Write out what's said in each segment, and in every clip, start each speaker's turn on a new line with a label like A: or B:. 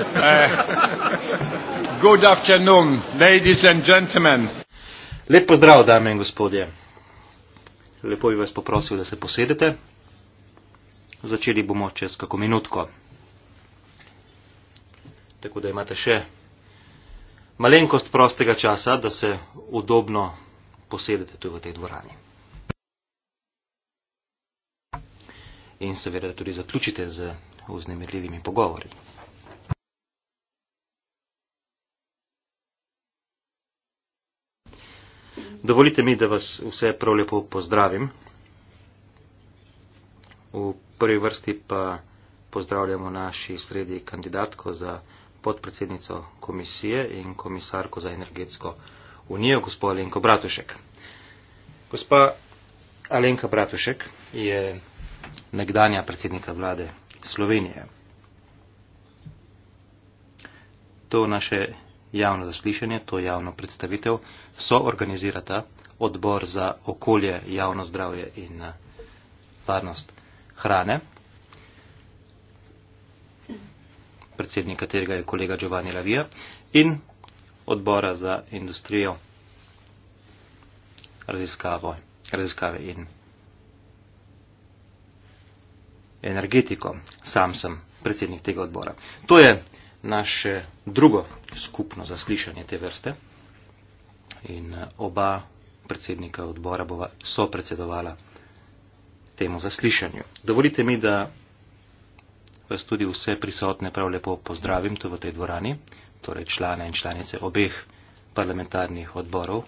A: Eh, good afternoon, ladies and gentlemen. Lep pozdrav, dame in gospodje. Lepo bi vas poprosil, da se posedete. Začeli bomo čez kako minutko. Tako da imate še malenkost prostega časa, da se udobno posedete tu v tej dvorani. In seveda tudi zaključite z vznemirljivimi pogovori. Dovolite mi, da vas vse prav lepo pozdravim. V prvi vrsti pa pozdravljamo naši sredi kandidatko za podpredsednico komisije in komisarko za energetsko unijo, gospo Alenko Bratušek. Gospa Alenka Bratušek je nekdanja predsednica vlade Slovenije. To naše javno zaslišanje, to javno predstavitev, so organizirata odbor za okolje, javno zdravje in eh, varnost hrane, predsednik katerega je kolega Giovanni Lavija, in odbora za industrijo, raziskavo, raziskave in energetiko. Sam sem predsednik tega odbora. To je naše drugo skupno zaslišanje te vrste in eh, oba predsednika odbora bova, so predsedovala temu zaslišanju. Dovolite mi, da vas tudi vse prisotne prav lepo pozdravim tu v tej dvorani, torej člane in članice obeh parlamentarnih odborov,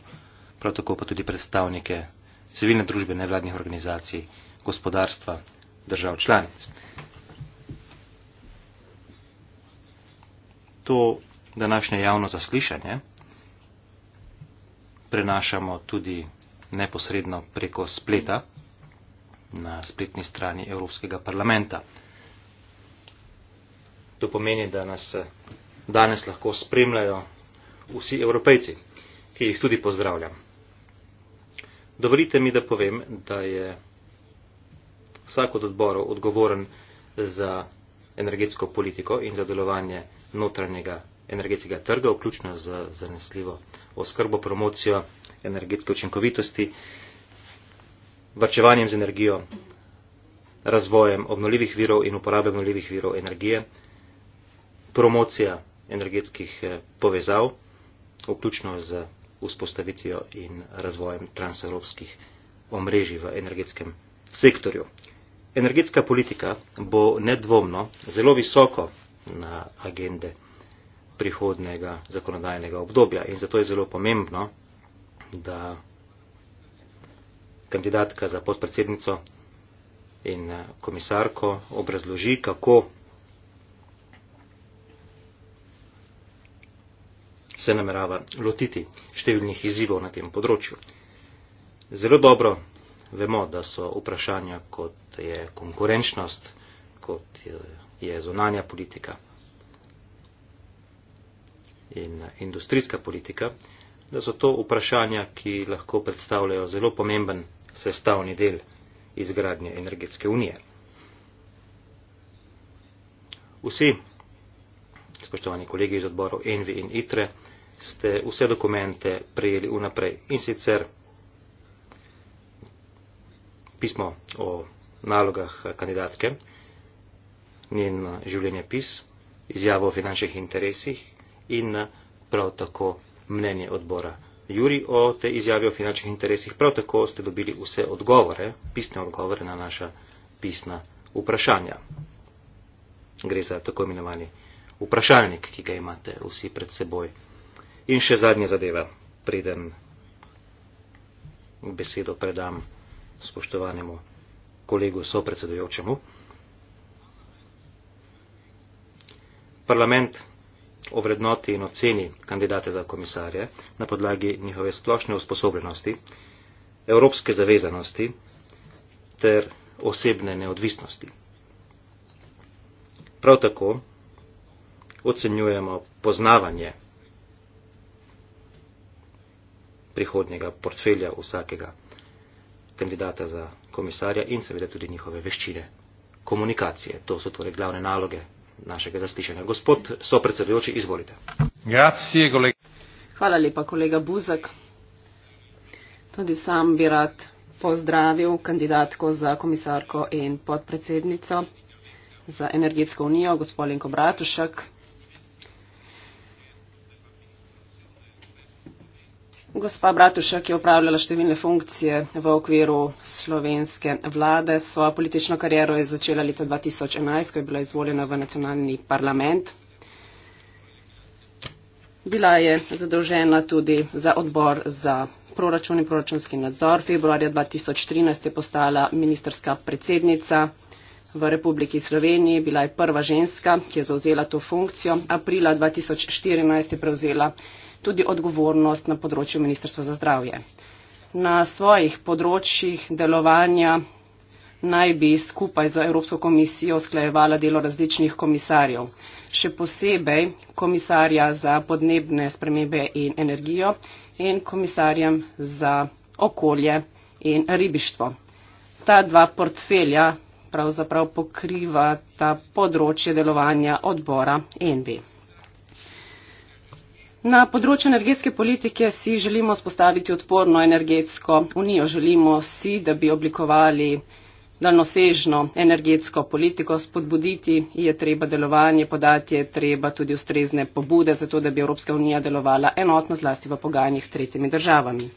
A: prav tako pa tudi predstavnike civilne družbe nevladnih organizacij, gospodarstva, držav članic. to današnje javno zaslišanje prenašamo tudi neposredno preko spleta na spletni strani Evropskega parlamenta. To pomeni, da nas eh, danes lahko spremljajo vsi evropejci, ki jih tudi pozdravljam. Dovolite mi, da povem, da je vsak od odborov odgovoren za energetsko politiko in za delovanje notranjega energetskega trga, vključno z zanesljivo oskrbo, promocijo energetske učinkovitosti, vrčevanjem z energijo, razvojem obnoljivih virov in uporabe obnoljivih virov energije, promocija energetskih eh, povezav, vključno z vzpostavitvijo in razvojem transevropskih omrežij v energetskem sektorju. Energetska politika bo nedvomno zelo visoko na agende prihodnega zakonodajnega obdobja in zato je zelo pomembno, da kandidatka za podpredsednico in eh, komisarko obrazloži, kako se namerava lotiti številnih izzivov na tem področju. Zelo dobro vemo, da so vprašanja, kot je konkurenčnost, kot je zonanja politika in industrijska politika, da so to vprašanja, ki lahko predstavljajo zelo pomemben sestavni del izgradnje energetske unije. Vsi, spoštovani kolegi iz odborov Envi in ITRE, ste vse dokumente prejeli unaprej in sicer pismo o nalogah kandidatke, njen življenjepis, izjavo o finančnih interesih in prav tako mnenje odbora. Juri o te izjavi o finančnih interesih, prav tako ste dobili vse odgovore, pisne odgovore na naša pisna vprašanja. Gre za tako imenovani vprašalnik, ki ga imate vsi pred seboj. In še zadnja zadeva, preden besedo predam spoštovanemu kolegu sopredsedujočemu. Parlament ovrednoti in oceni kandidate za komisarje na podlagi njihove splošne usposobljenosti, evropske zavezanosti ter osebne neodvisnosti. Prav tako ocenjujemo poznavanje prihodnjega portfelja vsakega kandidata za komisarja in seveda tudi njihove veščine komunikacije. To so torej glavne naloge našega zaslišanja. Gospod sopredsedujoči, izvolite.
B: Grazie, kolega.
C: Hvala lepa, kolega Buzak. Tudi sam bi rad pozdravil kandidatko za komisarko in podpredsednico za energetsko unijo, gospod Linko Bratušek. Gospa Bratušek je upravljala številne funkcije v okviru slovenske vlade. Svojo politično kariero je začela leta 2011, ko je bila izvoljena v nacionalni parlament. Bila je zadolžena tudi za odbor za proračun in proračunski nadzor. Februarja 2013 je postala ministerska predsednica v Republiki Sloveniji. Bila je prva ženska, ki je zauzela to funkcijo. Aprila 2014 je prevzela tudi odgovornost na področju Ministrstva za zdravje. Na svojih področjih delovanja naj bi skupaj z Evropsko komisijo sklejevala delo različnih komisarjev, še posebej komisarja za podnebne spremembe in energijo in komisarjem za okolje in ribištvo. Ta dva portfelja pravzaprav pokriva ta področje delovanja odbora NV. Na področju energetske politike si želimo spostaviti odporno energetsko unijo. Želimo si, da bi oblikovali daljnosežno energetsko politiko, spodbuditi je treba delovanje, podati je treba tudi ustrezne pobude, zato da bi Evropska unija delovala enotno zlasti v pogajanjih s tretjimi državami.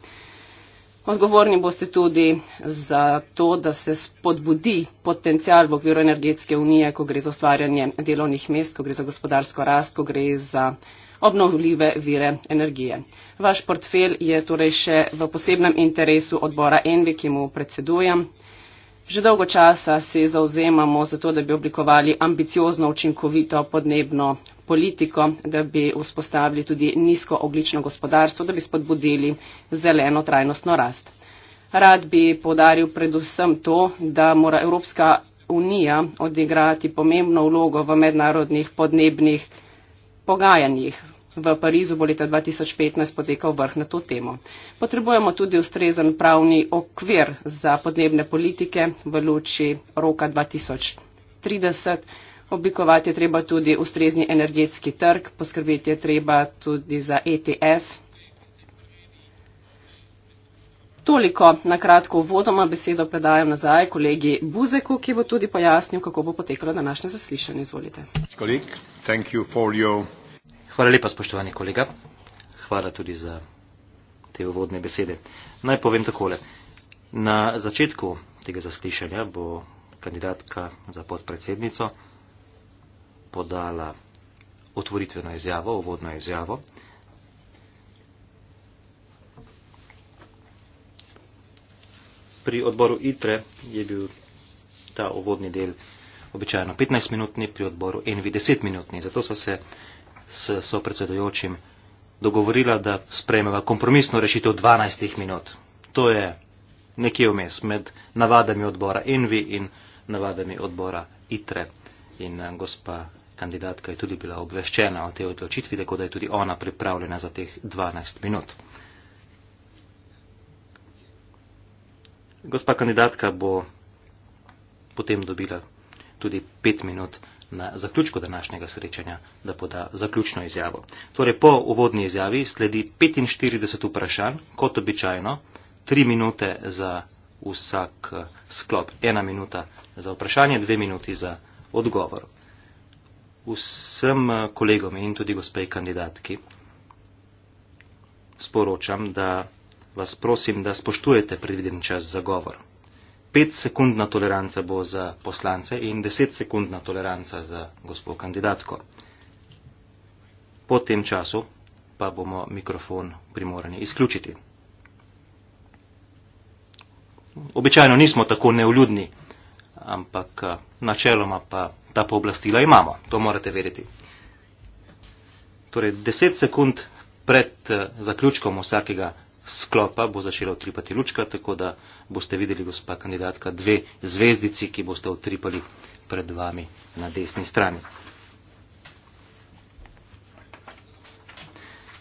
C: Odgovorni boste tudi za to, da se spodbudi potencial v okviru energetske unije, ko gre za ustvarjanje delovnih mest, ko gre za gospodarsko rast, ko gre za obnovljive vire energije. Vaš portfelj je torej še v posebnem interesu odbora Envi, ki mu predsedujem. Že dolgo časa se zauzemamo za to, da bi oblikovali ambiciozno učinkovito podnebno politiko, da bi vzpostavili tudi nizko oglično gospodarstvo, da bi spodbudili zeleno trajnostno rast. Rad bi podaril predvsem to, da mora Evropska unija odigrati pomembno vlogo v mednarodnih podnebnih pogajanjih, V Parizu bo leta 2015 potekal vrh na to temo. Potrebujemo tudi ustrezen pravni okvir za podnebne politike v luči roka 2030. Oblikovati je treba tudi ustrezni energetski trg, poskrbeti je treba tudi za ETS. Toliko na kratko vodoma besedo predajam nazaj kolegi Buzeku, ki bo tudi pojasnil, kako bo potekalo današnje zaslišanje. Izvolite.
A: Kolik, Hvala lepa, spoštovani kolega. Hvala tudi za te uvodne besede. Naj povem takole. Na začetku tega zaslišanja bo kandidatka za podpredsednico podala otvoritveno izjavo, uvodno izjavo. Pri odboru ITRE je bil ta uvodni del običajno 15-minutni, pri odboru ENVI 10-minutni. Zato so se s sopredsedujočim dogovorila, da sprejmeva kompromisno rešitev 12 minut. To je nekje vmes med navadami odbora Envi in navadami odbora ITRE. In eh, gospa kandidatka je tudi bila obveščena o tej odločitvi, tako da je tudi ona pripravljena za teh 12 minut. Gospa kandidatka bo potem dobila tudi 5 minut na zaključku današnjega srečanja, da poda zaključno izjavo. Torej, po uvodni izjavi sledi 45 vprašanj, kot običajno, 3 minute za vsak eh, sklop, 1 minuta za vprašanje, 2 minuti za odgovor. Vsem eh, kolegom in tudi gospej kandidatki sporočam, da vas prosim, da spoštujete predviden čas za govor petsekundna toleranca bo za poslance in desetsekundna toleranca za gospo kandidatko. Po tem času pa bomo mikrofon primorani izključiti. Običajno nismo tako neuljudni, ampak eh, načeloma pa ta pooblastila imamo, to morate vedeti. Torej, deset sekund pred eh, zaključkom vsakega sklopa bo začela utripati lučka, tako da boste videli, gospa kandidatka, dve zvezdici, ki boste utripali pred vami na desni strani.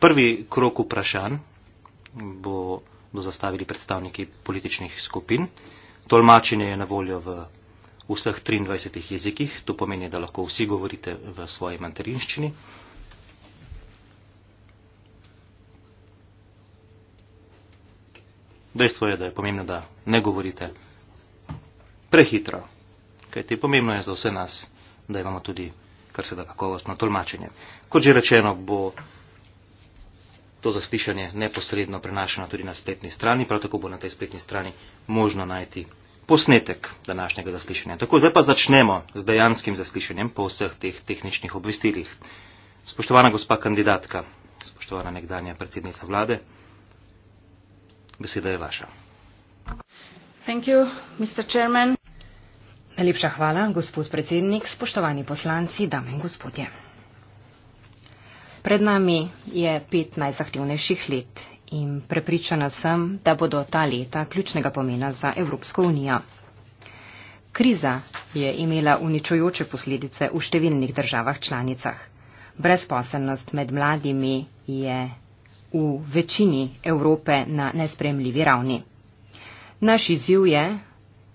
A: Prvi krok vprašanj bo, bo zastavili predstavniki političnih skupin. Tolmačenje je na voljo v vseh 23 jezikih, to pomeni, da lahko vsi govorite v svoji materinščini. Dejstvo je, da je pomembno, da ne govorite prehitro, kajti pomembno je za vse nas, da imamo tudi kar se da kakovostno tolmačenje. Kot že rečeno, bo to zaslišanje neposredno prenašeno tudi na spletni strani, prav tako bo na tej spletni strani možno najti posnetek današnjega zaslišanja. Tako zdaj pa začnemo z dejanskim zaslišanjem po vseh teh tehničnih obvestilih. Spoštovana gospa kandidatka, spoštovana nekdanja predsednica vlade, Beseda je vaša.
D: You,
E: Najlepša hvala, gospod predsednik, spoštovani poslanci, dame in gospodje. Pred nami je pet najzahtevnejših let in prepričana sem, da bodo ta leta ključnega pomena za Evropsko unijo. Kriza je imela uničujoče posledice v številnih državah članicah. Brezposelnost med mladimi je v večini Evrope na nespremljivi ravni. Naš izziv je,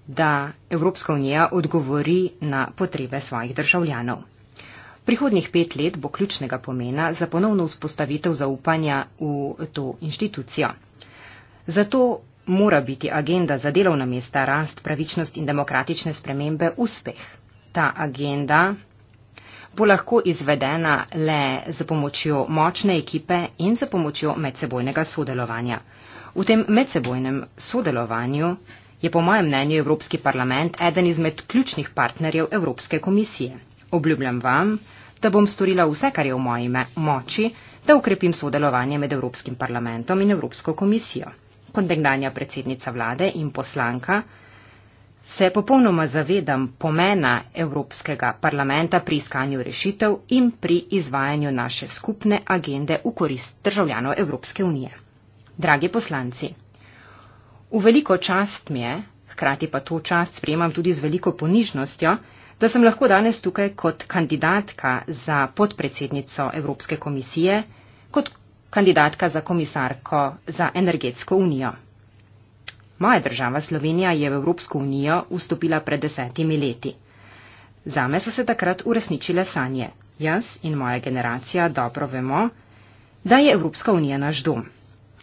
E: da Evropska unija odgovori na potrebe svojih državljanov. Prihodnih pet let bo ključnega pomena za ponovno vzpostavitev zaupanja v to inštitucijo. Zato mora biti agenda za delovna mesta rast, pravičnost in demokratične spremembe uspeh. Ta agenda bo lahko izvedena le z pomočjo močne ekipe in z pomočjo medsebojnega sodelovanja. V tem medsebojnem sodelovanju je po mojem mnenju Evropski parlament eden izmed ključnih partnerjev Evropske komisije. Obljubljam vam, da bom storila vse, kar je v moji moči, da ukrepim sodelovanje med Evropskim parlamentom in Evropsko komisijo. Kot nekdanja predsednica vlade in poslanka, se popolnoma zavedam pomena Evropskega parlamenta pri iskanju rešitev in pri izvajanju naše skupne agende v korist državljanov Evropske unije. Dragi poslanci, v veliko čast mi je, hkrati pa to čast sprejemam tudi z veliko ponižnostjo, da sem lahko danes tukaj kot kandidatka za podpredsednico Evropske komisije, kot kandidatka za komisarko za energetsko unijo. Moja država Slovenija je v Evropsko unijo vstopila pred desetimi leti. Zame so se takrat uresničile sanje. Jaz in moja generacija dobro vemo, da je Evropska unija naš dom.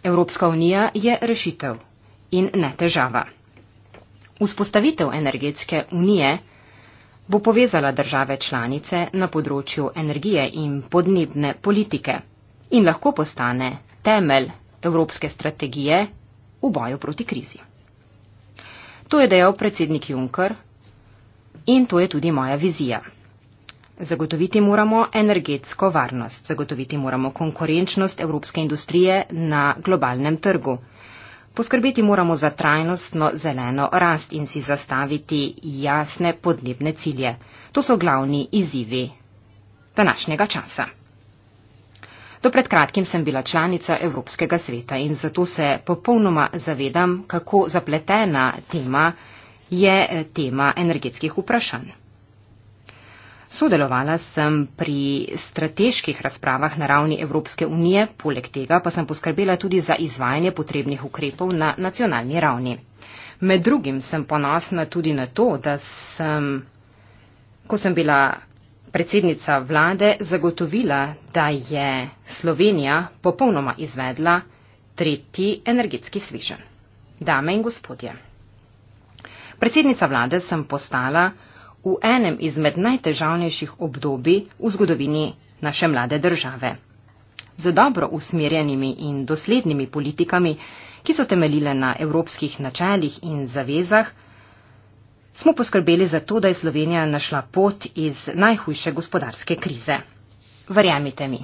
E: Evropska unija je rešitev in ne težava. Vzpostavitev energetske unije bo povezala države članice na področju energije in podnebne politike in lahko postane temelj evropske strategije v boju proti krizi. To je dejal predsednik Juncker in to je tudi moja vizija. Zagotoviti moramo energetsko varnost, zagotoviti moramo konkurenčnost evropske industrije na globalnem trgu. Poskrbeti moramo za trajnostno zeleno rast in si zastaviti jasne podnebne cilje. To so glavni izzivi današnjega časa. Do pred kratkim sem bila članica Evropskega sveta in zato se popolnoma zavedam, kako zapletena tema je eh, tema energetskih vprašanj. Sodelovala sem pri strateških razpravah na ravni Evropske unije, poleg tega pa sem poskrbela tudi za izvajanje potrebnih ukrepov na nacionalni ravni. Med drugim sem ponosna tudi na to, da sem, ko sem bila predsednica vlade zagotovila, da je Slovenija popolnoma izvedla tretji energetski svižen. Dame in gospodje, predsednica vlade sem postala v enem izmed najtežavnejših obdobij v zgodovini naše mlade države. Z dobro usmerjenimi in doslednimi politikami, ki so temeljile na evropskih načeljih in zavezah, smo poskrbeli za to, da je Slovenija našla pot iz najhujše gospodarske krize. Verjamite mi,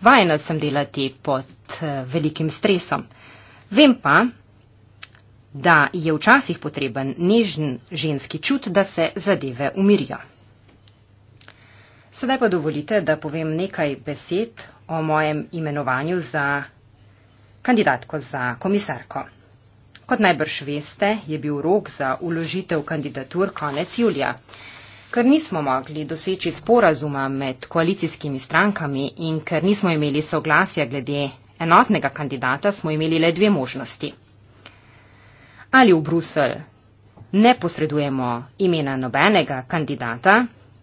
E: vajena sem delati pod eh, velikim stresom. Vem pa, da je včasih potreben nežen ženski čut, da se zadeve umirijo. Sedaj pa dovolite, da povem nekaj besed o mojem imenovanju za kandidatko za komisarko. Kot najbrž veste, je bil rok za uložitev kandidatur konec julija. Ker nismo mogli doseči sporazuma med koalicijskimi strankami in ker nismo imeli soglasja glede enotnega kandidata, smo imeli le dve možnosti. Ali v Bruselj ne posredujemo imena nobenega kandidata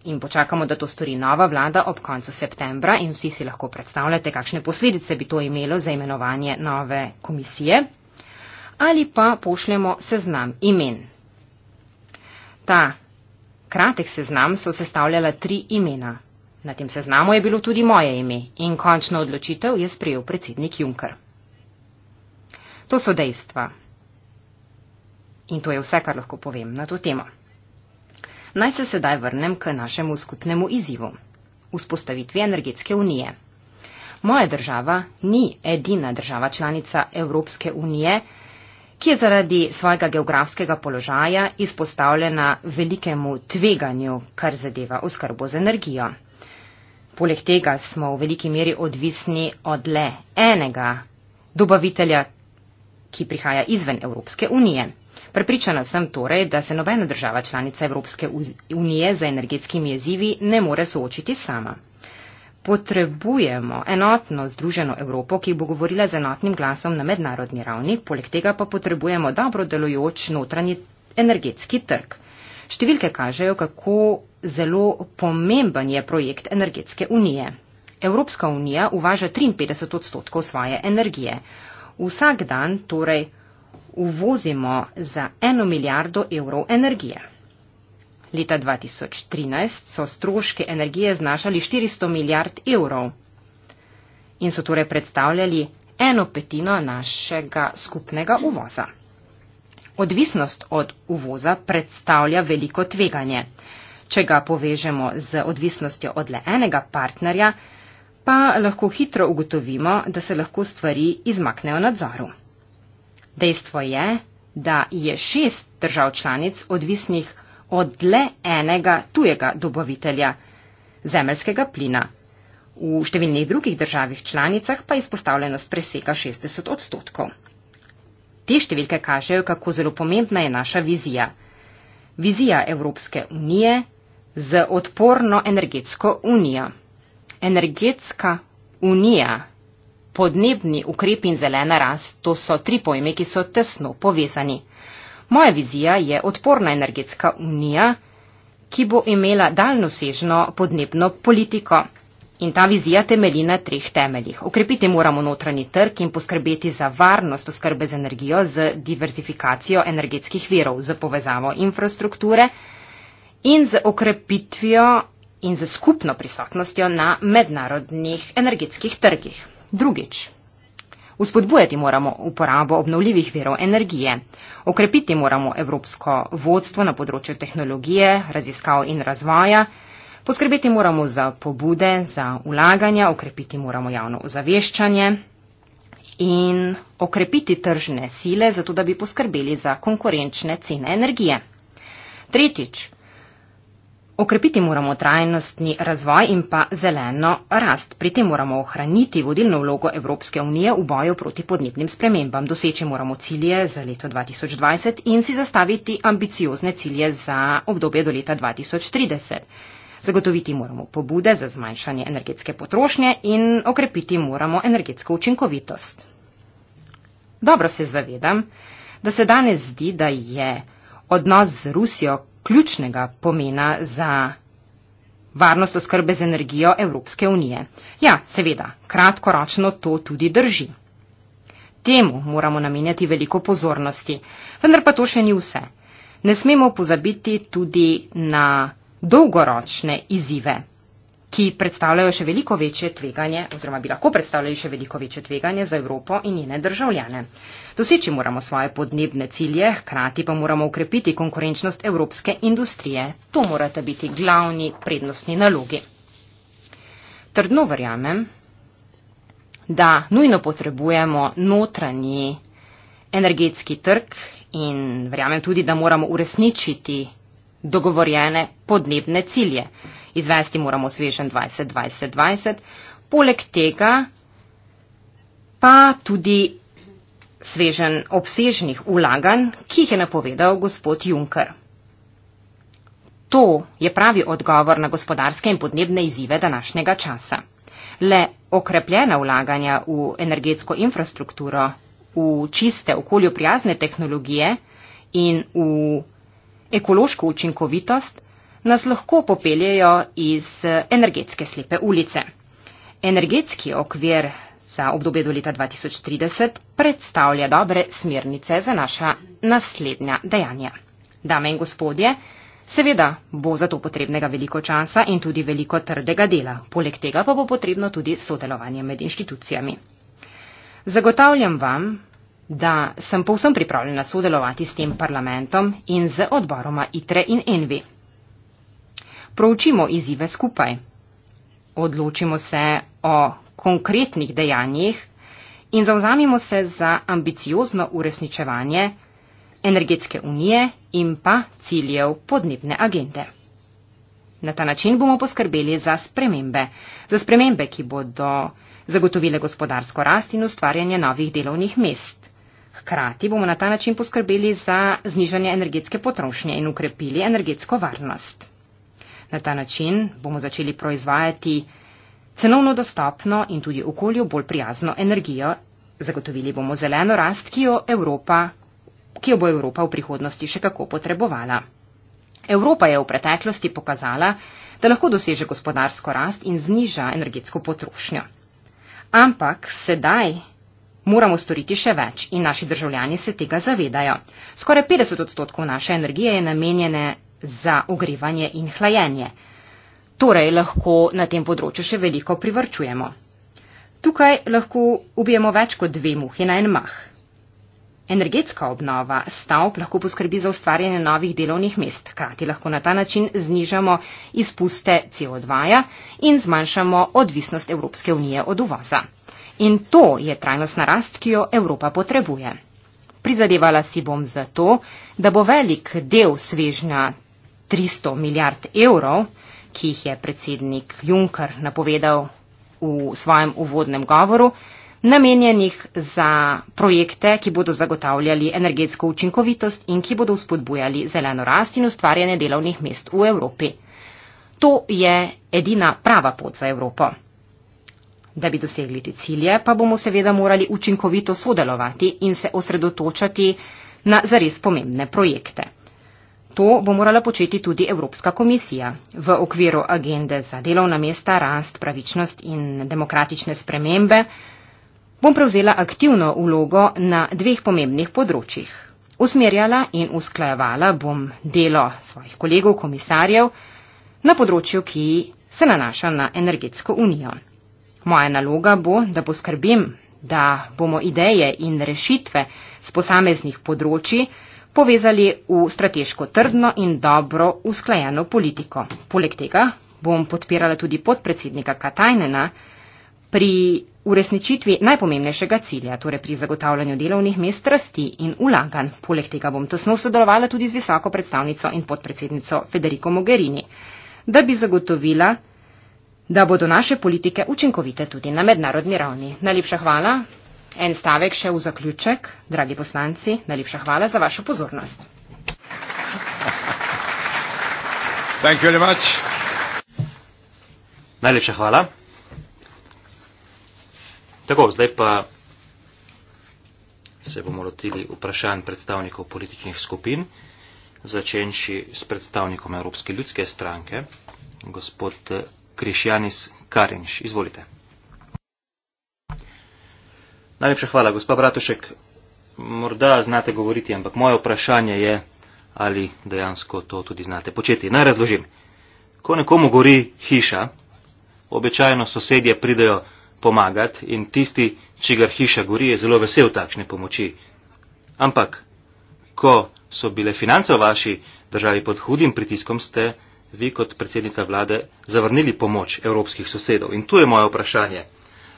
E: in počakamo, da to stori nova vlada ob koncu septembra in vsi si lahko predstavljate, kakšne posledice bi to imelo za imenovanje nove komisije ali pa pošljemo seznam imen. Ta kratek seznam so sestavljala tri imena. Na tem seznamu je bilo tudi moje ime in končno odločitev je sprejel predsednik Juncker. To so dejstva. In to je vse, kar lahko povem na to temo. Naj se sedaj vrnem k našemu skupnemu izzivu - vzpostavitvi energetske unije. Moja država ni edina država članica Evropske unije, ki je zaradi svojega geografskega položaja izpostavljena velikemu tveganju, kar zadeva oskrbo z energijo. Poleg tega smo v veliki meri odvisni od le enega dobavitelja, ki prihaja izven Evropske unije. Prepričana sem torej, da se nobena država članica Evropske unije za energetskimi jezivi ne more soočiti sama potrebujemo enotno združeno Evropo, ki bo govorila z enotnim glasom na mednarodni ravni, poleg tega pa potrebujemo dobro delujoč notranji energetski trg. Številke kažejo, kako zelo pomemben je projekt energetske unije. Evropska unija uvaža 53 odstotkov svoje energije. Vsak dan torej uvozimo za eno milijardo evrov energije. Leta 2013 so stroške energije znašali 400 milijard evrov in so torej predstavljali eno petino našega skupnega uvoza. Odvisnost od uvoza predstavlja veliko tveganje. Če ga povežemo z odvisnostjo od le enega partnerja, pa lahko hitro ugotovimo, da se lahko stvari izmaknejo nadzoru. Dejstvo je, da je šest držav članic odvisnih od le enega tujega dobavitelja zemljskega plina. V številnih drugih državih članicah pa izpostavljenost presega 60 odstotkov. Te številke kažejo, kako zelo pomembna je naša vizija. Vizija Evropske unije z odporno energetsko unijo. Energetska unija, podnebni ukrep in zelena rast, to so tri pojme, ki so tesno povezani. Moja vizija je odporna energetska unija, ki bo imela daljnosežno podnebno politiko. In ta vizija temelji na treh temeljih. Okrepiti moramo notranji trg in poskrbeti za varnost oskrbe z energijo z diverzifikacijo energetskih virov, z povezavo infrastrukture in z okrepitvijo in z skupno prisotnostjo na mednarodnih energetskih trgih. Drugič. Vzpodbujati moramo uporabo obnovljivih verov energije. Okrepiti moramo evropsko vodstvo na področju tehnologije, raziskav in razvoja. Poskrbeti moramo za pobude, za ulaganja, okrepiti moramo javno ozaveščanje in okrepiti tržne sile, zato da bi poskrbeli za konkurenčne cene energije. Tretjič. Okrepiti moramo trajnostni razvoj in pa zeleno rast. Pri tem moramo ohraniti vodilno vlogo Evropske unije v boju proti podnebnim spremembam. Doseči moramo cilje za leto 2020 in si zastaviti ambiciozne cilje za obdobje do leta 2030. Zagotoviti moramo pobude za zmanjšanje energetske potrošnje in okrepiti moramo energetsko učinkovitost. Dobro se zavedam, da se danes zdi, da je odnos z Rusijo ključnega pomena za varnost oskrbe z energijo Evropske unije. Ja, seveda, kratkoročno to tudi drži. Temu moramo namenjati veliko pozornosti, vendar pa to še ni vse. Ne smemo pozabiti tudi na dolgoročne izzive ki predstavljajo še veliko večje tveganje oziroma bi lahko predstavljali še veliko večje tveganje za Evropo in njene državljane. Doseči moramo svoje podnebne cilje, hkrati pa moramo ukrepiti konkurenčnost evropske industrije. To morata biti glavni prednostni nalogi. Trdno verjamem, da nujno potrebujemo notranji energetski trg in verjamem tudi, da moramo uresničiti dogovorjene podnebne cilje izvesti moramo svežen 2020. Poleg tega pa tudi svežen obsežnih ulaganj, ki jih je napovedal gospod Juncker. To je pravi odgovor na gospodarske in podnebne izzive današnjega časa. Le okrepljena ulaganja v energetsko infrastrukturo, v čiste okolju prijazne tehnologije in v ekološko učinkovitost nas lahko popeljejo iz energetske slepe ulice. Energetski okvir za obdobje do leta 2030 predstavlja dobre smernice za naša naslednja dejanja. Dame in gospodje, seveda bo za to potrebnega veliko časa in tudi veliko trdega dela, poleg tega pa bo potrebno tudi sodelovanje med inštitucijami. Zagotavljam vam, da sem povsem pripravljena sodelovati s tem parlamentom in z odboroma ITRE in ENVI proučimo izzive skupaj. Odločimo se o konkretnih dejanjih in zauzamimo se za ambiciozno uresničevanje energetske unije in pa ciljev podnebne agende. Na ta način bomo poskrbeli za spremembe, za spremembe, ki bodo zagotovile gospodarsko rast in ustvarjanje novih delovnih mest. Hkrati bomo na ta način poskrbeli za znižanje energetske potrošnje in ukrepili energetsko varnost. Na ta način bomo začeli proizvajati cenovno dostopno in tudi okolju bolj prijazno energijo. Zagotovili bomo zeleno rast, ki jo, Evropa, ki jo bo Evropa v prihodnosti še kako potrebovala. Evropa je v preteklosti pokazala, da lahko doseže gospodarsko rast in zniža energetsko potrošnjo. Ampak sedaj moramo storiti še več in naši državljani se tega zavedajo. Skoraj 50 odstotkov naše energije je namenjene za ogrevanje in hlajenje. Torej lahko na tem področju še veliko privrčujemo. Tukaj lahko ubijemo več kot dve muhi na en mah. Energetska obnova stavb lahko poskrbi za ustvarjanje novih delovnih mest, krati lahko na ta način znižamo izpuste CO2 -ja in zmanjšamo odvisnost Evropske unije od uvoza. In to je trajnostna rast, ki jo Evropa potrebuje. Prizadevala si bom za to, da bo velik del svežnja 300 milijard evrov, ki jih je predsednik Juncker napovedal v svojem uvodnem govoru, namenjenih za projekte, ki bodo zagotavljali energetsko učinkovitost in ki bodo spodbujali zeleno rast in ustvarjanje delovnih mest v Evropi. To je edina prava pot za Evropo. Da bi dosegli te cilje, pa bomo seveda morali učinkovito sodelovati in se osredotočati na zares pomembne projekte. To bo morala početi tudi Evropska komisija v okviru agende za delovna mesta, rast, pravičnost in demokratične spremembe. Bom prevzela aktivno ulogo na dveh pomembnih področjih. Usmerjala in usklajevala bom delo svojih kolegov, komisarjev na področju, ki se nanaša na energetsko unijo. Moja naloga bo, da poskrbim, da bomo ideje in rešitve z posameznih področji povezali v strateško trdno in dobro usklajeno politiko. Poleg tega bom podpirala tudi podpredsednika Katajnena pri uresničitvi najpomembnejšega cilja, torej pri zagotavljanju delovnih mest rasti in ulagan. Poleg tega bom tesno sodelovala tudi z visoko predstavnico in podpredsednico Federico Mogherini, da bi zagotovila, da bodo naše politike učinkovite tudi na mednarodni ravni. Najlepša hvala. En stavek še v zaključek. Dragi poslanci, najlepša hvala za vašo pozornost.
A: Najlepša hvala. Tako, zdaj pa se bomo lotili vprašanj predstavnikov političnih skupin, začenši s predstavnikom Evropske ljudske stranke, gospod Krišjanis Karinš. Izvolite. Najlepša hvala, gospod Bratušek. Morda znate govoriti, ampak moje vprašanje je, ali dejansko to tudi znate početi. Naj razložim. Ko nekomu gori hiša, običajno sosedje pridejo pomagati in tisti, čigar hiša gori, je zelo vesel takšne pomoči. Ampak, ko so bile finance v vaši državi pod hudim pritiskom, ste vi kot predsednica vlade zavrnili pomoč evropskih sosedov. In tu je moje vprašanje.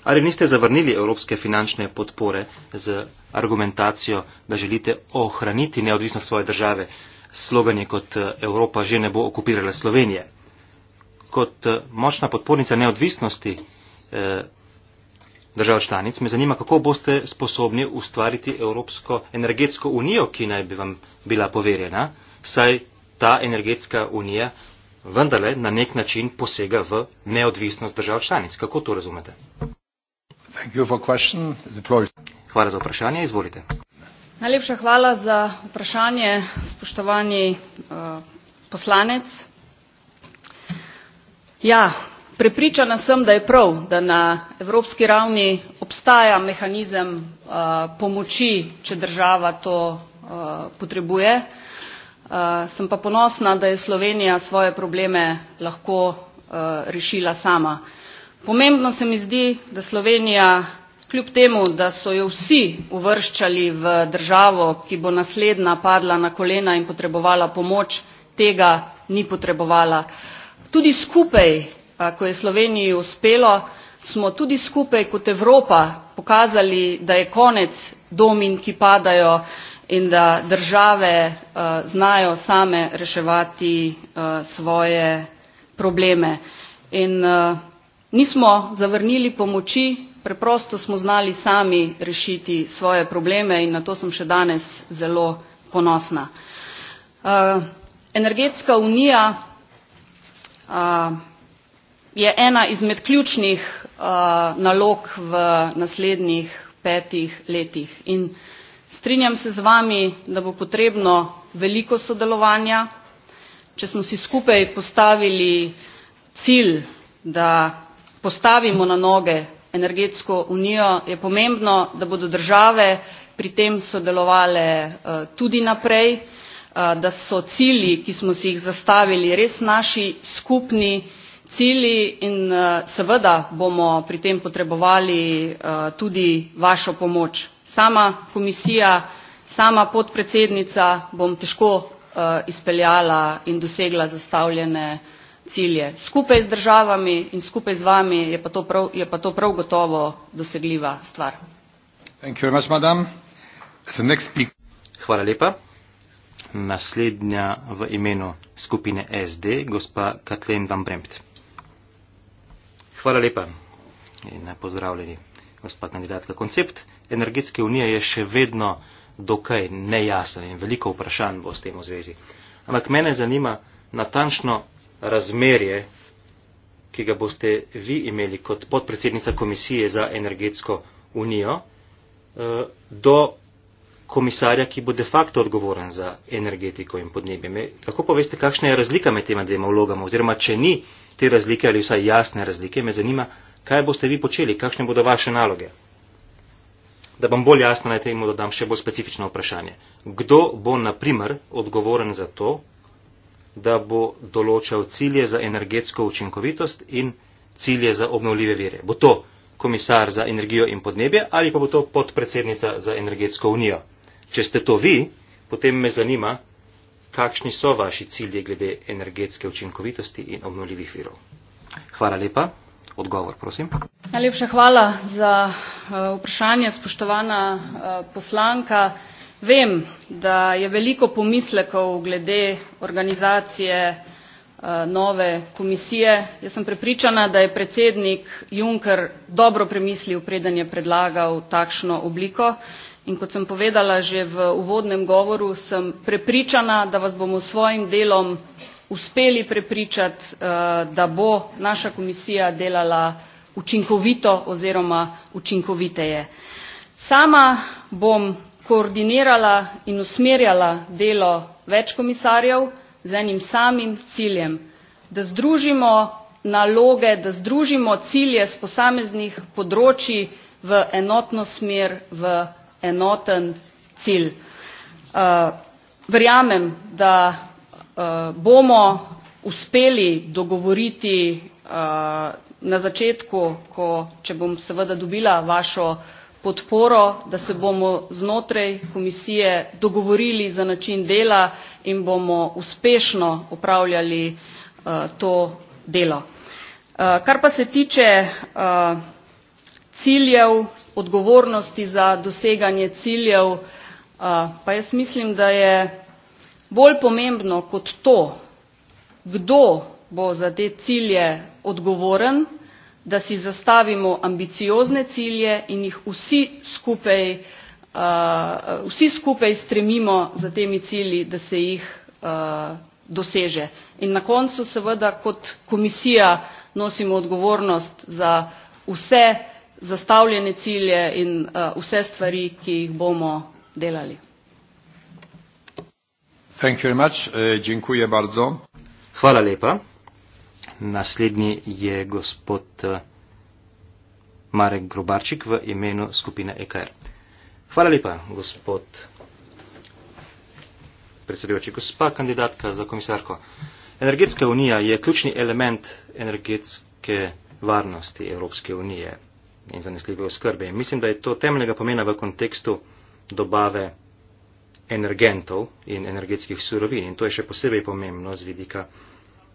A: Ali niste zavrnili evropske finančne podpore z argumentacijo, da želite ohraniti neodvisnost svoje države, slogan je kot eh, Evropa že ne bo okupirala Slovenije. Kot eh, močna podpornica neodvisnosti eh, držav članic me zanima, kako boste sposobni ustvariti Evropsko energetsko unijo, ki naj bi vam bila poverjena, saj ta energetska unija vendarle na nek način posega v neodvisnost držav članic. Kako to razumete? Hvala za vprašanje. Izvolite.
D: Najlepša hvala za vprašanje, spoštovani uh, poslanec. Ja, prepričana sem, da je prav, da na evropski ravni obstaja mehanizem uh, pomoči, če država to uh, potrebuje. Uh, sem pa ponosna, da je Slovenija svoje probleme lahko uh, rešila sama. Uh, pomembno se mi zdi da slovenija kljub temu da so jo vsi uvrščali v državo ki bo naslednja padla na kolena in potrebovala pomoč tega ni potrebovala tudi skupaj ko je sloveniji uspelo smo tudi skupaj kot evropa pokazali da je konec domin ki padajo in da države znajo same reševati svoje probleme in nismo zavrnili pomoči preprosto smo znali sami rešiti svoje probleme in na to sem še danes zelo ponosna. Eh, energetska unija eh, je ena izmed ključnih eh, nalog v naslednjih petih letih in strinjam se z vami da bo potrebno veliko sodelovanja če smo si skupaj postavili cilj da postavimo na noge energetsko unijo je pomembno da bodo države pri tem sodelovale eh, tudi naprej eh, da so cilji ki smo si jih zastavili res naši skupni cilji in eh, seveda bomo pri tem potrebovali tudi vašo pomoč sama komisija sama podpredsednica bom težko izpeljala in dosegla zastavljene cilje skupaj z državami in skupaj z vami je pa to prav, je pa to prav gotovo dosegljiva stvar.
A: Hvala lepa. Naslednja v imenu skupine SD, gospa Kathleen Van Bremt. Hvala lepa in pozdravljeni, gospod kandidatka. Koncept energetske unije je še vedno dokaj nejasen in veliko vprašanj bo s tem v zvezi. Ampak mene zanima natančno, razmerje, ki ga boste vi imeli kot podpredsednica Komisije za energetsko unijo, eh, do komisarja, ki bo de facto odgovoren za energetiko in podnebje. Kako poveste, kakšna je razlika med tema dvema vlogama, oziroma če ni te razlike ali vsaj jasne razlike, me zanima, kaj boste vi počeli, kakšne bodo vaše naloge. Da bom bolj jasna na temu, dodam še bolj specifično vprašanje. Kdo bo, na primer, odgovoren za to, da bo določal cilje za energetsko učinkovitost in cilje za obnovljive vire. Bo to komisar za energijo in podnebje ali pa bo to podpredsednica za energetsko unijo. Če ste to vi, potem me zanima, kakšni so vaši cilje glede energetske učinkovitosti in obnovljivih virov. Hvala lepa. Odgovor, prosim.
D: Najlepša hvala za uh, vprašanje, spoštovana uh, poslanka vem da je veliko pomislekov glede organizacije eh, nove komisije jaz sem prepričana da je predsednik juncker dobro premislil preden je predlagal takšno obliko in kot sem povedala že v uvodnem govoru sem prepričana da vas bomo s svojim delom uspeli prepričati eh, da bo naša komisija delala učinkovito oziroma učinkoviteje. sama bom koordinirala in usmerjala delo več komisarjev z enim samim ciljem da združimo naloge da združimo cilje s posameznih področij v enotno smer v enoten cilj. Eh, verjamem da eh, bomo uspeli dogovoriti eh, na začetku ko če bom seveda dobila vašo podporo da se bomo znotraj komisije dogovorili za način dela in bomo uspešno opravljali uh, to delo. Uh, kar pa se tiče uh, ciljev, odgovornosti za doseganje ciljev, uh, pa jaz mislim, da je bolj pomembno kot to, kdo bo za te cilje odgovoren, da si zastavimo ambiciozne cilje in jih vsi skupaj, uh, vsi skupaj stremimo za temi cilji, da se jih uh, doseže. In na koncu seveda kot komisija nosimo odgovornost za vse zastavljene cilje in uh, vse stvari, ki jih bomo delali.
A: Thank you very much. Uh, dziękuję bardzo. Hvala lepa. Naslednji je gospod eh, Marek Grobarčik v imenu skupine EKR. Hvala lepa, gospod predsedujoči. Gospa kandidatka za komisarko. Energetska unija je ključni element energetske varnosti Evropske unije in zanesljive oskrbe. Mislim, da je to temeljega pomena v kontekstu dobave energentov in energetskih surovin. In to je še posebej pomembno z vidika energetske varnosti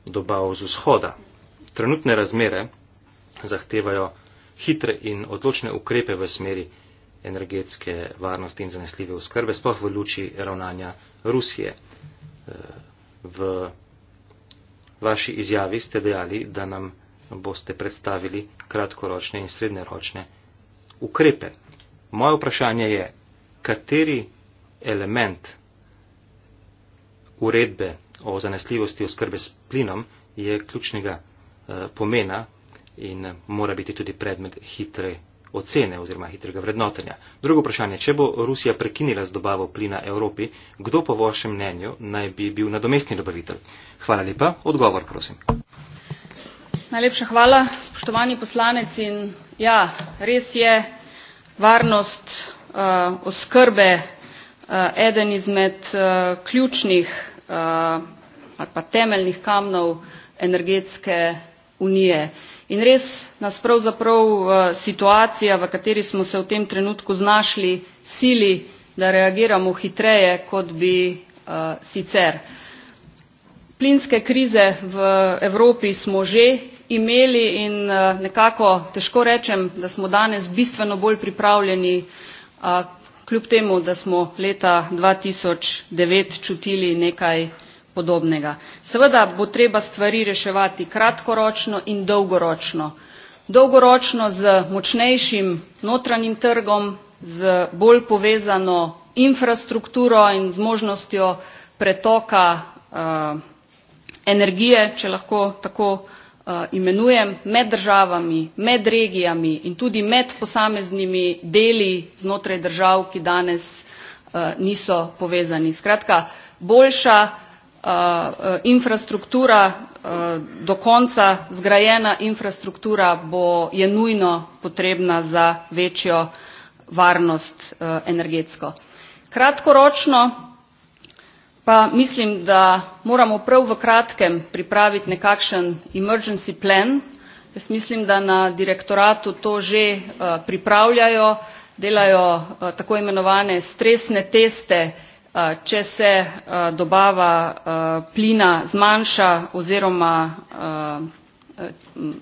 A: dobav z vzhoda. Trenutne razmere zahtevajo hitre in odločne ukrepe v smeri energetske varnosti in zanesljive oskrbe, sploh v luči ravnanja Rusije. Eh, v vaši izjavi ste dejali, da nam boste predstavili kratkoročne in srednjeročne ukrepe. Moje vprašanje je, kateri element uredbe o zanesljivosti oskrbe s plinom je ključnega eh, pomena in eh, mora biti tudi predmet hitre ocene oziroma hitrega vrednotenja. Drugo vprašanje, če bo Rusija prekinila z dobavo plina Evropi, kdo po vašem mnenju naj bi bil nadomestni dobavitelj? Hvala lepa, odgovor prosim.
D: Najlepša hvala, spoštovani poslanec in ja, res je varnost uh, oskrbe uh, eden izmed uh, ključnih uh, ali pa temeljnih kamnov energetske unije. In res nas pravzaprav uh, situacija, v kateri smo se v tem trenutku znašli, sili, da reagiramo hitreje, kot bi uh, sicer. Plinske krize v Evropi smo že imeli in uh, nekako težko rečem, da smo danes bistveno bolj pripravljeni, uh, kljub temu, da smo leta 2009 čutili nekaj podobnega. Seveda bo treba stvari reševati kratkoročno in dolgoročno. Dolgoročno z močnejšim notranjim trgom, z bolj povezano infrastrukturo in z možnostjo pretoka uh, energije, če lahko tako rečem. Eh, imenujem med državami med regijami in tudi med posameznimi deli znotraj držav ki danes eh, niso povezani. skratka boljša eh, infrastruktura do konca zgrajena infrastruktura bo je nujno potrebna za večjo varnost energetsko. kratkoročno pa mislim da moramo prav v kratkem pripraviti nekakšen emergency plan jaz mislim da na direktoratu to že uh, pripravljajo delajo uh, tako imenovane stresne teste uh, če se uh, dobava uh, plina zmanjša oziroma uh,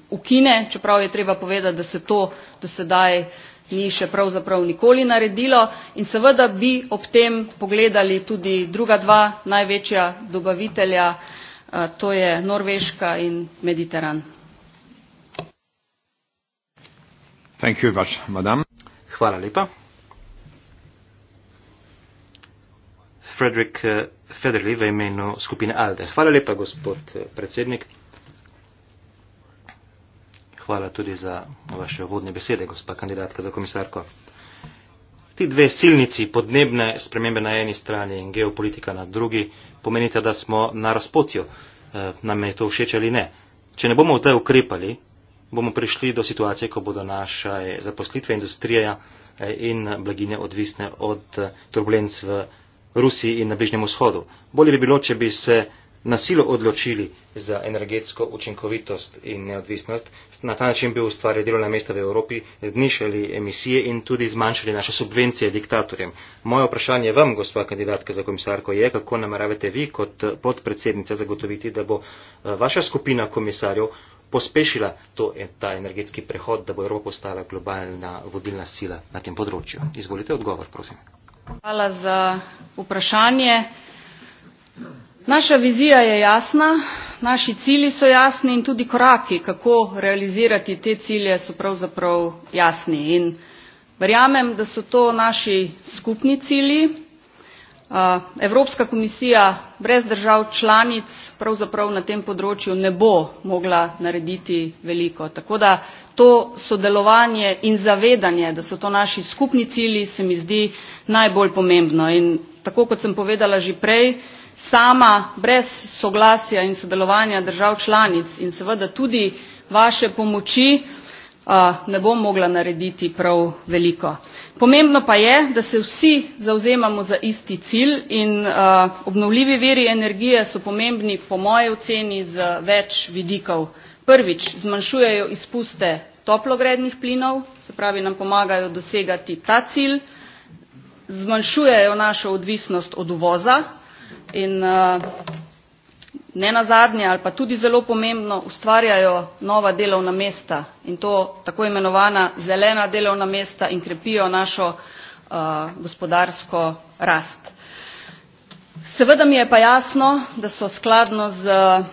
D: ukine čeprav je treba povedati da se to do sedaj uh, ni še pravzaprav nikoli naredilo in seveda bi ob tem pogledali tudi druga dva največja dobavitelja, eh, to je Norveška in Mediteran.
B: Thank you much,
A: Hvala lepa. Frederik eh, Federli v imenu skupine ALDE. Hvala lepa, gospod eh, predsednik. Hvala tudi za vaše uvodne besede, gospa kandidatka za komisarko. Ti dve silnici, podnebne spremembe na eni strani in geopolitika na drugi, pomenite, da smo na razpotju, eh, nam je to všeč ali ne. Če ne bomo zdaj ukrepali, bomo prišli do situacije, ko bodo naša zaposlitve, industrija eh, in blaginje odvisne od eh, turbulenc v Rusiji in na Bližnjem vzhodu. Bolje bi bilo, če bi se na silo odločili za energetsko učinkovitost in neodvisnost. Na ta način bi ustvarili delovna mesta v Evropi, znišali emisije in tudi zmanjšali naše subvencije diktatorjem. Moje vprašanje vam, gospod kandidatka za komisarko, je, kako namaravate vi kot podpredsednica zagotoviti, da bo eh, vaša skupina komisarjev pospešila to, eh, ta energetski prehod, da bo Evropa postala globalna vodilna sila na tem področju. Izvolite odgovor, prosim.
D: Hvala za vprašanje naša vizija je jasna naši cilji so jasni in tudi koraki kako realizirati te cilje so pravzaprav jasni in verjamem da so to naši skupni cilji evropska komisija brez držav članic pravzaprav na tem področju ne bo mogla narediti veliko tako da to sodelovanje in zavedanje da so to naši skupni cilji se mi zdi najbolj pomembno in tako kot sem povedala že prej sama brez soglasja in sodelovanja držav članic in seveda tudi vaše pomoči eh, ne bo mogla narediti prav veliko. pomembno pa je da se vsi zavzemamo za isti cilj in eh, obnovljivi viri energije so pomembni po moji oceni z več vidikov. prvič zmanjšujejo izpuste toplogrednih plinov se pravi nam pomagajo dosegati ta cilj zmanjšujejo našo odvisnost od uvoza in uh, ne nazadnje ali pa tudi zelo pomembno ustvarjajo nova delovna mesta in to tako imenovana zelena delovna mesta in krepijo našo uh, gospodarsko rast. Seveda mi je pa jasno, da so skladno z uh,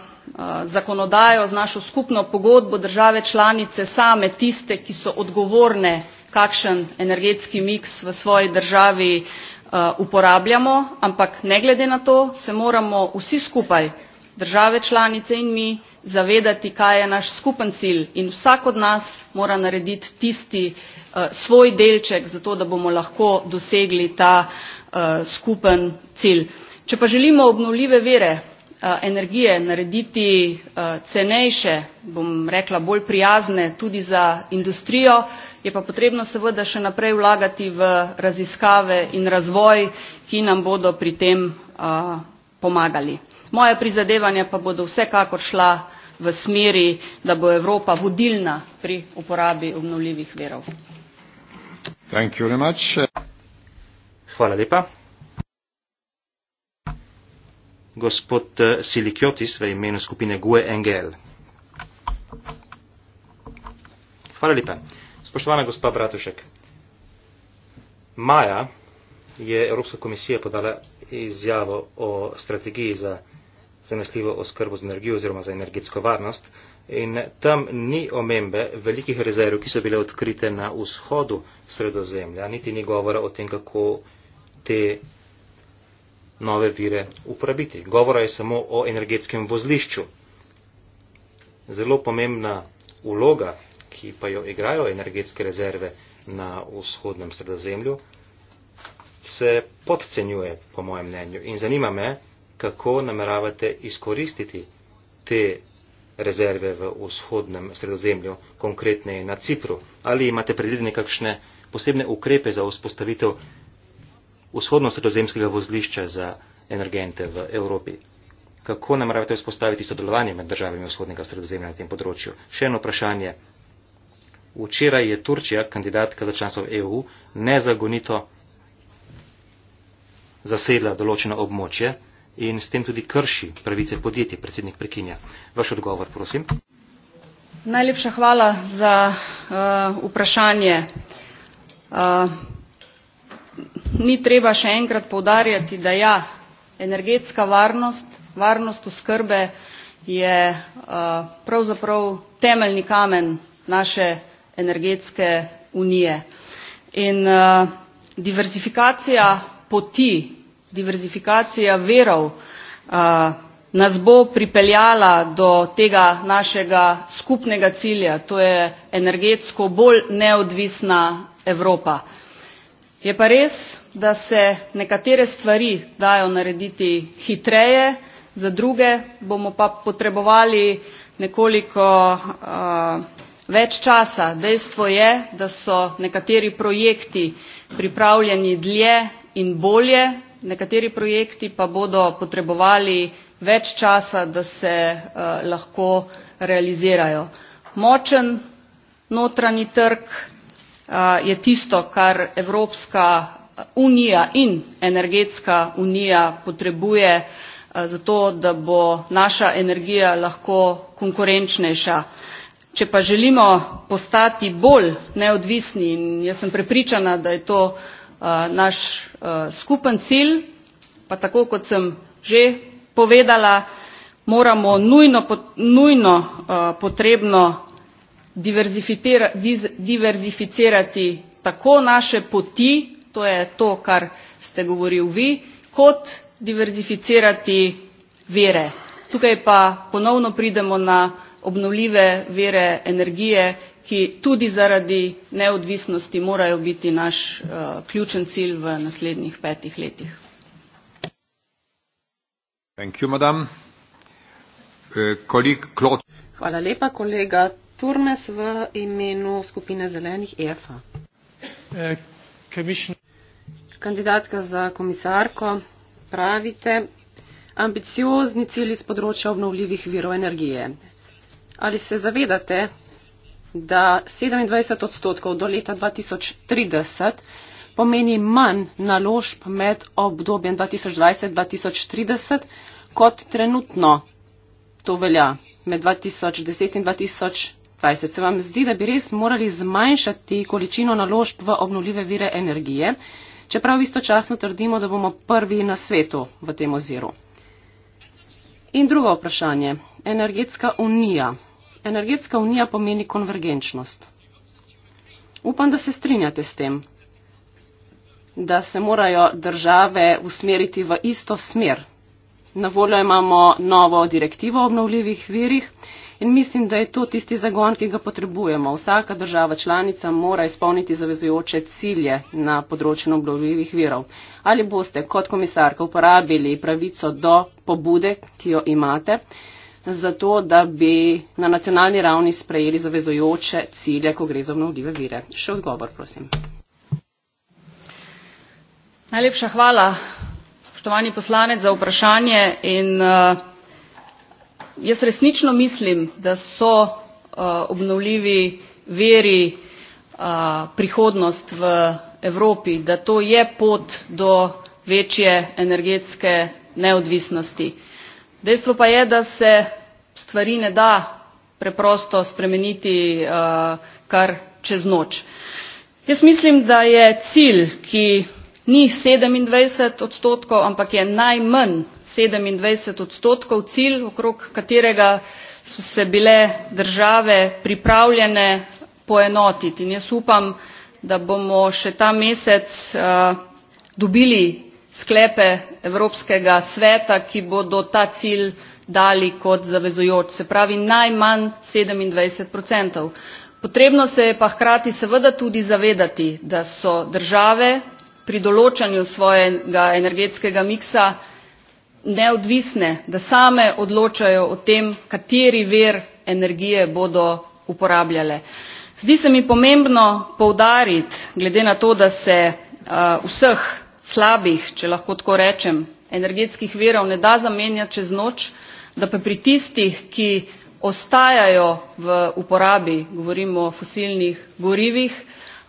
D: zakonodajo, z našo skupno pogodbo države članice same tiste, ki so odgovorne, kakšen energetski miks v svoji državi uh, Eh, uporabljamo ampak ne glede na to se moramo vsi skupaj države članice in mi zavedati kaj je naš skupen cilj in vsak od nas mora narediti tisti eh, svoj delček za to da bomo lahko dosegli ta eh, skupen cilj. če pa želimo obnovljive vire Eh, energije narediti eh, cenejše bom rekla bolj prijazne tudi za industrijo je pa potrebno seveda še naprej vlagati v raziskave in razvoj ki nam bodo pri tem eh, pomagali. moja prizadevanja pa bodo vsekakor šla v smeri da bo evropa vodilna pri uporabi obnovljivih virov
A: gospod eh, Silikiotis v imenu skupine GUE NGL. Hvala lepa. Spoštovana gospa Bratušek, maja je Evropska komisija podala izjavo o strategiji za zanesljivo oskrbo z energijo oziroma za energetsko varnost in tam ni omembe velikih rezerv, ki so bile odkrite na vzhodu sredozemlja, niti ni govora o tem, kako te nove vire uporabiti. Govora je samo o energetskem vozlišču. Zelo pomembna uloga, ki pa jo igrajo energetske rezerve na vzhodnem sredozemlju, se podcenjuje, po mojem mnenju. In zanima me, kako nameravate izkoristiti te rezerve v vzhodnem sredozemlju, konkretneje na Cipru. Ali imate predvidene kakšne posebne ukrepe za vzpostavitev vzhodno-sredozemskega vozlišča za energente v Evropi. Kako namravate vzpostaviti sodelovanje med državami vzhodnega sredozemlja na tem področju? Še eno vprašanje. Včeraj je Turčija, kandidatka za članstvo EU, nezagonito zasedla določeno območje in s tem tudi krši pravice podjetij, predsednik prekinja. Vaš odgovor, prosim.
D: Najlepša hvala za uh, vprašanje. Uh, ni treba še enkrat poudarjati da ja energetska varnost varnost oskrbe je eh, pravzaprav temeljni kamen naše energetske unije in eh, diverzifikacija poti diverzifikacija virov eh, nas bo pripeljala do tega našega skupnega cilja to je energetsko bolj neodvisna evropa je pa res da se nekatere stvari dajo narediti hitreje za druge bomo pa potrebovali nekoliko več časa dejstvo je da so nekateri projekti pripravljeni dlje in bolje nekateri projekti pa bodo potrebovali več časa da se lahko realizirajo močen notranji trg Eh, je tisto kar evropska unija in energetska unija potrebuje eh, zato da bo naša energija lahko konkurenčnejša. Če pa želimo postati bolj neodvisni in jaz sem prepričana, da je to eh, naš skupen cilj, pa tako kot sem že povedala, moramo nujno, nujno potrebno diverzificirati tako naše poti to je to kar ste govoril vi kot diverzificirati vire tukaj pa ponovno pridemo na obnovljive vire energije ki tudi zaradi neodvisnosti morajo biti naš eh, ključen cilj v naslednjih petih letih.
B: Eh,
C: Hvala lepa kolega Tomić. Turmes v imenu skupine zelenih EFA. Eh, Kandidatka za komisarko, pravite, ambiciozni cilji z področja obnovljivih virov energije. Ali se zavedate, da 27 odstotkov do leta 2030 pomeni manj naložb med obdobjem 2020-2030, kot trenutno to velja med 2010 in 2020? 2020. Se vam zdi, da bi res morali zmanjšati količino naložb v obnovljive vire energije, čeprav istočasno trdimo, da bomo prvi na svetu v tem oziru? In drugo vprašanje. Energetska unija. Energetska unija pomeni konvergenčnost. Upam, da se strinjate s tem, da se morajo države usmeriti v isto smer, na voljo imamo novo direktivo o obnovljivih virih in mislim, da je to tisti zagon, ki ga potrebujemo. Vsaka država članica mora izpolniti zavezujoče cilje na področju obnovljivih virov. Ali boste kot komisarka uporabili pravico do pobude, ki jo imate, zato da bi na nacionalni ravni sprejeli zavezujoče cilje, ko gre za obnovljive vire? Še odgovor, prosim.
D: Najlepša hvala spoštovani poslanec za vprašanje in eh, jaz resnično mislim da so eh, obnovljivi viri eh, prihodnost v evropi da to je pot do večje energetske neodvisnosti dejstvo pa je da se stvari ne da preprosto spremeniti kar čez noč jaz mislim da je cilj ki ni sedemindvajset odstotkov ampak je najmanj sedemindvajset odstotkov cilj okrog katerega so se bile države pripravljene poenotiti in jaz upam da bomo še ta mesec eh, dobili sklepe evropskega sveta ki bodo ta cilj dali kot zavezujoč se pravi najmanj sedemindvajset procentov potrebno se je pa hkrati seveda tudi zavedati da so države pri določanju svojega energetskega miksa neodvisne da same odločajo o tem kateri vir energije bodo uporabljale. zdi se mi pomembno poudariti glede na to da se uh, vseh slabih če lahko tako rečem energetskih virov ne da zamenjati čez noč da pa pri tistih ki ostajajo v uporabi govorim o fosilnih gorivih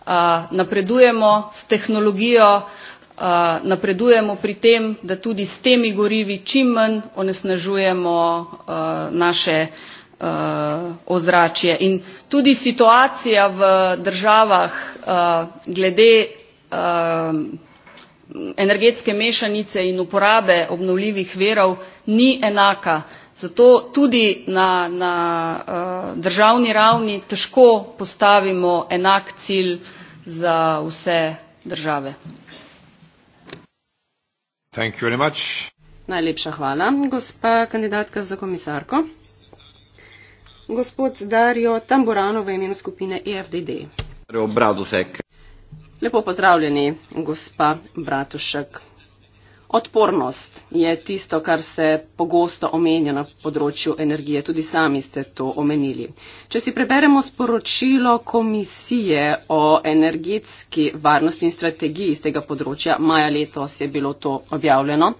D: Eh, napredujemo s tehnologijo eh, napredujemo pri tem da tudi s temi gorivi čim manj onesnažujemo eh, naše ozračje in tudi situacija v državah glede energetske mešanice in uporabe obnovljivih virov ni enaka zato tudi na, na državni ravni težko postavimo enak cilj za vse države.
C: Najlepša hvala, gospa kandidatka za komisarko. Gospod Dario Tamburano v imenu skupine EFDD. Lepo pozdravljeni, gospa Bratušek. Odpornost je tisto, kar se pogosto omenja na področju energije. Tudi sami ste to omenili. Če si preberemo sporočilo komisije o energetski varnostni strategiji iz tega področja, maja letos je bilo to objavljeno,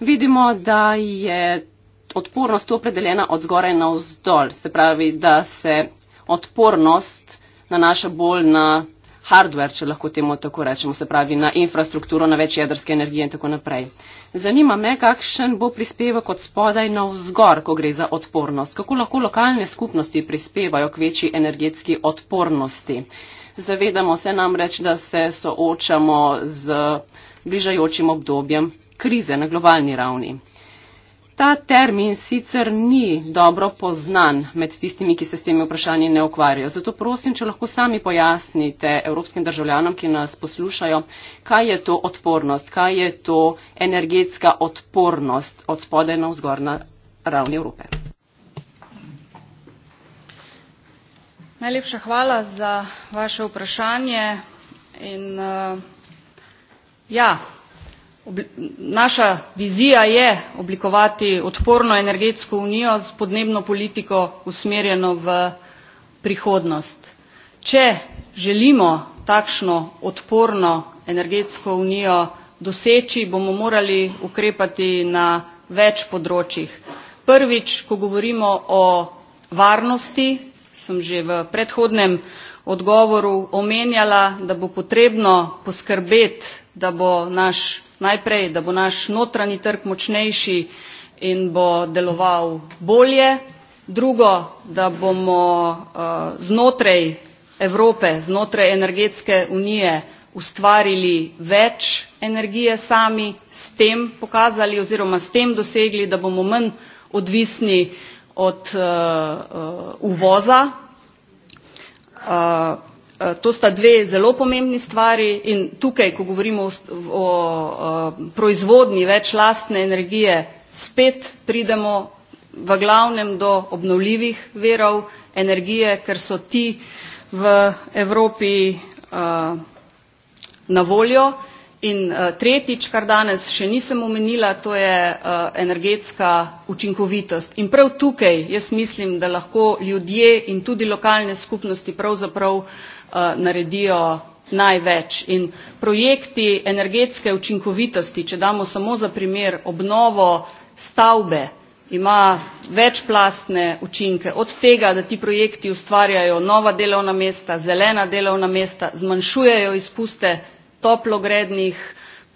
C: vidimo, da je odpornost opredeljena od zgoraj na vzdolj. Se pravi, da se odpornost nanaša bolj na hardware, če lahko temu tako rečemo, se pravi na infrastrukturo, na več jedrske energije in tako naprej. Zanima me, kakšen bo prispevek od spodaj na vzgor, ko gre za odpornost. Kako lahko lokalne skupnosti prispevajo k večji energetski odpornosti? Zavedamo se namreč, da se soočamo z bližajočim obdobjem krize na globalni ravni. Ta termin sicer ni dobro poznan med tistimi, ki se s temi vprašanji ne ukvarjajo. Zato prosim, če lahko sami pojasnite evropskim državljanom, ki nas poslušajo, kaj je to odpornost, kaj je to energetska odpornost od spodaj na vzgor na ravni Evrope.
D: Najlepša hvala za vaše vprašanje. In, uh, ja, naša vizija je oblikovati odporno energetsko unijo s podnebno politiko usmerjeno v prihodnost. če želimo takšno odporno energetsko unijo doseči bomo morali ukrepati na več področjih. prvič ko govorimo o varnosti sem že v predhodnem odgovoru omenjala da bo potrebno poskrbeti da bo naš najprej da bo naš notranji trg močnejši in bo deloval bolje drugo da bomo eh, znotraj evrope znotraj energetske unije ustvarili več energije sami s tem pokazali oziroma s tem dosegli da bomo manj odvisni od eh, eh, uvoza Eh, to sta dve zelo pomembni stvari in tukaj ko govorimo o eh, proizvodnji več lastne energije spet pridemo v glavnem do obnovljivih virov energije ker so ti v evropi eh, na voljo in tretjič kar danes še nisem omenila to je energetska učinkovitost in prav tukaj jaz mislim da lahko ljudje in tudi lokalne skupnosti pravzaprav Eh, naredijo največ in projekti energetske učinkovitosti če damo samo za primer obnovo stavbe ima večplastne učinke od tega da ti projekti ustvarjajo nova delovna mesta zelena delovna mesta zmanjšujejo izpuste toplogrednih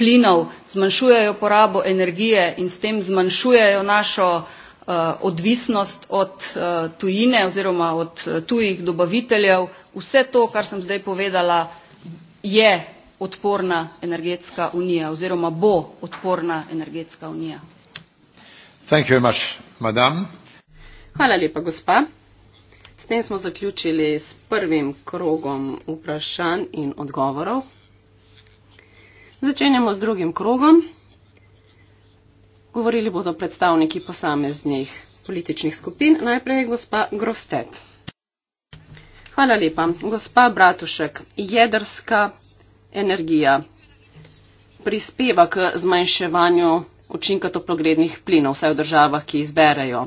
D: plinov zmanjšujejo porabo energije in s tem zmanjšujejo našo Eh, odvisnost od eh, tujine oziroma od eh, tujih dobaviteljev vse to kar sem zdaj povedala je odporna energetska unija oziroma bo odporna energetska unija. Hvala lepa,
C: gospa. S tem smo zaključili s prvim krogom vprašanj in odgovorov. Začenjamo s drugim krogom. Govorili bodo predstavniki posameznih političnih skupin. Najprej je gospa Grostet. Hvala lepa. Gospa Bratušek, jedrska energija prispeva k zmanjševanju učinka toplogrednih plinov, vsaj v državah, ki izberejo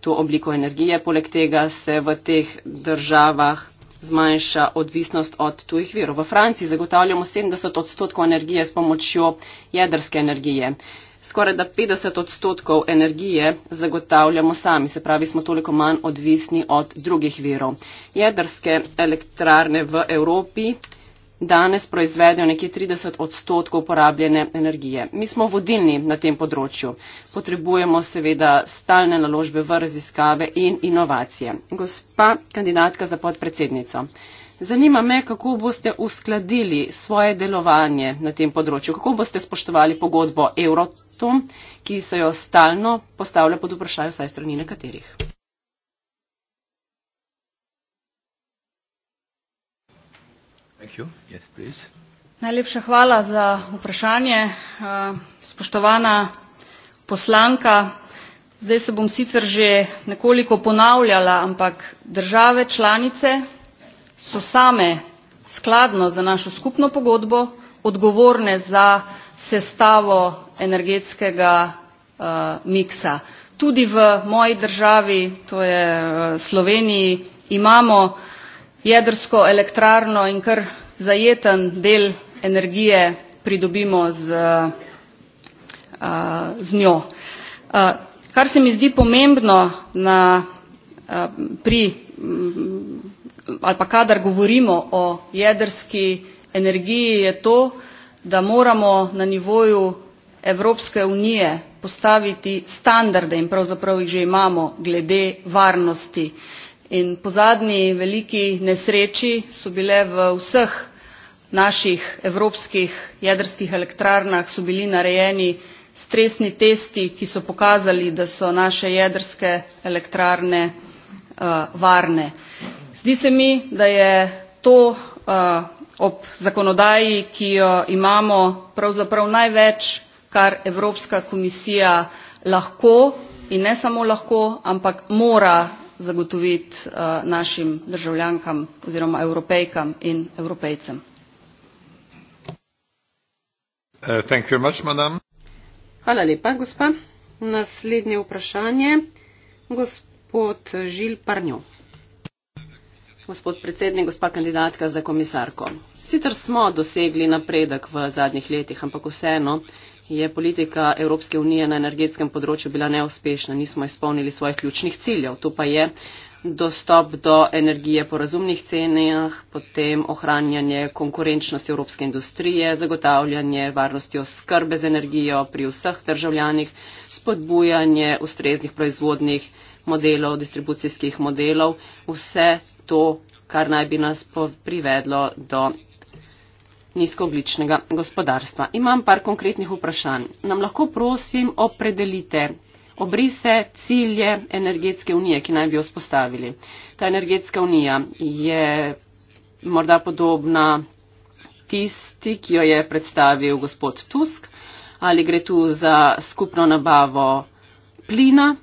C: to obliko energije. Poleg tega se v teh državah zmanjša odvisnost od tujih virov. V Franciji zagotavljamo 70 odstotkov energije s pomočjo jedrske energije skoraj da 50 odstotkov energije zagotavljamo sami, se pravi, smo toliko manj odvisni od drugih virov. Jedrske elektrarne v Evropi danes proizvedejo nekje 30 odstotkov porabljene energije. Mi smo vodilni na tem področju. Potrebujemo seveda stalne naložbe v raziskave in inovacije. Gospa kandidatka za podpredsednico, zanima me, kako boste uskladili svoje delovanje na tem področju, kako boste spoštovali pogodbo Euro to, ki se jo stalno postavlja pod vprašaj vsaj strani nekaterih.
B: Yes,
D: Najlepša hvala za vprašanje. Eh, spoštovana poslanka, zdaj se bom sicer že nekoliko ponavljala, ampak države članice so same skladno za našo skupno pogodbo odgovorne za sestavo energetskega eh, miksa. Tudi v moji državi, to je eh, Sloveniji, imamo jedrsko elektrarno in kar zajeten del energije pridobimo z, eh, z njo. Kar se mi zdi pomembno na, pri mm, ali pa kadar govorimo o jedrski energiji je to, da moramo na nivoju evropske unije postaviti standarde in pravzaprav jih že imamo glede varnosti in po zadnji veliki nesreči so bile v vseh naših evropskih jedrskih elektrarnah so bili narejeni stresni testi ki so pokazali da so naše jedrske elektrarne uh, varne zdi se mi da je to uh, ob zakonodaji ki jo imamo pravzaprav največ kar evropska komisija lahko in ne samo lahko ampak mora zagotoviti eh, našim državljankam oziroma evropejkam in evropejcem.
B: Eh,
D: Hvala
C: lepa, gospa. Naslednje vprašanje, gospod Žil Parnjo gospod predsednik, gospa kandidatka za komisarko. Sicer smo dosegli napredek v zadnjih letih, ampak vseeno je politika Evropske unije na energetskem področju bila neuspešna, nismo izpolnili svojih ključnih ciljev. To pa je dostop do energije po razumnih cenah, potem ohranjanje konkurenčnosti evropske industrije, zagotavljanje varnosti oskrbe z energijo pri vseh državljanih, spodbujanje ustreznih proizvodnih modelov, distribucijskih modelov, vse to, kar naj bi nas privedlo do nizkogličnega gospodarstva. Imam par konkretnih vprašanj. Nam lahko prosim opredelite obrise, cilje energetske unije, ki naj bi jo spostavili. Ta energetska unija je morda podobna tisti, ki jo je predstavil gospod Tusk, ali gre tu za skupno nabavo plina,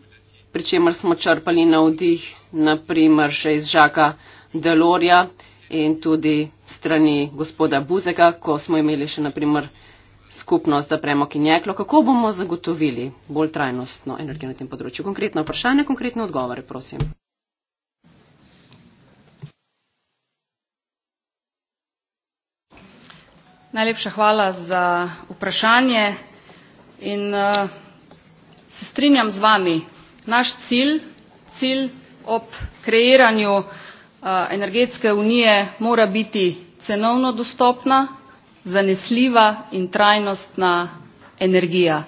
C: pri čemer smo črpali na vdih, naprimer še iz Žaka Delorja in tudi strani gospoda Buzega, ko smo imeli še naprimer skupnost za premok in jeklo. Kako bomo zagotovili bolj trajnostno energijo na tem področju? Konkretno vprašanje, konkretne odgovore, prosim.
D: Najlepša hvala za vprašanje in uh, se strinjam z vami, naš cilj cilj ob kreiranju uh, energetske unije mora biti cenovno dostopna zanesljiva in trajnostna energija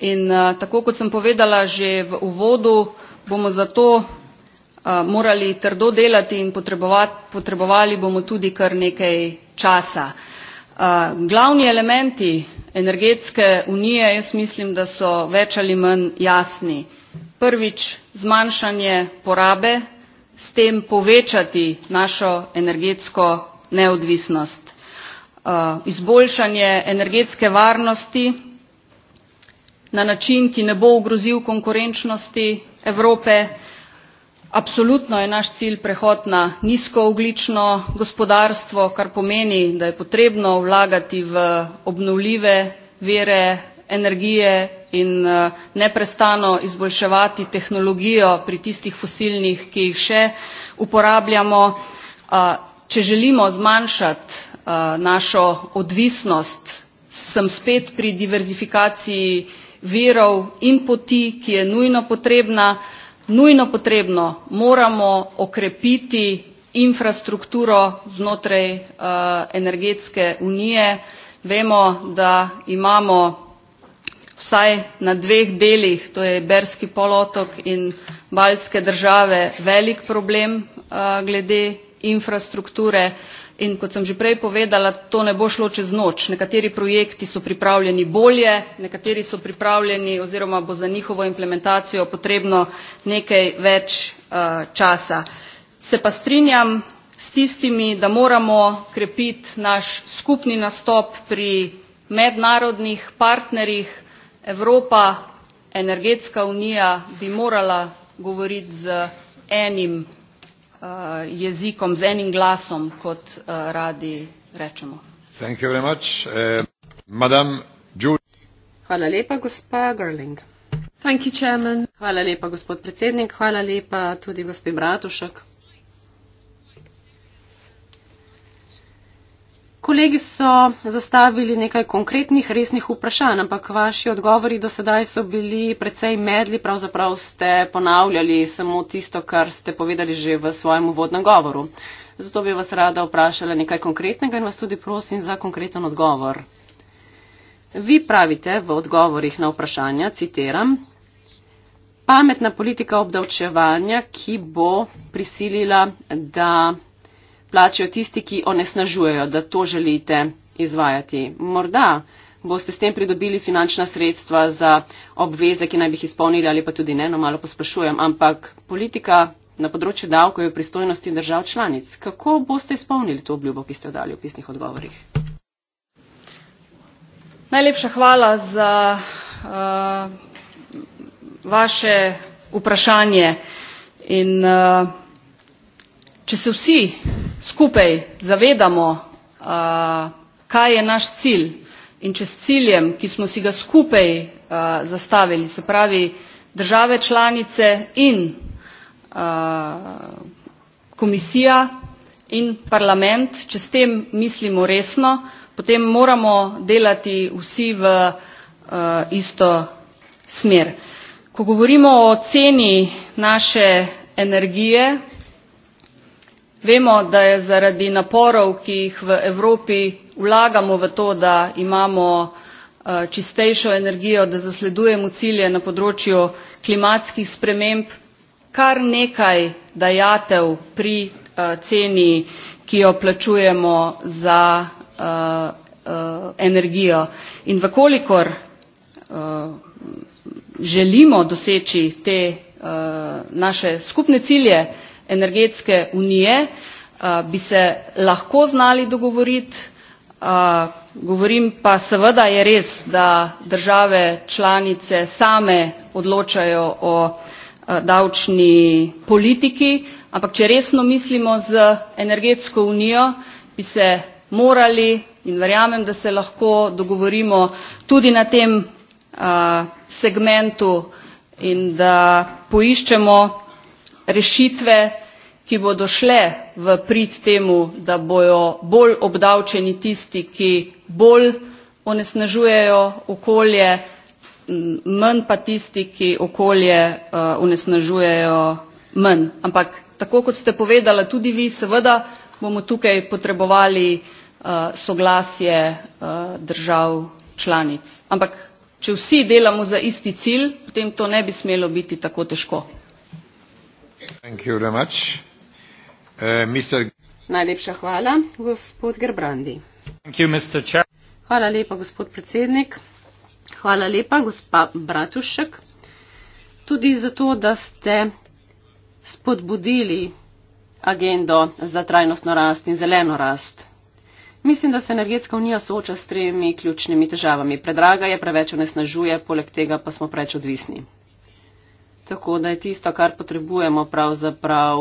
D: in uh, tako kot sem povedala že v uvodu bomo zato uh, morali trdo delati in potrebovali bomo tudi kar nekaj časa glavni elementi energetske unije jaz mislim da so več ali manj jasni prvič zmanjšanje porabe s tem povečati našo energetsko neodvisnost uh, izboljšanje energetske varnosti na način ki ne bo ogrozil konkurenčnosti evrope absolutno je naš cilj prehod na nizkoogljično gospodarstvo kar pomeni da je potrebno vlagati v obnovljive vire energije in eh, neprestano izboljševati tehnologijo pri tistih fosilnih ki jih še uporabljamo eh, če želimo zmanjšati eh, našo odvisnost sem spet pri diverzifikaciji virov in poti ki je nujno potrebna nujno potrebno moramo okrepiti infrastrukturo znotraj energetske unije vemo da imamo vsaj na dveh delih, to je Berski polotok in Baljske države, velik problem glede infrastrukture. In kot sem že prej povedala, to ne bo šlo čez noč. Nekateri projekti so pripravljeni bolje, nekateri so pripravljeni oziroma bo za njihovo implementacijo potrebno nekaj več časa. Se pa strinjam s tistimi, da moramo krepiti naš skupni nastop pri mednarodnih partnerjih, evropa energetska unija bi morala govoriti z enim uh, jezikom z enim glasom kot uh, radi rečemo
B: Thank you very much. Uh,
D: hvala lepa gospa
C: Gerling.
B: Thank you,
C: hvala lepa gospod predsednik, hvala lepa tudi gospe Bratušek. kolegi so zastavili nekaj konkretnih, resnih vprašanj, ampak vaši odgovori do sedaj so bili precej medli, pravzaprav ste ponavljali samo tisto, kar ste povedali že v svojem uvodnem govoru. Zato bi vas rada vprašala nekaj konkretnega in vas tudi prosim za konkreten odgovor. Vi pravite v odgovorih na vprašanja, citiram, pametna politika obdavčevanja, ki bo prisilila, da plačajo tisti, ki onesnažujejo, da to želite izvajati. Morda boste s tem pridobili finančna sredstva za obveze, ki naj bi jih izpolnili ali pa tudi ne, no malo posprašujem, ampak politika na področju davkov je v pristojnosti držav članic. Kako boste izpolnili to obljubo, ki ste jo dali v pisnih odgovorih?
D: Najlepša hvala za uh, vaše vprašanje in uh, če se vsi skupaj zavedamo kaj je naš cilj in če s ciljem ki smo si ga skupaj zastavili se pravi države članice in komisija in parlament če s tem mislimo resno potem moramo delati vsi v isto smer. ko govorimo o ceni naše energije vemo da je zaradi naporov ki jih v evropi vlagamo v to da imamo eh, čistejšo energijo da zasledujemo cilje na področju klimatskih sprememb kar nekaj dajatev pri eh, ceni ki jo plačujemo za eh, energijo in v kolikor želimo doseči te naše skupne cilje energetske unije eh, bi se lahko znali dogovoriti eh, govorim pa seveda je res da države članice same odločajo o eh, davčni politiki ampak če resno mislimo z energetsko unijo bi se morali in verjamem da se lahko dogovorimo tudi na tem segmentu in da poiščemo rešitve ki bodo šle v prid temu da bodo bolj obdavčeni tisti ki bolj onesnažujejo okolje manj pa tisti ki okolje eh, onesnažujejo manj. ampak tako kot ste povedala tudi vi seveda bomo tukaj potrebovali eh, soglasje eh, držav članic ampak če vsi delamo za isti cilj potem to ne bi smelo biti tako težko.
B: Uh,
C: Najlepša hvala, gospod Gerbrandi. Hvala lepa, gospod predsednik. Hvala lepa, gospa Bratušek, tudi zato, da ste spodbudili agendo za trajnostno rast in zeleno rast. Mislim, da se energetska unija sooča s tremi ključnimi težavami. Predraga je, preveč onesnažuje, poleg tega pa smo preveč odvisni. Tako da je tisto, kar potrebujemo, pravzaprav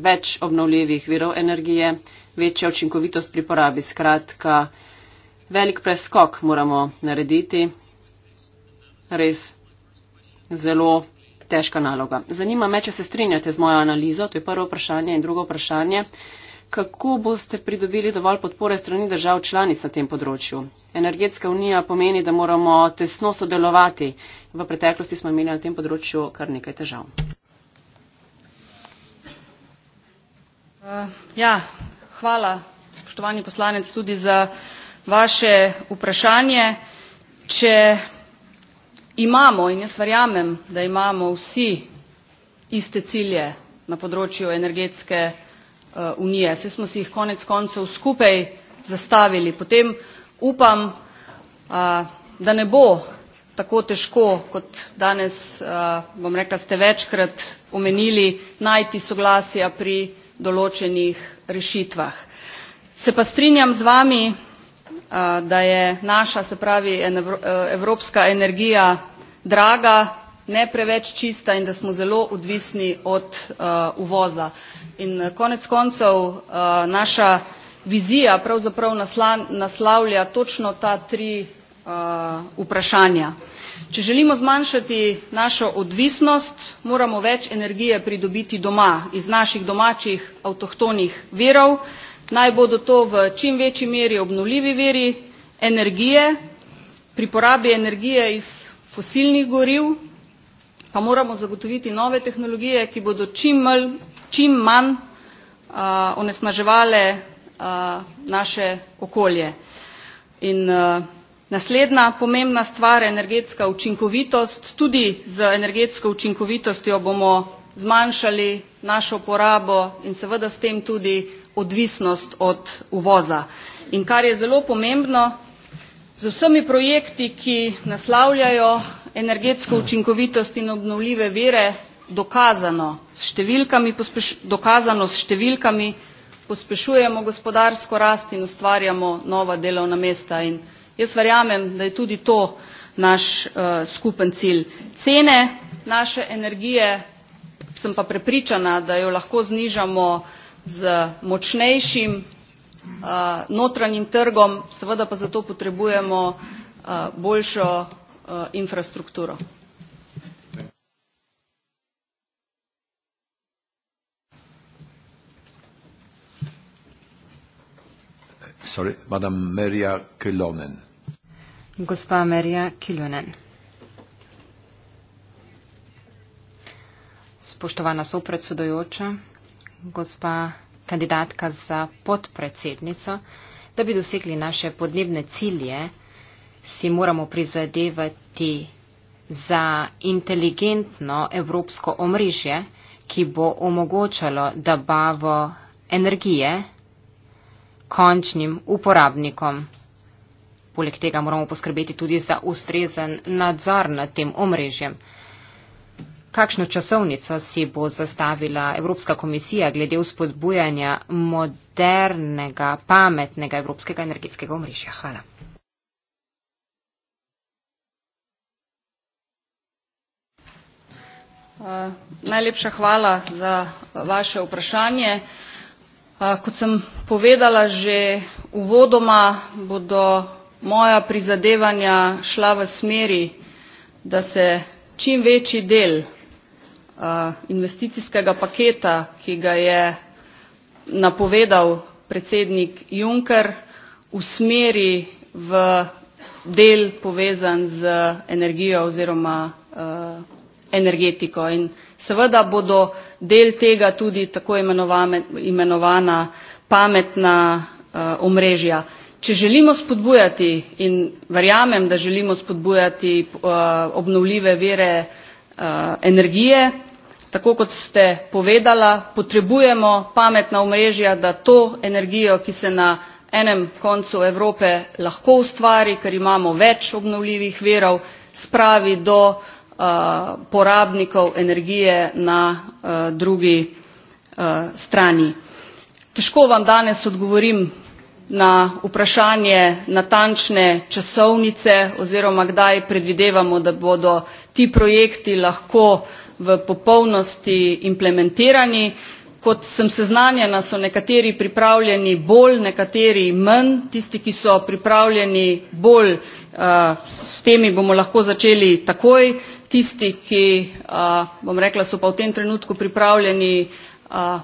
C: več obnovljivih virov energije, večja učinkovitost pri porabi. Skratka, velik preskok moramo narediti. Res zelo težka naloga. Zanima me, če se strinjate z mojo analizo, to je prvo vprašanje in drugo vprašanje kako boste pridobili dovolj podpore strani držav članic na tem področju. Energetska unija pomeni, da moramo tesno sodelovati. V preteklosti smo imeli na tem področju kar nekaj težav.
D: Uh, ja, hvala, spoštovani poslanec, tudi za vaše vprašanje. Če imamo in jaz verjamem, da imamo vsi iste cilje na področju energetske unije, Eh, unije saj smo si jih konec koncev skupaj zastavili potem upam eh, da ne bo tako težko kot danes eh, bom rekla ste večkrat omenili najti soglasja pri določenih rešitvah. se pa strinjam z vami da je naša se pravi evropska energija draga ne preveč čista in da smo zelo odvisni od uh, uvoza. In uh, konec koncev uh, naša vizija pravzaprav nasla, naslavlja točno ta tri uh, vprašanja. Če želimo zmanjšati našo odvisnost, moramo več energije pridobiti doma, iz naših domačih avtohtonih verov, naj bodo to v čim večji meri obnuljivi veri energije, pri porabi energije iz fosilnih goriv, pa moramo zagotoviti nove tehnologije, ki bodo čim, mal, čim manj uh, onesnaževale uh, naše okolje. In uh, naslednja pomembna stvar je energetska učinkovitost. Tudi z energetsko učinkovitostjo bomo zmanjšali našo porabo in seveda s tem tudi odvisnost od uvoza. In kar je zelo pomembno, z vsemi projekti, ki naslavljajo energetsko učinkovitost in obnovljive vire dokazano s številkami dokazano s številkami pospešujemo gospodarsko rast in ustvarjamo nova delovna mesta in jaz verjamem da je tudi to naš uh, skupen cilj. Cene naše energije sem pa prepričana, da jo lahko znižamo z močnejšim uh, notranjim trgom, seveda pa zato potrebujemo uh, boljšo Eh, infrastrukturo.
B: Sorry, madam Maria Kilonen.
E: Gospa Marija Kilonen. Spoštovana sopredsedujoča, gospa kandidatka za podpredsednico, da bi dosegli naše podnebne cilje, si moramo prizadevati poskrbeti za inteligentno evropsko omrežje, ki bo omogočalo dobavo energije končnim uporabnikom. Poleg tega moramo poskrbeti tudi za ustrezen nadzor nad tem omrežjem. Kakšno časovnico si bo zastavila Evropska komisija glede vzpodbujanja modernega, pametnega evropskega energetskega omrežja? Hvala.
D: Eh, najlepša hvala za vaše vprašanje. Eh, kot sem povedala že uvodoma bodo moja prizadevanja šla v smeri da se čim večji del eh, investicijskega paketa ki ga je napovedal predsednik juncker usmeri v del povezan z energijo oziroma energetiko. In seveda bodo del tega tudi tako imenovana pametna uh, omrežja. Če želimo spodbujati in verjamem, da želimo spodbujati uh, obnovljive vere uh, eh, energije, tako kot ste povedala, potrebujemo pametna omrežja, da to energijo, ki se na enem koncu Evrope lahko ustvari, ker imamo več obnovljivih verov, spravi do uh, uh, porabnikov energije na uh, drugi uh, strani. Težko vam danes odgovorim na vprašanje natančne časovnice oziroma kdaj predvidevamo, da bodo ti projekti lahko v popolnosti implementirani. Kot sem seznanjena, so nekateri pripravljeni bolj, nekateri manj. Tisti, ki so pripravljeni bolj, uh, s temi bomo lahko začeli takoj tisti, ki, bom rekla, so pa v tem trenutku pripravljeni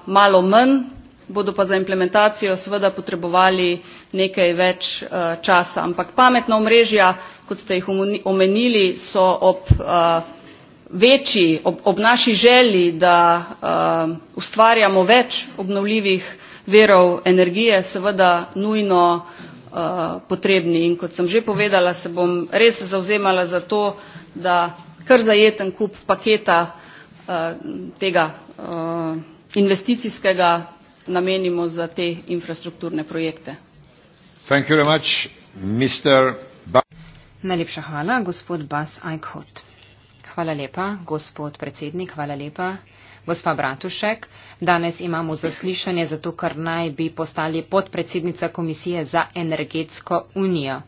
D: malo manj, bodo pa za implementacijo seveda potrebovali nekaj več časa. Ampak pametna omrežja, kot ste jih omenili, so ob večji, ob, ob naši želji, da ustvarjamo več obnovljivih verov energije, seveda nujno potrebni. In kot sem že povedala, se bom res zauzemala za to, da kar zajeten kup paketa uh, tega uh, investicijskega namenimo za te infrastrukturne projekte. Najlepša
E: hvala, gospod Bas Eichhut. Hvala lepa, gospod predsednik, hvala lepa, gospa Bratušek. Danes imamo zaslišanje, zato ker naj bi postali podpredsednica Komisije za energetsko unijo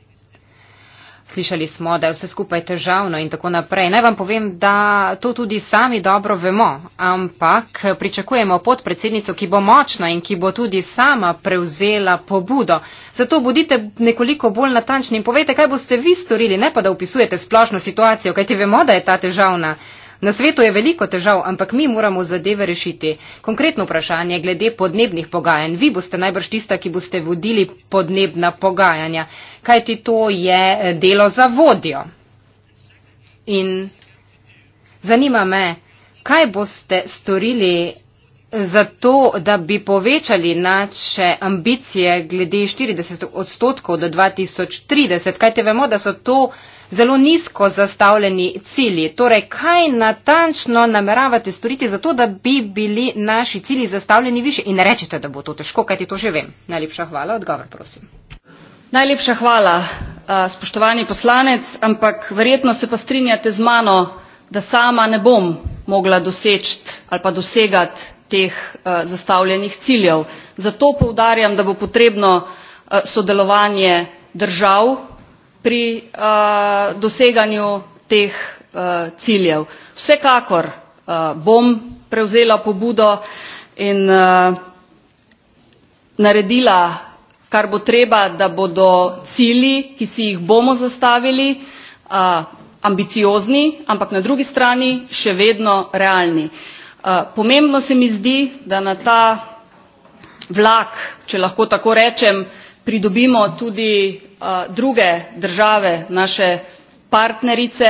E: slišali smo, da je vse skupaj težavno in tako naprej. Naj vam povem, da to tudi sami dobro vemo, ampak pričakujemo podpredsednico, ki bo močna in ki bo tudi sama prevzela pobudo. Zato bodite nekoliko bolj natančni in povejte, kaj boste vi storili, ne pa da opisujete splošno situacijo, kajti vemo, da je ta težavna. Na svetu je veliko težav, ampak mi moramo zadeve rešiti. Konkretno vprašanje glede podnebnih pogajanj. Vi boste najbrž tista, ki boste vodili podnebna pogajanja kajti to je eh, delo za vodjo. In zanima me, kaj boste storili za to, da bi povečali naše ambicije glede 40 odstotkov do 2030, kajte vemo, da so to zelo nizko zastavljeni cilji. Torej, kaj natančno nameravate storiti za to, da bi bili naši cilji zastavljeni više in rečete, da bo to težko, kajti to že vem. Najlepša
D: hvala, odgovor prosim najlepša hvala spoštovani poslanec ampak verjetno se pa strinjate z mano da sama ne bom mogla doseči ali pa dosegat teh zastavljenih ciljev zato poudarjam da bo potrebno sodelovanje držav pri doseganju teh ciljev vsekakor bom prevzela pobudo in naredila kar bo treba da bodo cilji ki si jih bomo zastavili ambiciozni ampak na drugi strani še vedno realni. pomembno se mi zdi da na ta vlak če lahko tako rečem pridobimo tudi druge države naše partnerice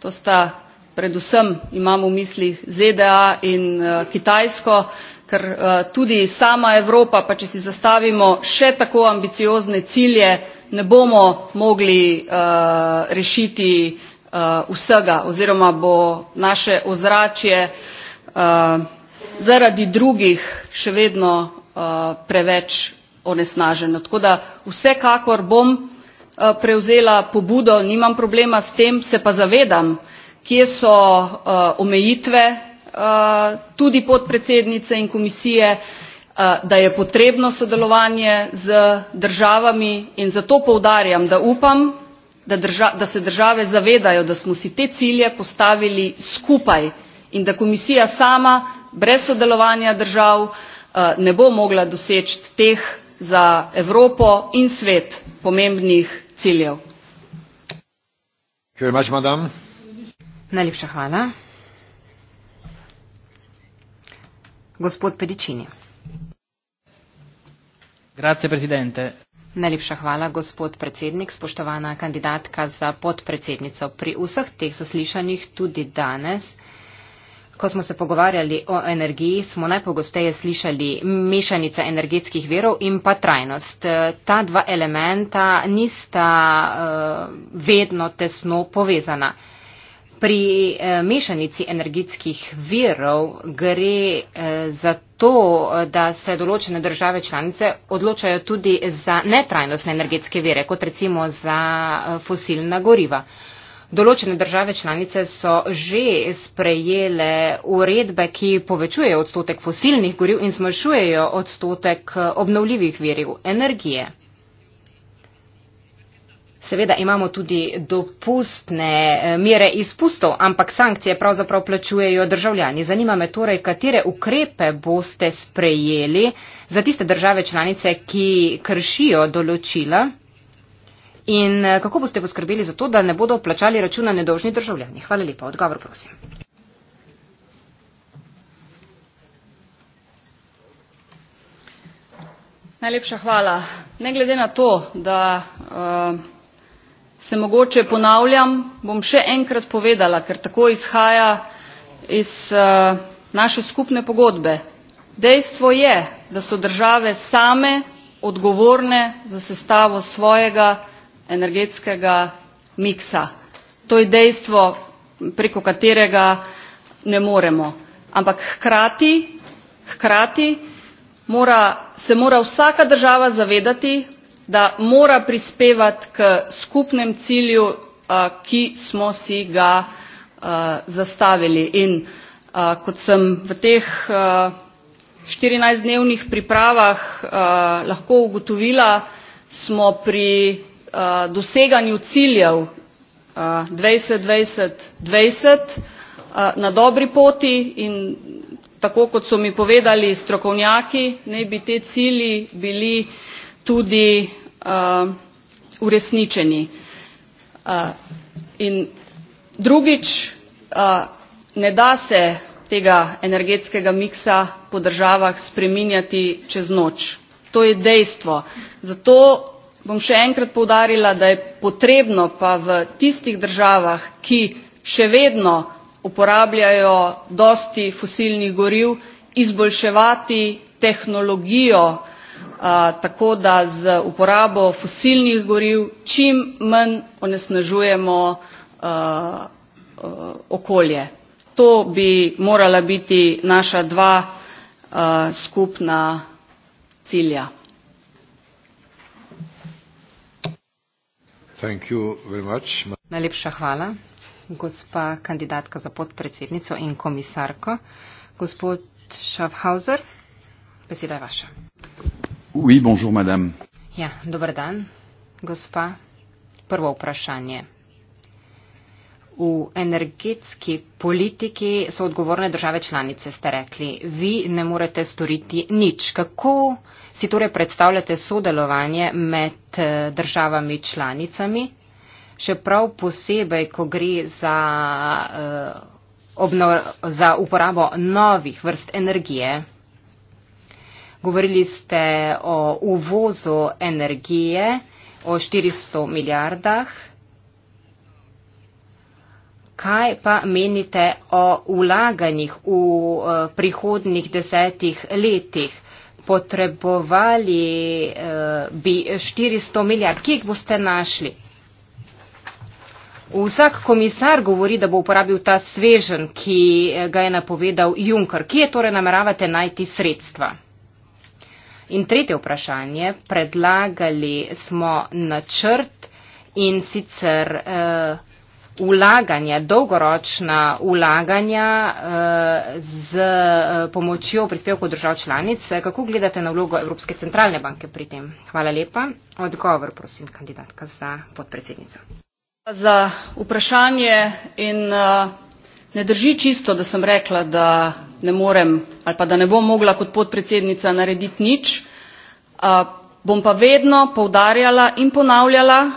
D: to sta predvsem imam v mislih zda in kitajsko ker eh, tudi sama evropa pa če si zastavimo še tako ambiciozne cilje ne bomo mogli eh, rešiti eh, vsega oziroma bo naše ozračje zaradi drugih še vedno preveč onesnaženo. Tako da vsekakor bom prevzela pobudo, nimam problema s tem, se pa zavedam, kje so omejitve, Eh, tudi podpredsednice in komisije eh, da je potrebno sodelovanje z državami in zato poudarjam da upam da se države zavedajo da smo si te cilje postavili skupaj in da komisija sama brez sodelovanja držav eh, ne bo mogla doseči teh za evropo in svet pomembnih ciljev. najlepša hvala.
E: Gospod Pedičini. Grazie,
A: presidente.
E: Najlepša hvala, gospod predsednik, spoštovana kandidatka za podpredsednico. Pri vseh teh zaslišanjih tudi danes, ko smo se pogovarjali o energiji, smo najpogosteje slišali mešanica energetskih verov in pa trajnost. Ta dva elementa nista uh, vedno tesno povezana. Pri eh, mešanici energetskih virov gre eh, za to, da se določene države članice odločajo tudi za netrajnostne energetske vire, kot recimo za eh, fosilna goriva. Določene države članice so že sprejele uredbe, ki povečujejo odstotek fosilnih goriv in zmanjšujejo odstotek obnovljivih virov energije. Seveda imamo tudi dopustne eh, mere izpustov, ampak sankcije pravzaprav plačujejo državljani. Zanima me torej, katere ukrepe boste sprejeli za tiste države članice, ki kršijo določila in eh, kako boste poskrbeli za to, da ne bodo plačali računa nedožni državljani. Hvala lepa. Odgovor, prosim.
D: Najlepša hvala. Ne glede na to, da. Uh, se mogoče ponavljam bom še enkrat povedala ker tako izhaja iz eh, naše skupne pogodbe dejstvo je da so države same odgovorne za sestavo svojega energetskega miksa to je dejstvo preko katerega ne moremo ampak hkrati hkrati mora se mora vsaka država zavedati da mora prispevati k skupnem cilju uh, ki smo si ga uh, zastavili in uh, kot sem v teh štirinajst dnevnih pripravah lahko ugotovila smo pri doseganju ciljev dvajset dvajset dvajset na dobri poti in tako kot so mi povedali strokovnjaki naj bi ti cilji bili tudi Uh, uresničeni. Uh, in drugič uh, ne da se tega energetskega miksa po državah spreminjati čez noč. to je dejstvo. zato bom še enkrat poudarila da je potrebno pa v tistih državah ki še vedno uporabljajo dosti fosilnih goriv izboljševati tehnologijo tako da z uporabo fosilnih goriv čim manj onesnažujemo okolje. To bi morala biti naša dva skupna cilja. Najlepša
E: hvala, gospa kandidatka za podpredsednico in komisarko. Gospod Schaffhauser, beseda je vaša.
B: Oui, bonjour, madame.
E: Ja, dober dan, gospa. Prvo vprašanje. V energetski politiki so odgovorne države članice, ste rekli. Vi ne morete storiti nič. Kako si torej predstavljate sodelovanje med eh, državami članicami, še prav posebej, ko gre za, eh, obno, za uporabo novih vrst energije? Govorili ste o uvozu energije, o 400 milijardah. Kaj pa menite o vlaganjih v eh, prihodnih desetih letih? Potrebovali eh, bi 400 milijard. Kje boste našli? Vsak komisar govori, da bo uporabil ta svežen, ki eh, ga je napovedal Juncker. Kje torej nameravate najti sredstva? In tretje vprašanje, predlagali smo načrt in sicer uh, eh, ulaganja, dolgoročna ulaganja uh, eh, z eh, pomočjo prispevkov držav članic. Kako gledate na vlogo Evropske centralne banke pri tem? Hvala lepa. Odgovor, prosim, kandidatka za podpredsednico.
D: Za vprašanje in uh, ne drži čisto, da sem rekla, da ne morem ali pa da ne bom mogla kot podpredsednica narediti nič. Bom pa vedno poudarjala in ponavljala,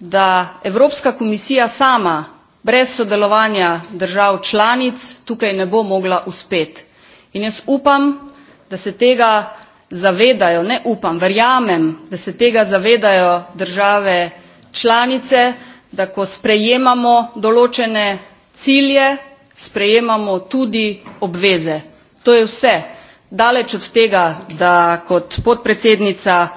D: da Evropska komisija sama brez sodelovanja držav članic tukaj ne bo mogla uspet. In jaz upam, da se tega zavedajo, ne upam, verjamem, da se tega zavedajo države članice, da ko sprejemamo določene cilje, sprejemamo tudi obveze to je vse daleč od tega da kot podpredsednica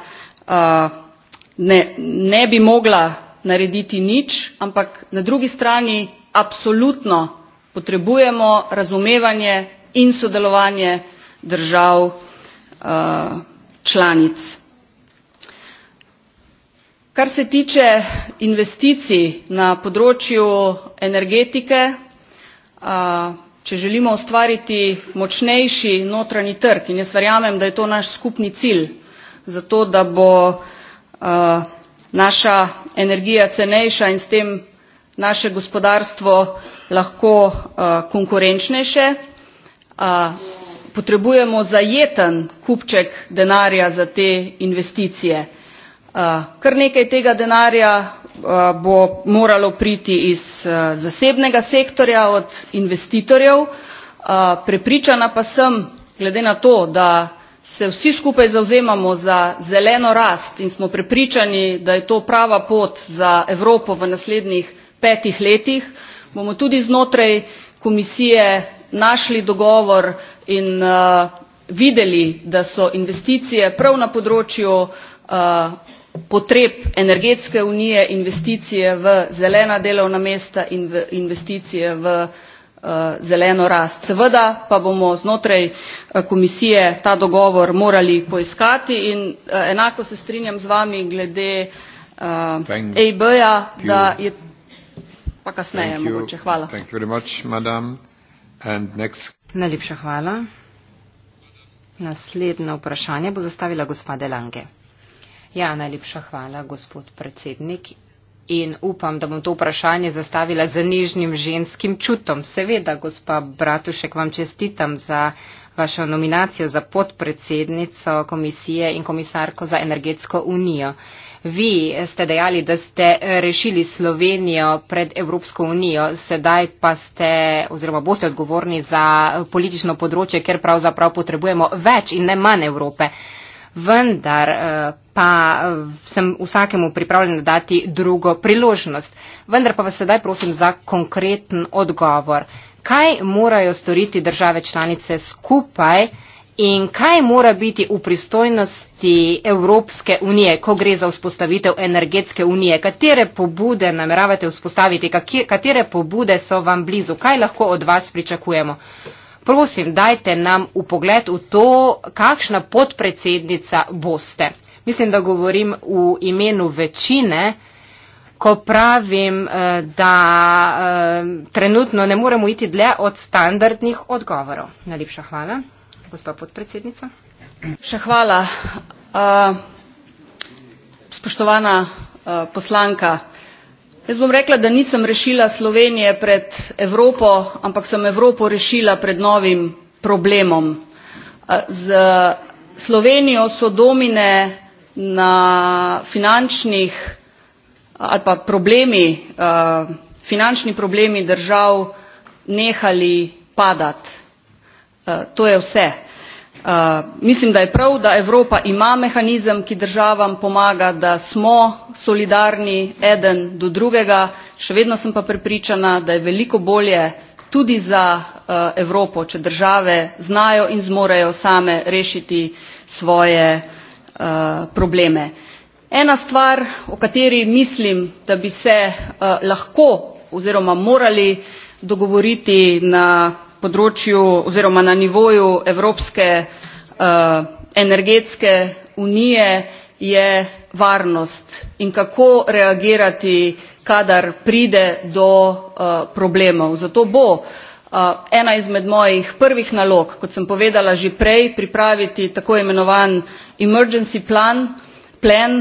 D: ne bi mogla narediti nič ampak na drugi strani absolutno potrebujemo razumevanje in sodelovanje držav članic. kar se tiče investicij na področju energetike če želimo ustvariti močnejši notranji trg in jaz verjamem da je to naš skupni cilj zato da bo naša energija cenejša in s tem naše gospodarstvo lahko konkurenčnejše potrebujemo zajeten kupček denarja za te investicije. kar nekaj tega denarja Eh, bo moralo priti iz eh, zasebnega sektorja od investitorjev. Eh, prepričana pa sem, glede na to, da se vsi skupaj zauzemamo za zeleno rast in smo prepričani, da je to prava pot za Evropo v naslednjih petih letih, bomo tudi znotraj komisije našli dogovor in uh, videli, da so investicije prav na področju uh, potreb energetske unije investicije v zelena delovna mesta in v investicije v eh, zeleno rast. seveda pa bomo znotraj eh, komisije ta dogovor morali poiskati in eh, enako se strinjam z vami glede eib ja da je pa kasneje mogoče.
E: najlepša hvala. naslednje vprašanje bo zastavila gospa de lange. Ja, najlepša hvala, gospod predsednik. In upam, da bom to vprašanje zastavila z nižnim ženskim čutom. Seveda, gospa Bratušek, vam čestitam za vašo nominacijo za podpredsednico komisije in komisarko za energetsko unijo. Vi ste dejali, da ste rešili Slovenijo pred Evropsko unijo, sedaj pa ste oziroma boste odgovorni za politično področje, ker pravzaprav potrebujemo več in ne manj Evrope vendar eh, pa eh, sem vsakemu pripravljen dati drugo priložnost. Vendar pa vas sedaj prosim za konkreten odgovor. Kaj morajo storiti države članice skupaj in kaj mora biti v pristojnosti Evropske unije, ko gre za vzpostavitev energetske unije? Katere pobude nameravate vzpostaviti? Katere pobude so vam blizu? Kaj lahko od vas pričakujemo? Uh, Prosim, dajte nam v pogled v to, kakšna podpredsednica boste. Mislim, da govorim v imenu večine, ko pravim, eh, da eh, trenutno ne moremo iti dlje od standardnih odgovorov. Najlepša
D: hvala, gospa podpredsednica. Še hvala, uh, spoštovana uh, poslanka jaz bom rekla da nisem rešila slovenije pred evropo ampak sem evropo rešila pred novim problemom. s slovenijo so domine na finančnih ali pa problemi finančni problemi držav nehali padati. to je vse. Uh, mislim da je prav da evropa ima mehanizem ki državam pomaga da smo solidarni eden do drugega še vedno sem pa prepričana da je veliko bolje tudi za uh, evropo če države znajo in zmorejo same rešiti svoje uh, probleme. ena stvar o kateri mislim da bi se lahko oziroma morali dogovoriti na področju oziroma na nivoju evropske eh, energetske unije je varnost in kako reagirati kadar pride do eh, problemov. zato bo eh, ena izmed mojih prvih nalog kot sem povedala že prej pripraviti tako imenovan emergency plan, plan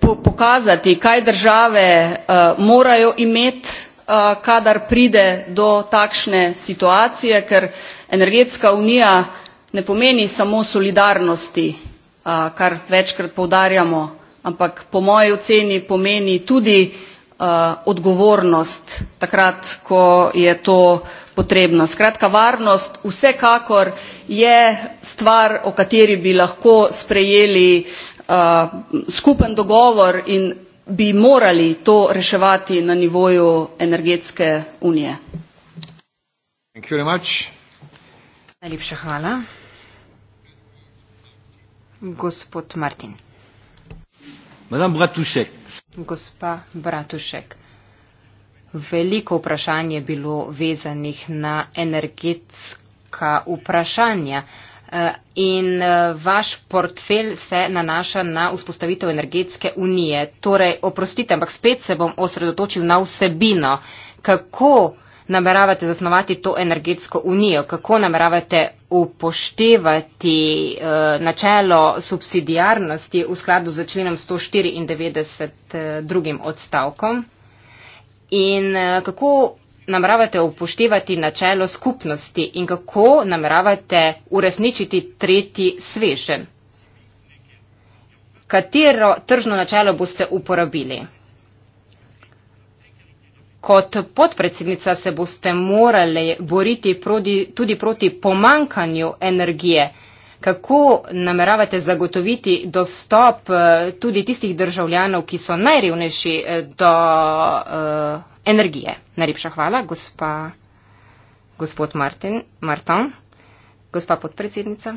D: pokazati kaj države morajo imeti Eh, kadar pride do takšne situacije ker energetska unija ne pomeni samo solidarnosti eh, kar večkrat poudarjamo ampak po moji oceni pomeni tudi eh, odgovornost takrat ko je to potrebno. skratka varnost vsekakor je stvar o kateri bi lahko sprejeli skupen dogovor in bi morali to reševati na nivoju energetske unije. Najlepša hvala. Gospod
A: Martin. Madame Bratušek.
E: Gospa Bratušek. Veliko vprašanje je bilo vezanih na energetska vprašanja. Eh, in eh, vaš portfelj se nanaša na vzpostavitev energetske unije. Torej, oprostite, ampak spet se bom osredotočil na vsebino, kako nameravate zasnovati to energetsko unijo, kako nameravate upoštevati eh, načelo subsidijarnosti v skladu z členom 194 drugim odstavkom. In kako nameravate upoštevati načelo skupnosti in kako nameravate uresničiti tretji svežen? Katero tržno načelo boste uporabili? Kot podpredsednica se boste morali boriti prodi, tudi proti pomankanju energije kako nameravate zagotoviti dostop eh, tudi tistih državljanov, ki so najrevnejši eh, do uh, energije. Najlepša hvala, gospa, gospod Martin, Martin, gospa podpredsednica.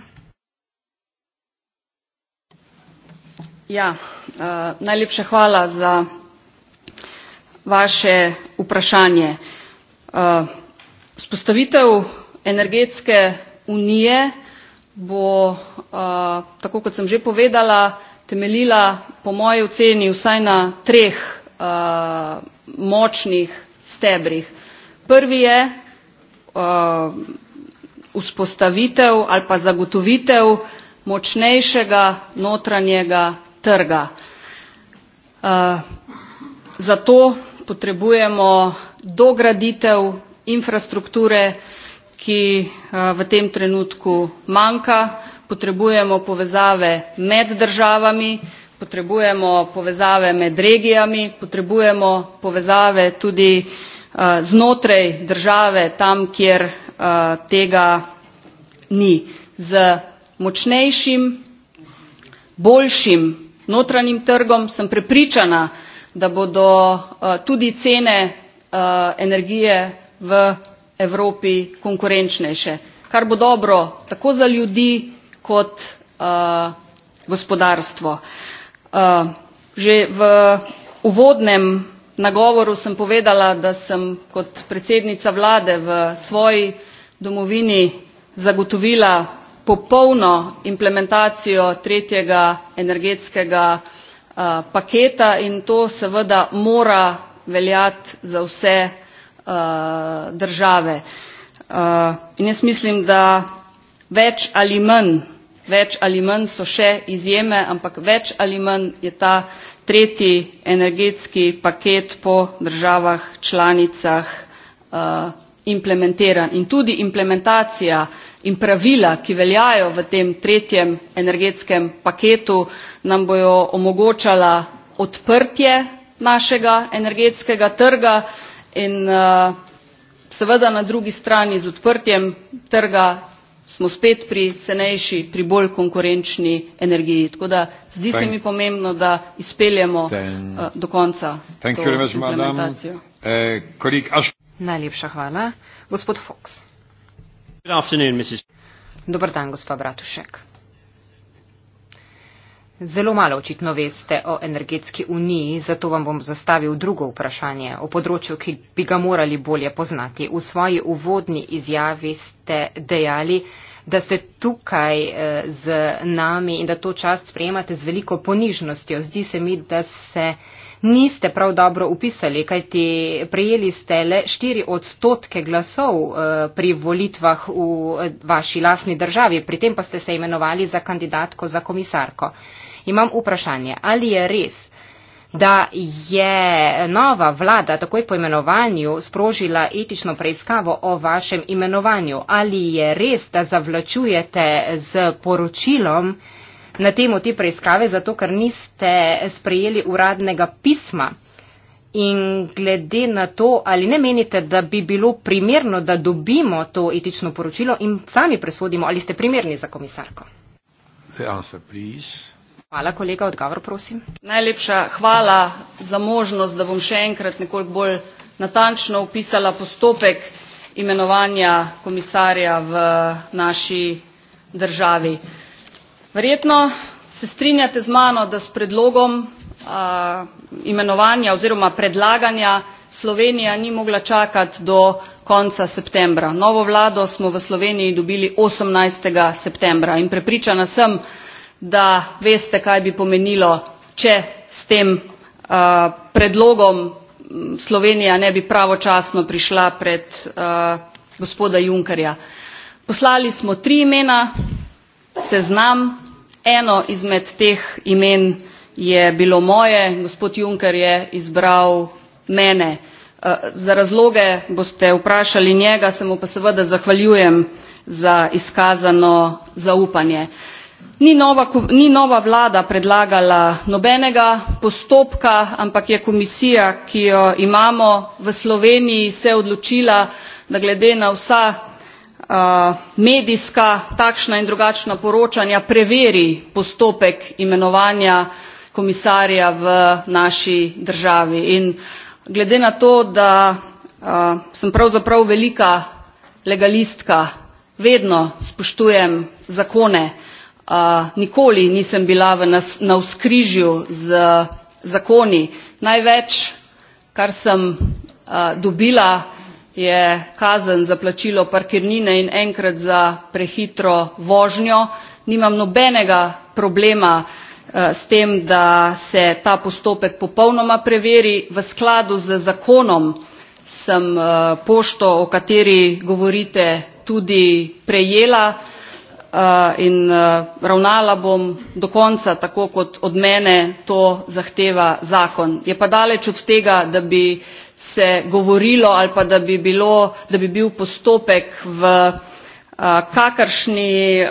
D: Ja, uh, najlepša hvala za vaše vprašanje. Uh, spostavitev energetske unije bo, tako kot sem že povedala, temeljila po moji oceni vsaj na treh močnih stebrih. Prvi je vzpostavitev ali pa zagotovitev močnejšega notranjega trga. Zato potrebujemo dograditev infrastrukture, ki eh, v tem trenutku manjka. Potrebujemo povezave med državami, potrebujemo povezave med regijami, potrebujemo povezave tudi eh, znotraj države, tam, kjer eh, tega ni. Z močnejšim, boljšim notranjim trgom sem prepričana, da bodo tudi cene energije v evropi konkurenčnejše kar bo dobro tako za ljudi kot uh, gospodarstvo. Uh, že v uvodnem nagovoru sem povedala da sem kot predsednica vlade v svoji domovini zagotovila popolno implementacijo tretjega energetskega uh, paketa in to seveda mora veljati za vse uh, države. Uh, in jaz mislim, da več ali manj, več ali manj so še izjeme, ampak več ali manj je ta tretji energetski paket po državah članicah uh, implementiran. In tudi implementacija in pravila, ki veljajo v tem tretjem energetskem paketu, nam bojo omogočala odprtje našega energetskega trga. Uh, in uh, seveda na drugi strani z odprtjem trga smo spet pri cenejši pri bolj konkurenčni energiji tako da zdi se mi pomembno da izpeljemo uh, do konca to implementacijo.
F: Eh,
E: Dobar dan, gospa Bratušek. Zelo malo očitno veste o energetski uniji, zato vam bom zastavil drugo vprašanje o področju, ki bi ga morali bolje poznati. V svoji uvodni izjavi ste dejali, da ste tukaj eh, z nami in da to čast sprejemate z veliko ponižnostjo. Zdi se mi, da se niste prav dobro upisali, kajti prejeli ste le 4 odstotke glasov eh, pri volitvah v eh, vaši lasni državi, pri tem pa ste se imenovali za kandidatko za komisarko imam vprašanje, ali je res, da je nova vlada takoj po imenovanju sprožila etično preiskavo o vašem imenovanju, ali je res, da zavlačujete z poročilom na temo te preiskave, zato ker niste sprejeli uradnega pisma. In glede na to, ali ne menite, da bi bilo primerno, da dobimo to etično poročilo in sami presodimo, ali ste primerni za komisarko.
B: The answer, please.
E: Hvala, kolega, odgovor, prosim.
D: Najlepša hvala za možnost, da bom še enkrat nekoliko bolj natančno opisala postopek imenovanja komisarja v naši državi. Verjetno se strinjate z mano, da s predlogom a, imenovanja oziroma predlaganja Slovenija ni mogla čakati do konca septembra. Novo vlado smo v Sloveniji dobili 18. septembra in prepričana sem, da veste kaj bi pomenilo če s tem eh, predlogom slovenija ne bi pravočasno prišla pred eh, gospoda junckerja. poslali smo tri imena seznam eno izmed teh imen je bilo moje gospod juncker je izbral mene. Eh, za razloge boste vprašali njega se mu pa seveda zahvaljujem za izkazano zaupanje ni nova vlada predlagala nobenega postopka ampak je komisija ki jo imamo v sloveniji se odločila da glede na vsa medijska takšna in drugačna poročanja preveri postopek imenovanja komisarja v naši državi in glede na to da sem pravzaprav velika legalistka vedno spoštujem zakone nikoli nisem bila v nas, na vzkrižju z zakoni. Največ, kar sem a, dobila, je kazen za plačilo parkirnine in enkrat za prehitro vožnjo. Nimam nobenega problema a, s tem, da se ta postopek popolnoma preveri v skladu z zakonom sem pošto, o kateri govorite, tudi prejela. Eh, in eh, ravnala bom do konca tako, kot od mene to zahteva zakon. Je pa daleč od tega, da bi se govorilo ali pa da bi, bilo, da bi bil postopek v eh, kakršni,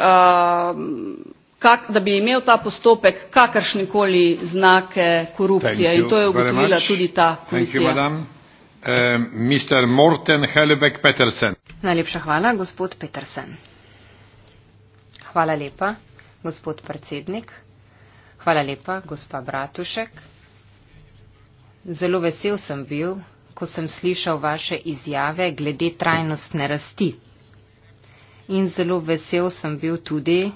D: kak, da bi imel ta postopek kakršnekoli znake korupcije in to je ugotovila tudi ta komisija. Najlepša hvala, gospod Petersen.
E: Hvala lepa, gospod predsednik. Hvala lepa, gospa Bratušek. Zelo vesel sem bil, ko sem slišal vaše izjave glede trajnostne rasti. In zelo vesel sem bil tudi,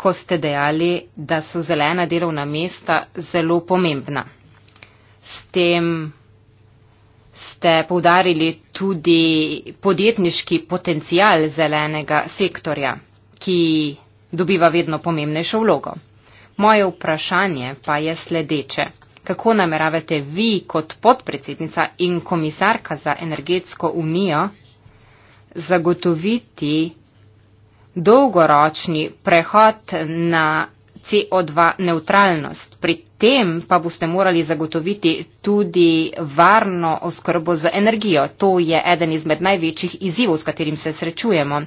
E: ko ste dejali, da so zelena delovna mesta zelo pomembna. S tem ste poudarili tudi podjetniški potencial zelenega sektorja ki dobiva vedno pomembnejšo vlogo. Moje vprašanje pa je sledeče. Kako nameravate vi kot podpredsednica in komisarka za energetsko unijo zagotoviti dolgoročni prehod na CO2 neutralnost? Pri tem pa boste morali zagotoviti tudi varno oskrbo z energijo. To je eden izmed največjih izzivov, s katerim se srečujemo.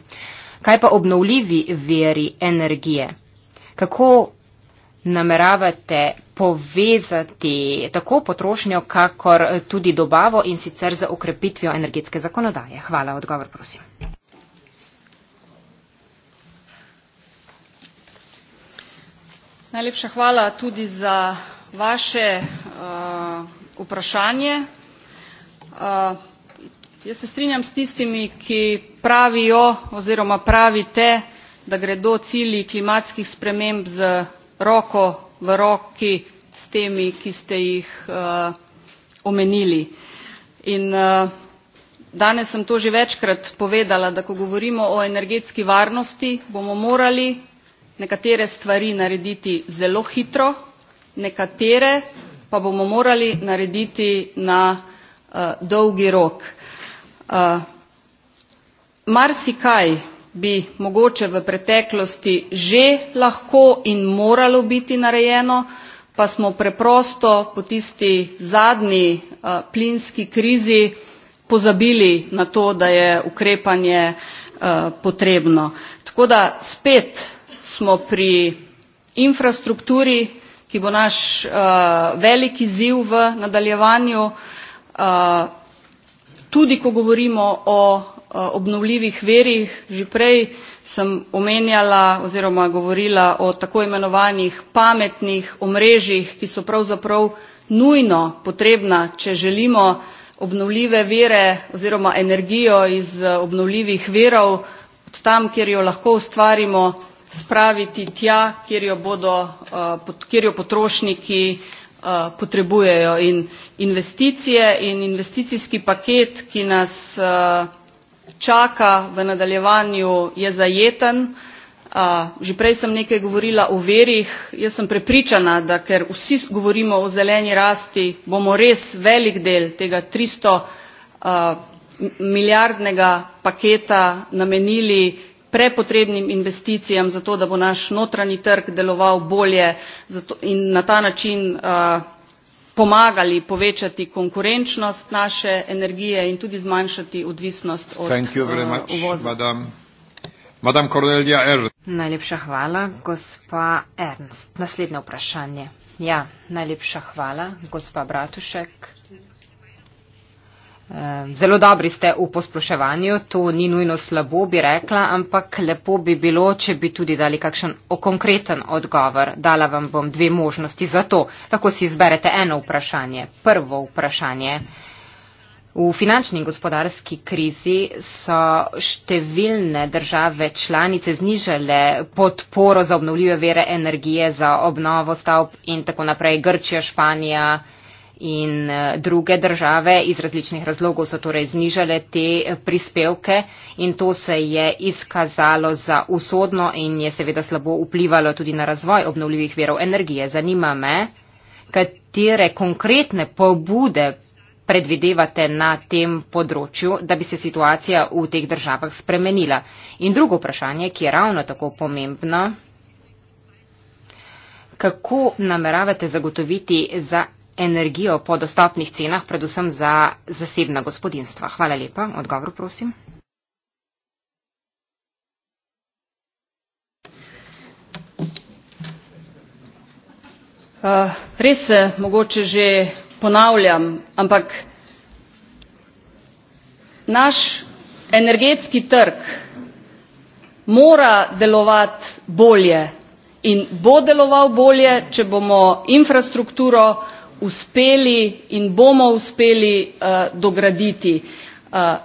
E: Kaj pa obnovljivi veri energije? Kako nameravate povezati tako potrošnjo, kakor tudi dobavo in sicer za ukrepitvijo energetske zakonodaje? Hvala, odgovor prosim.
D: Najlepša hvala tudi za vaše uh, vprašanje. Uh, jaz se strinjam s tistimi, ki pravijo oziroma pravite da gredo cilji klimatskih sprememb z roko v roki s temi ki ste jih eh, omenili in eh, danes sem to že večkrat povedala da ko govorimo o energetski varnosti bomo morali nekatere stvari narediti zelo hitro nekatere pa bomo morali narediti na eh, dolgi rok marsikaj bi mogoče v preteklosti že lahko in moralo biti narejeno pa smo preprosto po tisti zadnji plinski krizi pozabili na to da je ukrepanje potrebno. tako da spet smo pri infrastrukturi ki bo naš velik izziv v nadaljevanju tudi ko govorimo o Eh, obnovljivih virih že prej sem omenjala oziroma govorila o tako imenovanih pametnih omrežjih ki so pravzaprav nujno potrebna če želimo obnovljive vire oziroma energijo iz eh, obnovljivih virov od tam kjer jo lahko ustvarimo spraviti tja kjer jo, bodo, eh, kjer jo potrošniki potrebujejo in investicije in investicijski paket ki nas čaka v nadaljevanju je zajeten. Že prej sem nekaj govorila o verjih. Jaz sem prepričana, da ker vsi govorimo o zeleni rasti, bomo res velik del tega 300 milijardnega paketa namenili prepotrebnim investicijam, zato da bo naš notranji trg deloval bolje in na ta način pomagali povečati konkurenčnost naše energije in tudi zmanjšati odvisnost od eh, uvoza. Najlepša hvala, gospa Ernst. Naslednje
E: vprašanje. Ja, najlepša hvala, gospa Bratušek. Ehm, zelo dobri ste v posploševanju, to ni nujno slabo, bi rekla, ampak lepo bi bilo, če bi tudi dali kakšen konkreten odgovor. Dala vam bom dve možnosti za to. Lahko si izberete eno vprašanje. Prvo vprašanje. V finančni in gospodarski krizi so številne države članice znižale podporo za obnovljive vere energije, za obnovo stavb in tako naprej. Grčija, Španija in eh, druge države iz različnih razlogov so torej znižale te prispevke in to se je izkazalo za usodno in je seveda slabo vplivalo tudi na razvoj obnovljivih verov energije. Zanima me, katere konkretne pobude predvidevate na tem področju, da bi se situacija v teh državah spremenila. In drugo vprašanje, ki je ravno tako pomembno, kako nameravate zagotoviti za energijo po dostopnih cenah, predvsem za zasebna gospodinstva. Hvala lepa. Odgovor, prosim.
D: Uh, res se eh, mogoče že ponavljam, ampak naš energetski trg mora delovati bolje in bo deloval bolje, če bomo infrastrukturo uspeli in bomo uspeli uh, dograditi. Uh,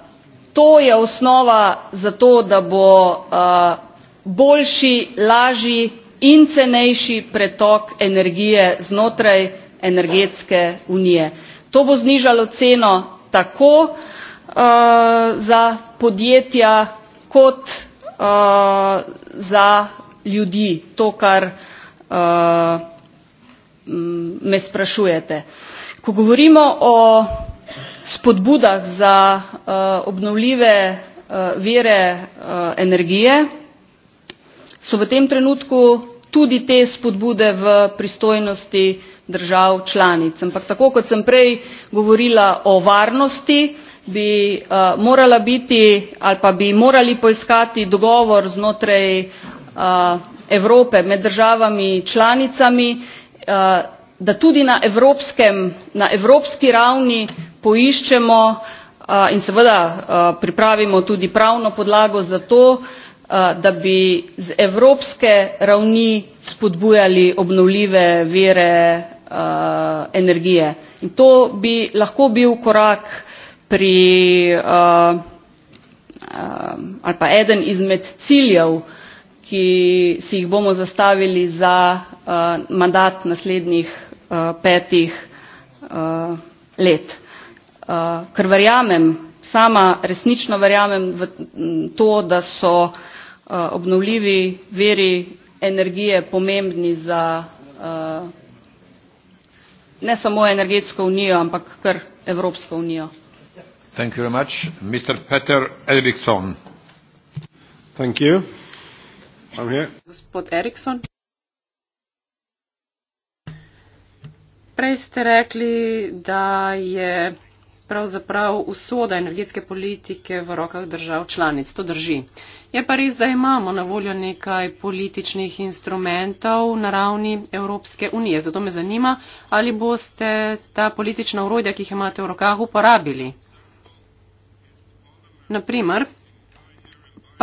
D: to je osnova za to, da bo uh, boljši, lažji in cenejši pretok energije znotraj energetske unije. To bo znižalo ceno tako uh, za podjetja kot uh, za ljudi. To, kar uh, Mm, me sprašujete. Ko govorimo o spodbudah za eh, obnovljive eh, vire eh, energije, so v tem trenutku tudi te spodbude v pristojnosti držav članic. Ampak tako kot sem prej govorila o varnosti, bi uh, morala biti ali pa bi morali poiskati dogovor znotraj uh, Evrope med državami članicami, uh, Eh, da tudi na evropski ravni poiščemo eh, in seveda eh, pripravimo tudi pravno podlago za to da bi z evropske ravni spodbujali obnovljive vire energije in to bi lahko bil korak pri ali pa eden izmed ciljev ki si jih bomo zastavili za uh, mandat naslednjih uh, petih uh, let. Uh, ker verjamem, sama resnično verjamem v to, da so uh, obnovljivi veri energije pomembni za uh, ne samo energetsko unijo, ampak kar Evropsko unijo.
B: Thank you very much. Mr. Peter Elvikson.
F: Thank you. I'm here.
C: Gospod Erikson. Prej ste rekli, da je pravzaprav usoda energetske politike v rokah držav članic. To drži. Je pa res, da imamo na voljo nekaj političnih instrumentov na ravni Evropske unije. Zato me zanima, ali boste ta politična urodja, ki jih imate v rokah, uporabili. Naprimer,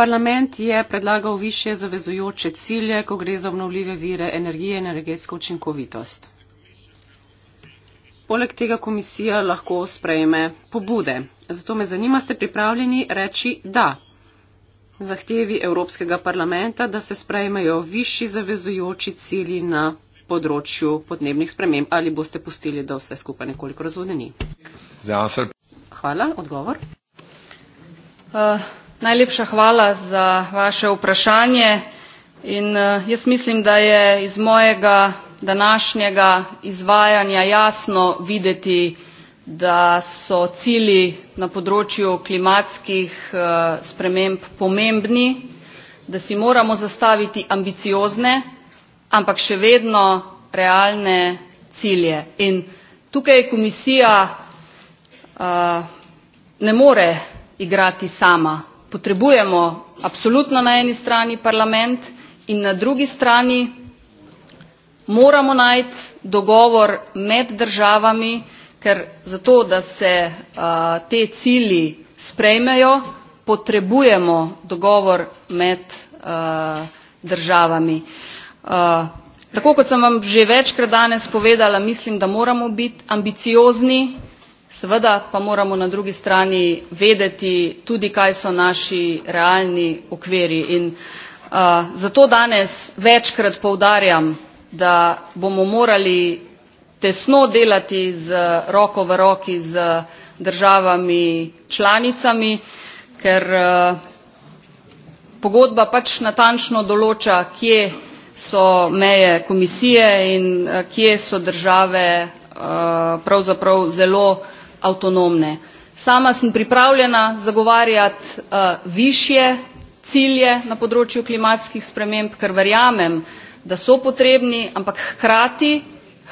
C: Parlament je predlagal više zavezujoče cilje, ko gre za obnovljive vire energije in energetsko učinkovitost. Poleg tega komisija lahko sprejme pobude. Zato me zanima, ste pripravljeni reči da zahtevi Evropskega parlamenta, da se sprejmejo višji zavezujoči cilji na področju podnebnih sprememb ali boste pustili, da vse skupaj nekoliko razvodeni? Hvala, odgovor.
D: Uh, najlepša hvala za vaše vprašanje in eh, jaz mislim da je iz mojega današnjega izvajanja jasno videti da so cilji na področju klimatskih eh, sprememb pomembni da si moramo zastaviti ambiciozne ampak še vedno realne cilje in tukaj komisija eh, ne more igrati sama potrebujemo absolutno na eni strani parlament in na drugi strani moramo najti dogovor med državami ker zato da se ti cilji sprejmejo potrebujemo dogovor med državami. tako kot sem vam že večkrat danes povedala mislim da moramo biti ambiciozni Seveda pa moramo na drugi strani vedeti tudi, kaj so naši realni okviri. In uh, zato danes večkrat poudarjam, da bomo morali tesno delati z roko v roki z državami članicami, ker uh, pogodba pač natančno določa, kje so meje komisije in uh, kje so države uh, pravzaprav zelo avtonomne. Sama sem pripravljena zagovarjati uh, višje cilje na področju klimatskih sprememb, ker verjamem, da so potrebni, ampak hkrati,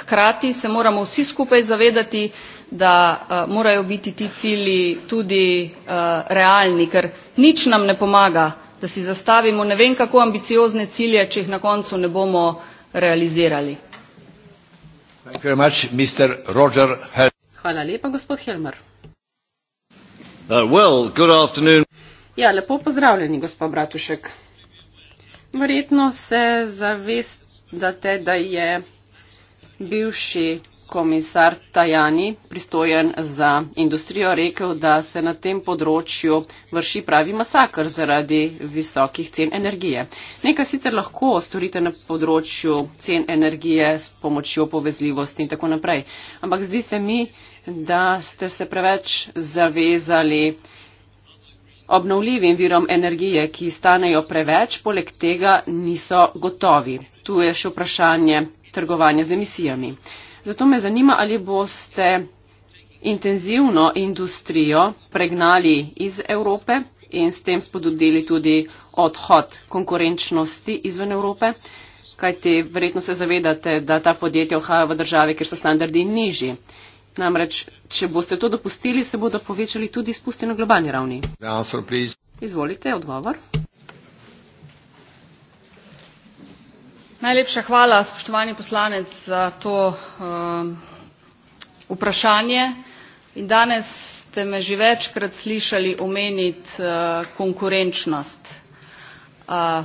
D: hkrati se moramo vsi skupaj zavedati, da uh, morajo biti ti cilji tudi uh, realni, ker nič nam ne pomaga, da si zastavimo ne vem kako ambiciozne cilje, če jih na koncu ne bomo realizirali.
B: Thank you very much, Mr. Roger Hel
D: Hvala lepa, gospod Helmer.
B: Uh, well,
C: ja, lepo pozdravljeni, gospod Bratušek. Verjetno se zavestate, da je bivši komisar Tajani, pristojen za industrijo, rekel, da se na tem področju vrši pravi masakr zaradi visokih cen energije. Nekaj sicer lahko storite na področju cen energije s pomočjo povezljivosti in tako naprej, ampak zdi se mi, da ste se preveč zavezali obnovljivim virom energije, ki stanejo preveč, poleg tega niso gotovi. Tu je še vprašanje trgovanja z emisijami. Zato me zanima, ali boste intenzivno industrijo pregnali iz Evrope in s tem spodudili tudi odhod konkurenčnosti izven Evrope, kajti verjetno se zavedate, da ta podjetja ohajajo v države, kjer so standardi nižji. Namreč, če boste to dopustili, se bodo povečali tudi izpusti na globalni ravni. Answer, Izvolite odgovor.
D: Najlepša hvala, spoštovani poslanec, za to um, vprašanje. In danes ste me že večkrat slišali omeniti uh, konkurenčnost. Uh,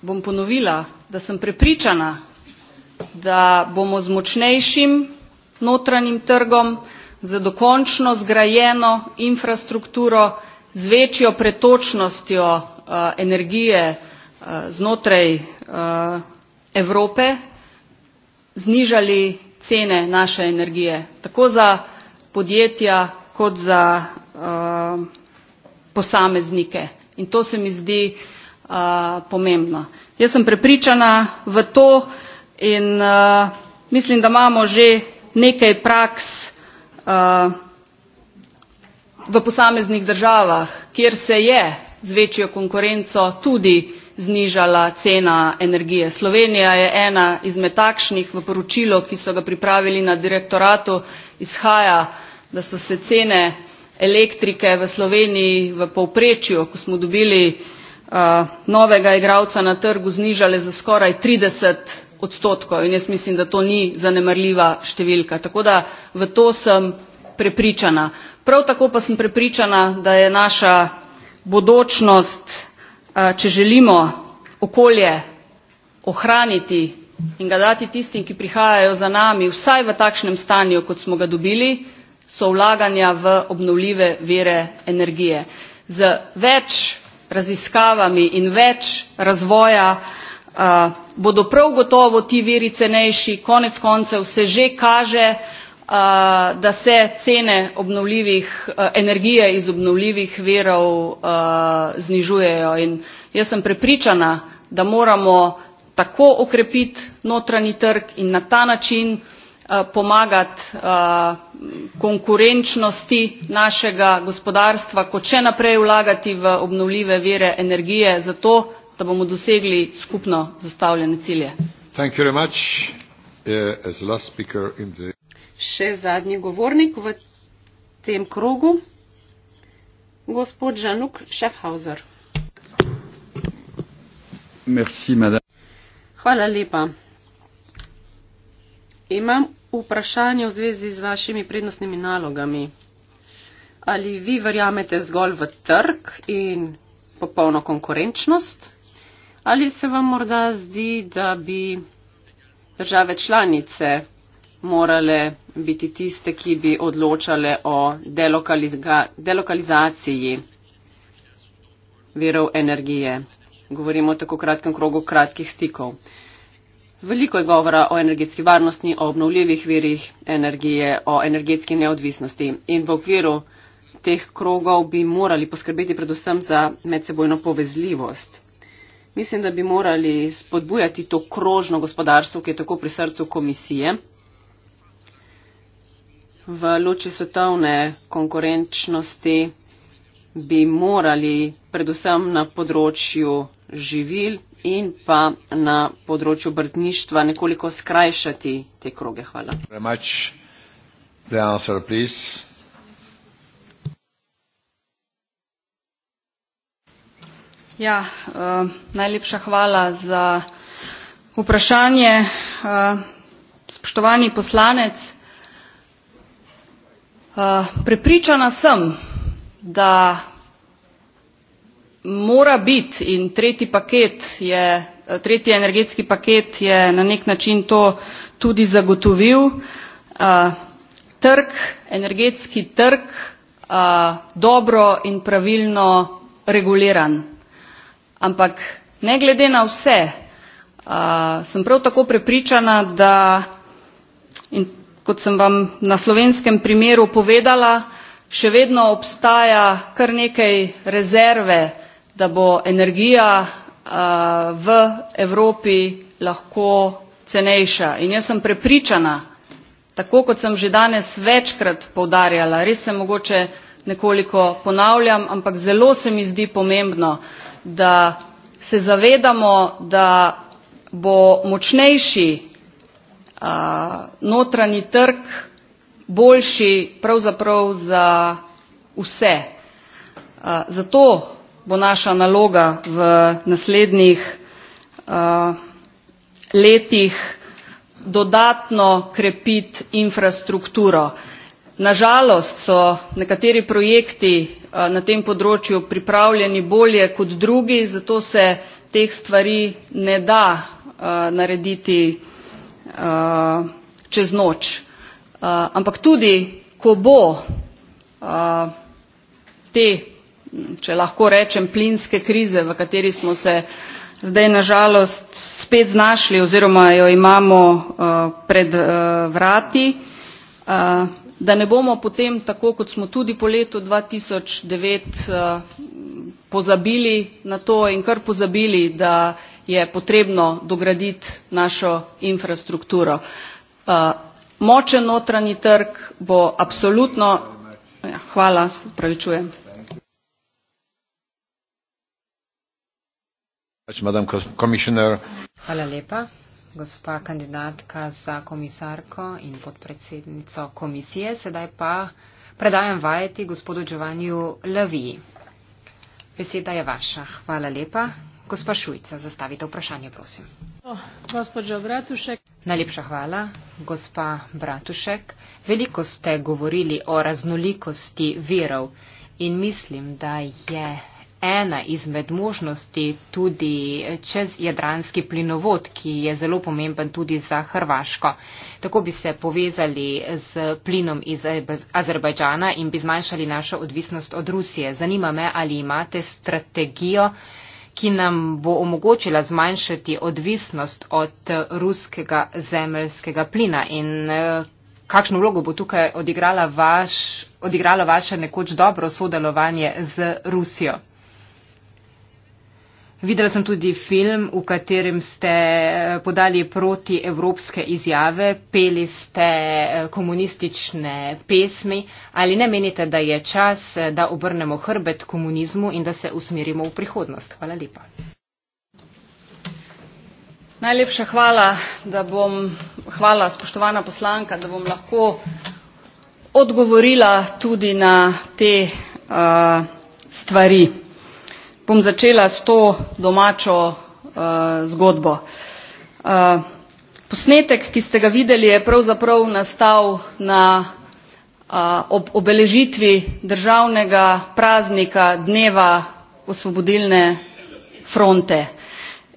D: bom ponovila, da sem prepričana, da bomo z močnejšim notranjim trgom z dokončno zgrajeno infrastrukturo z večjo pretočnostjo eh, energije eh, znotraj eh, evrope znižali cene naše energije tako za podjetja kot za posameznike in to se mi zdi pomembno. jaz sem prepričana v to in mislim da imamo že nekaj praks eh, v posameznih državah kjer se je z večjo konkurenco tudi znižala cena energije. slovenija je ena izmed takšnih v poročilu ki so ga pripravili na direktoratu izhaja da so se cene elektrike v sloveniji v povprečju ko smo dobili eh, novega igralca na trgu znižale za skoraj trideset odstotkov in jaz mislim, da to ni zanemarljiva številka. Tako da v to sem prepričana. Prav tako pa sem prepričana, da je naša bodočnost, če želimo okolje ohraniti in ga dati tistim, ki prihajajo za nami, vsaj v takšnem stanju, kot smo ga dobili, so vlaganja v obnovljive vere energije. Z več raziskavami in več razvoja uh, bodo prav gotovo ti viri cenejši konec koncev se že kaže eh, da se cene obnovljivih eh, energije iz obnovljivih virov eh, znižujejo in jaz sem prepričana da moramo tako okrepiti notranji trg in na ta način pomagati konkurenčnosti našega gospodarstva kot še naprej vlagati v obnovljive vire energije zato da bomo dosegli skupno zastavljene cilje.
B: Uh,
D: še zadnji govornik v tem krogu
C: gospod jean luc schaffhauser. Merci, hvala lepa. imam vprašanje v zvezi z vašimi prednostnimi nalogami. ali vi verjamete zgolj v trg in popolno konkurenčnost? Ali se vam morda zdi, da bi države članice morale biti tiste, ki bi odločale o delokaliz delokalizaciji virov energije? Govorimo o tako kratkem krogu kratkih stikov. Veliko je govora o energetski varnosti, o obnovljivih virih energije, o energetski neodvisnosti in v okviru teh krogov bi morali poskrbeti predvsem za medsebojno povezljivost. Mislim, da bi morali spodbujati to krožno gospodarstvo, ki je tako pri srcu komisije, v luči svetovne konkurenčnosti bi morali predvsem na področju živil in pa na področju brtništva nekoliko skrajšati
D: te kroge. Hvala. Ja, eh, najlepša hvala za vprašanje. Eh, spoštovani poslanec eh, prepričana sem da mora bit in tretji paket je tretji energetski paket je na nek način to tudi zagotovil trg energetski trg dobro in pravilno reguliran ampak ne glede na vse sem prav tako prepričana da in kot sem vam na slovenskem primeru povedala še vedno obstaja kar nekaj rezerve da bo energija v Evropi lahko cenejša. In jaz sem prepričana, tako kot sem že danes večkrat poudarjala, res se mogoče nekoliko ponavljam, ampak zelo se mi zdi pomembno, da se zavedamo da bo močnejši a, notranji trg boljši pravzaprav za vse. A, zato bo naša naloga v naslednjih a, letih dodatno krepiti infrastrukturo na žalost so nekateri projekti eh, na tem področju pripravljeni bolje kot drugi zato se teh stvari ne da eh, narediti eh, čez noč ampak tudi ko bo te če lahko rečem plinske krize v kateri smo se zdaj na žalost spet znašli oziroma jo imamo pred vrati da ne bomo potem tako kot smo tudi po letu dva tisoč devet eh, pozabili na to in kar pozabili da je potrebno dograditi našo infrastrukturo. Eh, močen notranji trg bo absolutno. Ja, hvala, se pravičujem.
E: Hvala lepa gospa kandidatka za komisarko in podpredsednico komisije. Sedaj pa predajam vajeti gospodu Giovanniu Laviji. Beseda je vaša. Hvala lepa. Gospa Šujca, zastavite vprašanje, prosim.
C: Gospodžo Bratušek.
E: Najlepša hvala, gospa Bratušek. Veliko ste govorili o raznolikosti virov in mislim, da je ena izmed možnosti tudi čez jadranski plinovod, ki je zelo pomemben tudi za Hrvaško. Tako bi se povezali z plinom iz Azerbajdžana in bi zmanjšali našo odvisnost od Rusije. Zanima me, ali imate strategijo, ki nam bo omogočila zmanjšati odvisnost od ruskega zemeljskega plina in eh, kakšno vlogo bo tukaj odigrala vaš, odigralo vaše nekoč dobro sodelovanje z Rusijo. Videla sem tudi film, v katerem ste eh, podali proti evropske izjave, peli ste eh, komunistične pesmi. Ali ne menite, da je čas, eh, da obrnemo hrbet komunizmu in da se usmerimo v prihodnost? Hvala lepa.
D: Najlepša hvala, da bom, hvala spoštovana poslanka, da bom lahko odgovorila tudi na te uh, stvari bom začela s to domačo uh, zgodbo. Uh, posnetek, ki ste ga videli, je pravzaprav nastal na uh, ob obeležitvi državnega praznika dneva osvobodilne fronte.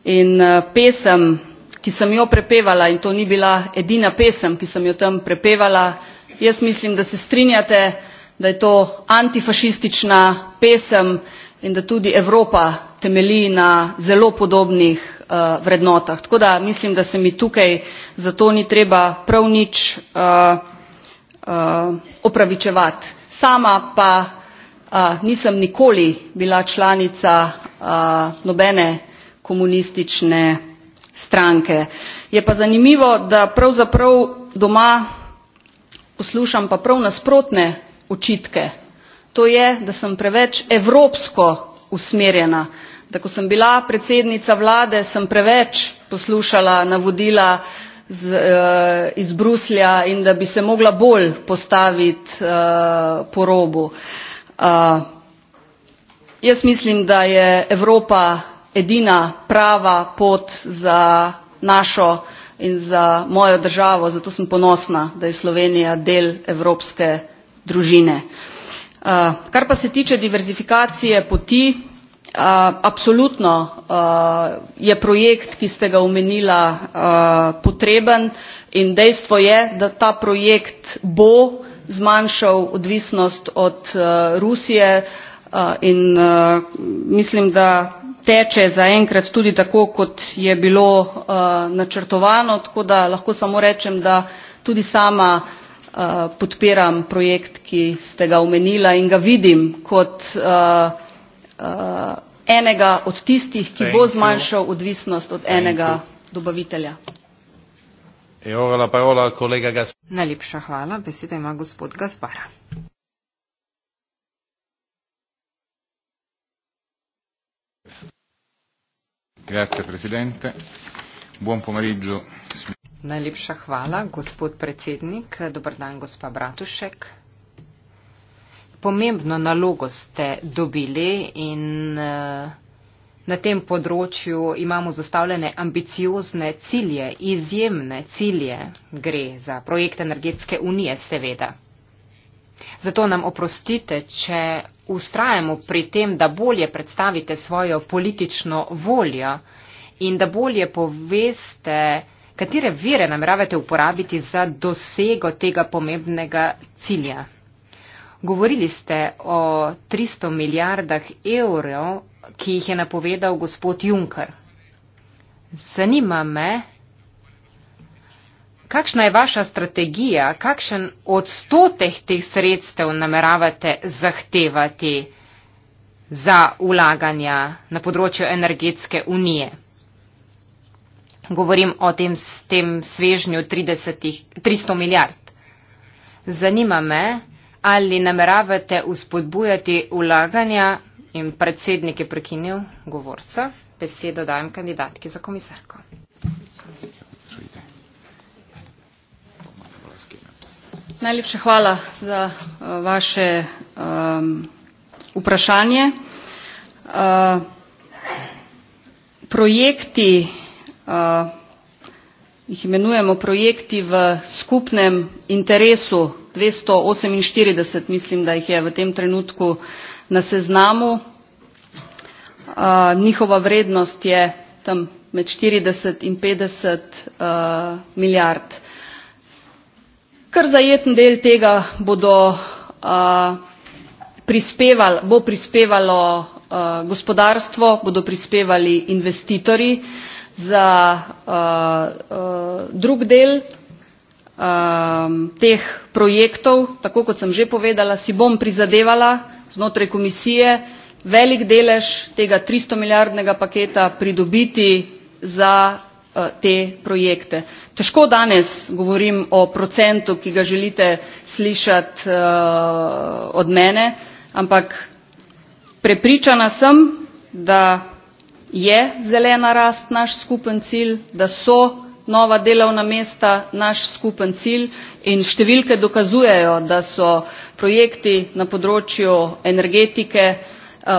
D: In uh, pesem, ki sem jo prepevala, in to ni bila edina pesem, ki sem jo tam prepevala, jaz mislim, da se strinjate, da je to antifašistična pesem, in da tudi evropa temelji na zelo podobnih eh, vrednotah tako da mislim da se mi tukaj zato ni treba prav nič eh, eh, opravičevat sama pa nisem nikoli bila članica nobene komunistične stranke je pa zanimivo da pravzaprav doma poslušam pa prav nasprotne očitke to je da sem preveč evropsko usmerjena da ko sem bila predsednica vlade sem preveč poslušala navodila z, eh, iz bruslja in da bi se mogla bolj postaviti eh, po robu eh, jaz mislim da je evropa edina prava pot za našo in za mojo državo zato sem ponosna da je slovenija del evropske družine. Eh, kar pa se tiče diverzifikacije poti eh, absolutno eh, je projekt ki ste ga omenila potreben in dejstvo je da ta projekt bo zmanjšal odvisnost od rusije in mislim da teče zaenkrat tudi tako kot je bilo načrtovano tako da lahko samo rečem da tudi sama Eh, podpiram projekt, ki ste ga omenila in ga vidim kot uh, uh, enega od tistih, ki Thank bo zmanjšal you. odvisnost od Thank enega you. dobavitelja. E Najlepša hvala. Besedo ima gospod Gaspara.
B: Grazie Presidente, buon pomeriggio.
E: Najlepša hvala, gospod predsednik. Dobar dan, gospa Bratušek. Pomembno nalogo ste dobili in eh, na tem področju imamo zastavljene ambiciozne cilje, izjemne cilje. Gre za projekt Energetske unije, seveda. Zato nam oprostite, če ustrajamo pri tem, da bolje predstavite svojo politično voljo in da bolje poveste, Katere vire nameravate uporabiti za dosego tega pomembnega cilja? Govorili ste o 300 milijardah evrov, ki jih je napovedal gospod Juncker. Zanima me, kakšna je vaša strategija, kakšen odstotek teh sredstev nameravate zahtevati za ulaganja na področju energetske unije? govorim o tem, tem svežnju 30, 300 milijard. Zanima me, ali nameravate uspodbujati ulaganja in predsednik je prekinil govorca. Besedo dajem
D: kandidatki za komisarko. Najlepše hvala za eh, vaše um, vprašanje. Uh, projekti, Eh, jih imenujemo projekti v skupnem interesu dvesto oseminštirideset mislim da jih je v tem trenutku na seznamu eh, njihova vrednost je tam med štirideset in petdeset eh, milijard kar zajeten del tega bodo prispeval bo prispevalo gospodarstvo bodo prispevali investitorji za uh, uh, drug del uh, teh projektov, tako kot sem že povedala, si bom prizadevala znotraj komisije velik delež tega 300 milijardnega paketa pridobiti za uh, te projekte. Težko danes govorim o procentu, ki ga želite slišati uh, od mene, ampak prepričana sem, da je zelena rast naš skupen cilj da so nova delovna mesta naš skupen cilj in številke dokazujejo da so projekti na področju energetike eh,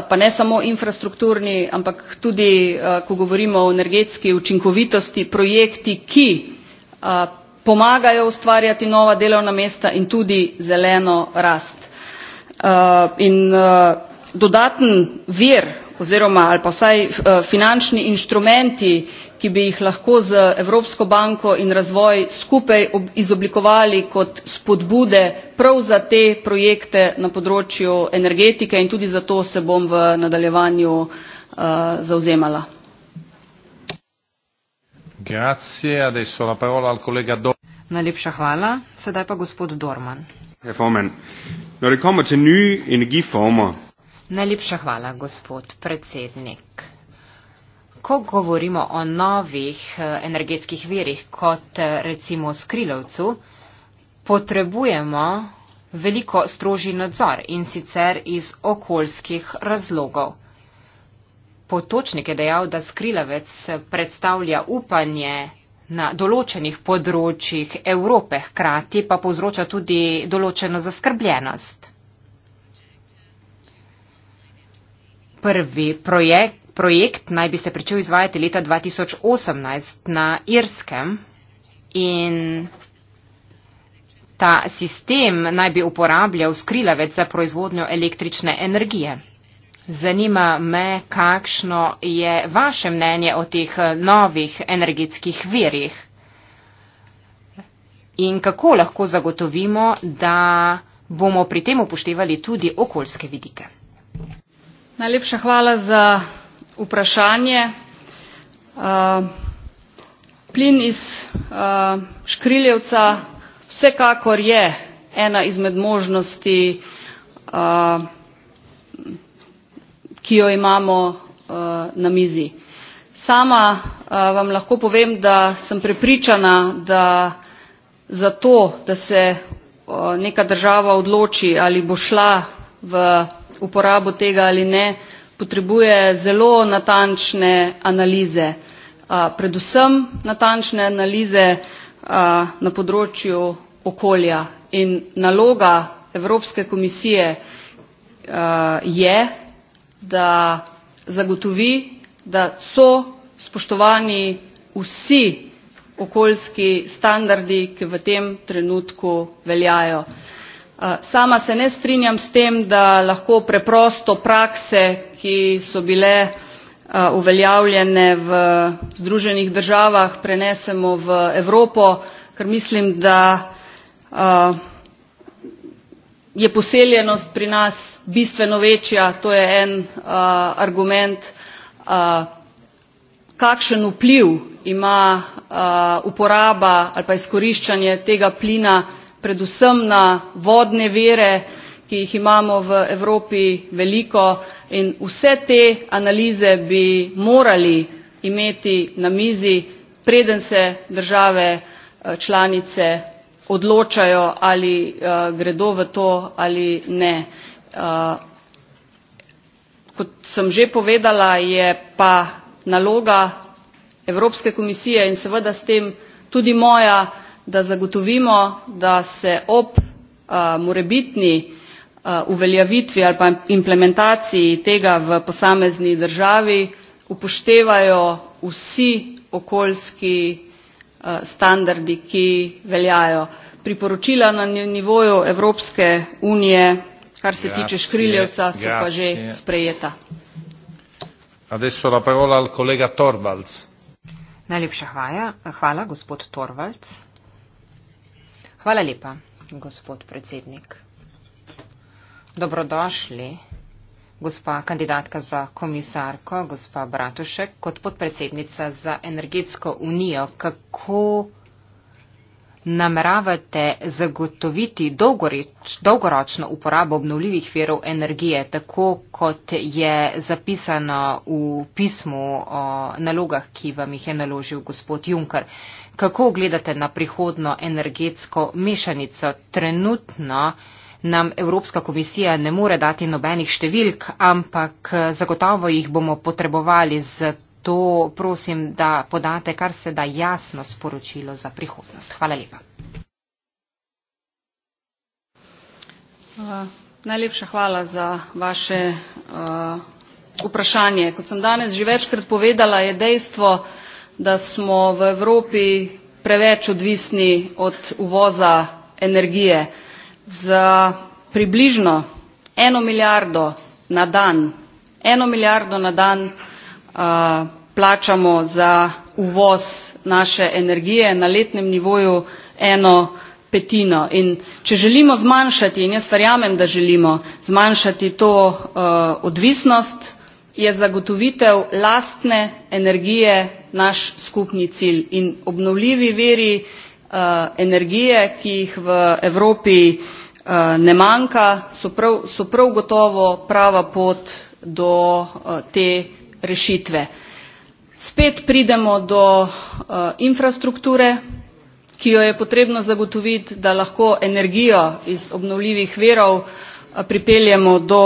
D: pa ne samo infrastrukturni ampak tudi eh, ko govorimo o energetski učinkovitosti projekti ki eh, pomagajo ustvarjati nova delovna mesta in tudi zeleno rast. in dodaten vir oziroma ali pa vsaj eh, finančni inštrumenti ki bi jih lahko z evropsko banko in razvoj skupaj izoblikovali kot spodbude prav za te projekte na področju energetike in tudi za to se bom v nadaljevanju uh, eh, zauzemala.
B: Grazie, adesso la parola al collega Do.
D: Najlepša
E: hvala, sedaj pa gospod Dorman.
B: Herr Formann, når det kommer til nye energiformer,
E: Najlepša hvala, gospod predsednik. Ko govorimo o novih eh, energetskih verih, kot eh, recimo skrilovcu, potrebujemo veliko strožji nadzor in sicer iz okoljskih razlogov. Potočnik je dejal, da skrilavec eh, predstavlja upanje na določenih področjih Evrope, hkrati pa povzroča tudi določeno zaskrbljenost. Prvi projek, projekt naj bi se pričel izvajati leta 2018 na Irskem in ta sistem naj bi uporabljal skrilavec za proizvodnjo električne energije. Zanima me, kakšno je vaše mnenje o teh eh, novih energetskih virih in kako lahko zagotovimo, da bomo pri tem upoštevali tudi okoljske vidike.
D: Najlepša hvala za vprašanje. Uh, plin iz uh, škriljevca vsekakor je ena izmed možnosti, uh, ki jo imamo na mizi. Sama vam lahko povem, da sem prepričana, da za to, da se neka država odloči ali bo šla v škriljevca, uporabo tega ali ne, potrebuje zelo natančne analize. Predvsem natančne analize na področju okolja. In naloga Evropske komisije je, da zagotovi, da so spoštovani vsi okoljski standardi, ki v tem trenutku veljajo. Eh, sama se ne strinjam s tem da lahko preprosto prakse ki so bile eh, uveljavljene v združenih državah prenesemo v evropo ker mislim da eh, je poseljenost pri nas bistveno večja to je en argument kakšen vpliv ima uporaba ali pa izkoriščanje tega plina predvsem na vodne vere ki jih imamo v evropi veliko in vse te analize bi morali imeti na mizi preden se države eh, članice odločajo ali uh, gredo v to ali ne. Uh, kot sem že povedala, je pa naloga Evropske komisije in seveda s tem tudi moja uh, da zagotovimo da se ob eh, morebitni eh, uveljavitvi ali pa implementaciji tega v posamezni državi upoštevajo vsi okoljski eh, standardi ki veljajo priporočila na nivoju evropske unije kar se tiče škrilevca so pa že sprejeta
B: Adesso la parola al collega Torvalds.
E: Najlepša hvala, gospod Torvalds. Hvala lepa, gospod predsednik. Dobrodošli, gospa kandidatka za komisarko, gospa Bratušek, kot podpredsednica za energetsko unijo. Kako nameravate zagotoviti dolgoreč, dolgoročno uporabo obnovljivih verov energije, tako kot je zapisano v pismu o nalogah, ki vam jih je naložil gospod Juncker? Kako gledate na prihodno energetsko mešanico? Trenutno nam Evropska komisija ne more dati nobenih številk, ampak eh, zagotovo jih bomo potrebovali. Zato prosim, da podate kar se da jasno sporočilo za prihodnost. Hvala lepa.
D: Najlepša hvala za vaše uh, vprašanje. Kot sem danes že večkrat povedala, je dejstvo, da smo v Evropi preveč odvisni od uvoza energije. Za približno eno milijardo na dan, eno milijardo na dan uh, plačamo za uvoz naše energije na letnem nivoju eno petino. In če želimo zmanjšati, in jaz verjamem, da želimo zmanjšati to uh, odvisnost, je zagotovitev lastne energije naš skupni cilj in obnovljivi viri eh, energije ki jih v evropi eh, ne manjka so prav, so prav gotovo prava pot do eh, te rešitve. Spet pridemo do infrastrukture, ki jo je potrebno zagotoviti, da lahko energijo iz obnovljivih virov pripeljemo do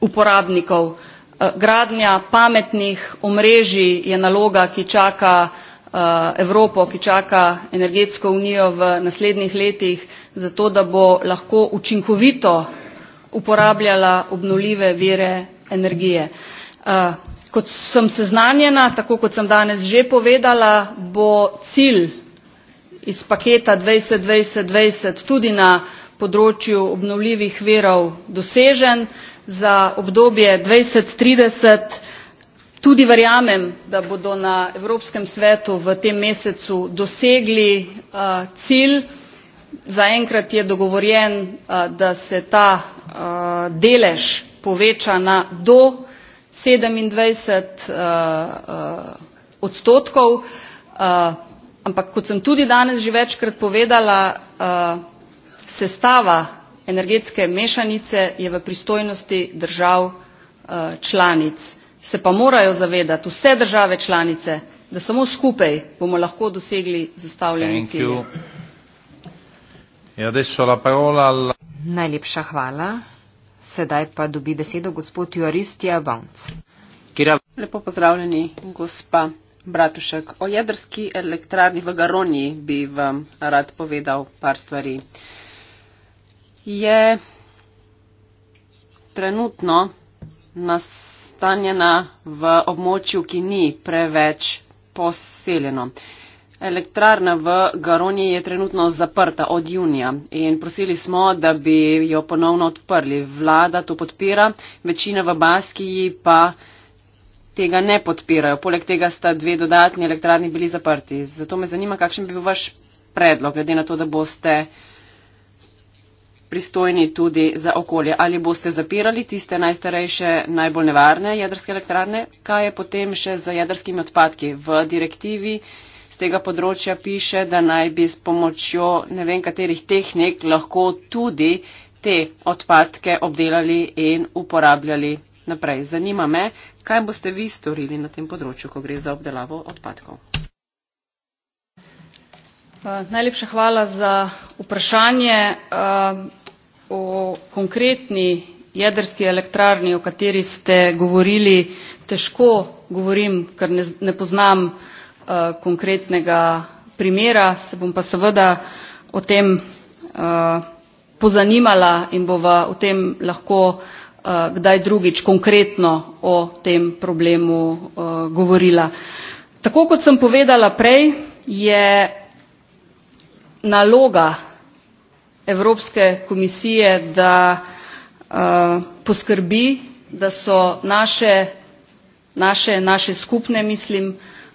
D: uporabnikov. Eh, gradnja pametnih omrežij je naloga, ki čaka eh, Evropo, ki čaka energetsko unijo v naslednjih letih, zato da bo lahko učinkovito uporabljala obnoljive vire energije. Eh, kot sem seznanjena, tako kot sem danes že povedala, bo cilj iz paketa 2020-2020 tudi na področju obnovljivih verov dosežen za obdobje dva tisoč trideset tudi verjamem da bodo na evropskem svetu v tem mesecu dosegli eh, cilj zaenkrat je dogovorjen eh, da se ta eh, delež poveča na do sedemindvajset odstotkov ampak kot sem tudi danes že večkrat povedala sestava energetske mešanice je v pristojnosti držav eh, članic. Se pa morajo zavedati vse države članice, da samo skupaj bomo lahko dosegli zastavljene cilje.
B: E Najlepša hvala.
E: Sedaj pa dobi besedo gospod Juaristija Bounc. Lepo
C: pozdravljeni, gospa Bratušek. O jedrski elektrarni v Garoniji bi vam rad povedal par stvari je trenutno nastanjena v območju, ki ni preveč poseljeno. Elektrarna v Garoni je trenutno zaprta od junija in prosili smo, da bi jo ponovno odprli. Vlada to podpira, večina v Baskiji pa tega ne podpirajo. Poleg tega sta dve dodatni elektrarni bili zaprti. Zato me zanima, kakšen bi bil vaš predlog, glede na to, da boste pristojni tudi za okolje. Ali boste zapirali tiste najstarejše, najbolj nevarne jedrske elektrarne? Kaj je potem še z jedrskimi odpadki? V direktivi z tega področja piše, da naj bi s pomočjo ne vem katerih tehnik lahko tudi te odpadke obdelali in uporabljali naprej. Zanima me, kaj boste vi storili na tem področju, ko gre za obdelavo odpadkov.
D: Eh, najlepša hvala za vprašanje. Eh, o konkretni jedrski elektrarni, o kateri ste govorili, težko govorim, ker ne, ne poznam eh, konkretnega primera, se bom pa seveda o tem pozanimala in bova o tem lahko kdaj drugič konkretno o tem problemu govorila. Tako kot sem povedala prej, je naloga evropske komisije da eh, poskrbi da so naše naše skupne mislim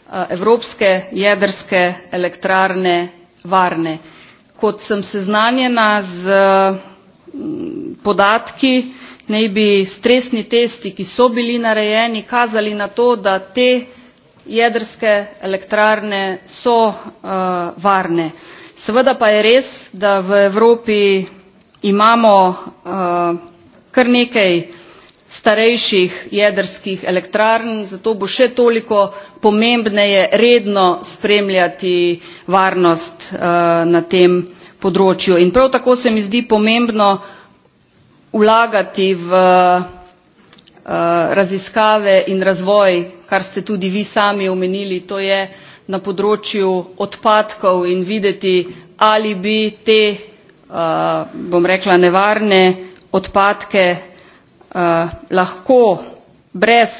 D: eh, evropske jedrske elektrarne varne. kot sem seznanjena s mm, podatki naj bi stresni testi ki so bili narejeni kazali na to da te jedrske elektrarne so eh, varne seveda pa je res, da v Evropi imamo uh, kar nekaj starejših jedrskih elektrarn, zato bo še toliko pomembneje redno spremljati varnost uh, na tem področju. In prav tako se mi zdi pomembno vlagati v uh, raziskave in razvoj, kar ste tudi vi sami omenili, to je uh, na področju odpadkov in videti ali bi te eh, bom rekla nevarne odpadke eh, lahko brez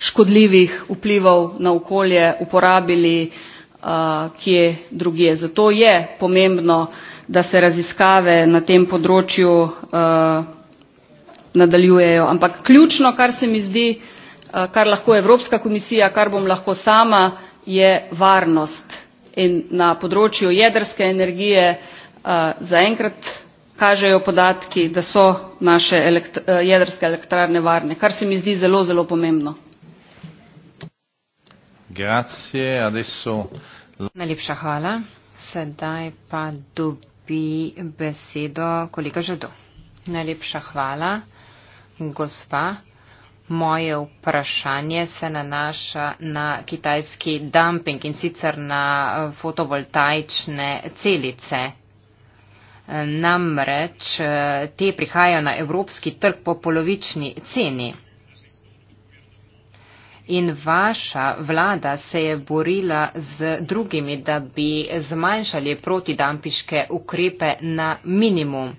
D: škodljivih vplivov na okolje uporabili eh, kje drugje. Zato je pomembno, da se raziskave na tem področju nadaljujejo. Ampak ključno, kar se mi zdi, kar lahko Evropska komisija, kar bom lahko sama je varnost in na področju jedrske energije eh, zaenkrat kažejo podatki da so naše eh, jedrske elektrarne varne kar se mi zdi zelo zelo pomembno.
E: Najlepša hvala. Sedaj pa dobi besedo kolega Žado. Najlepša hvala, gospa. Moje vprašanje se nanaša na kitajski dumping in sicer na fotovoltaične celice. Namreč te prihajajo na evropski trg po polovični ceni. In vaša vlada se je borila z drugimi, da bi zmanjšali protidampiške ukrepe na minimum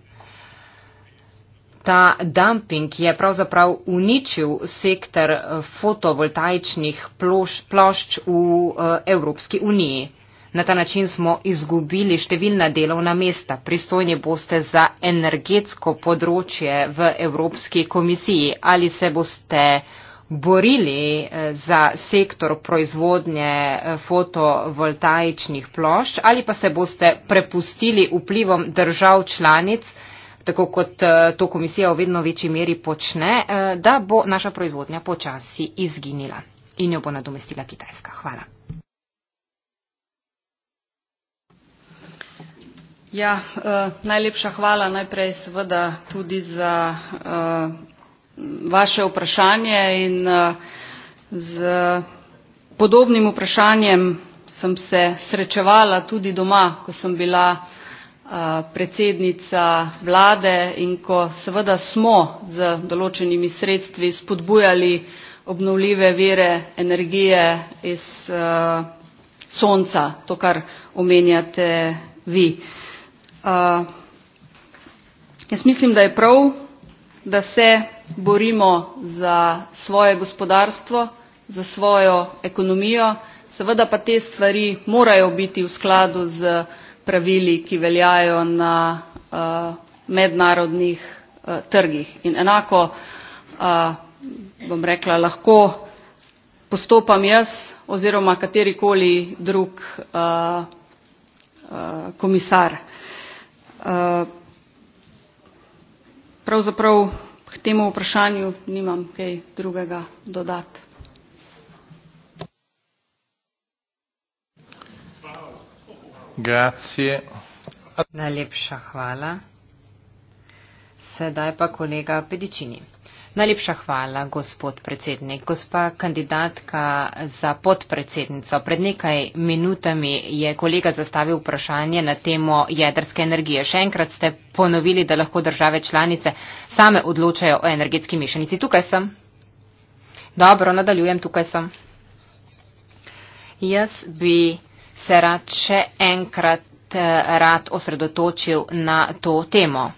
E: ta dumping je pravzaprav uničil sektor fotovoltaičnih ploš, plošč v eh, Evropski uniji. Na ta način smo izgubili številna delovna mesta. Pristojni boste za energetsko področje v Evropski komisiji. Ali se boste borili eh, za sektor proizvodnje eh, fotovoltaičnih plošč ali pa se boste prepustili vplivom držav članic, tako kot eh, to komisija v vedno večji meri počne, eh, da bo naša proizvodnja počasi izginila in jo bo nadomestila Kitajska. Hvala.
D: Ja, uh, najlepša hvala najprej seveda tudi za uh, vaše vprašanje in uh, z podobnim vprašanjem sem se srečevala tudi doma, ko sem bila uh, predsednica vlade in ko seveda smo z določenimi sredstvi spodbujali obnovljive vire energije iz sonca, to, kar omenjate vi. Jaz mislim, da je prav, da se borimo za svoje gospodarstvo, za svojo ekonomijo, seveda pa te stvari morajo biti v skladu z pravili, ki veljajo na uh, mednarodnih uh, trgih. In enako, uh, bom rekla, lahko postopam jaz oziroma katerikoli drug uh, uh, komisar. Uh, pravzaprav k temu vprašanju nimam kaj drugega dodati.
B: Grazie.
E: Najlepša hvala. Sedaj pa kolega Pedičini. Najlepša hvala, gospod predsednik. Gospa kandidatka za podpredsednico. Pred nekaj minutami je kolega zastavil vprašanje na temo jedrske energije. Še enkrat ste ponovili, da lahko države članice same odločajo o energetski mešanici. Tukaj sem. Dobro, nadaljujem, tukaj sem. Jaz bi se rad še enkrat eh, rad osredotočil na to temo.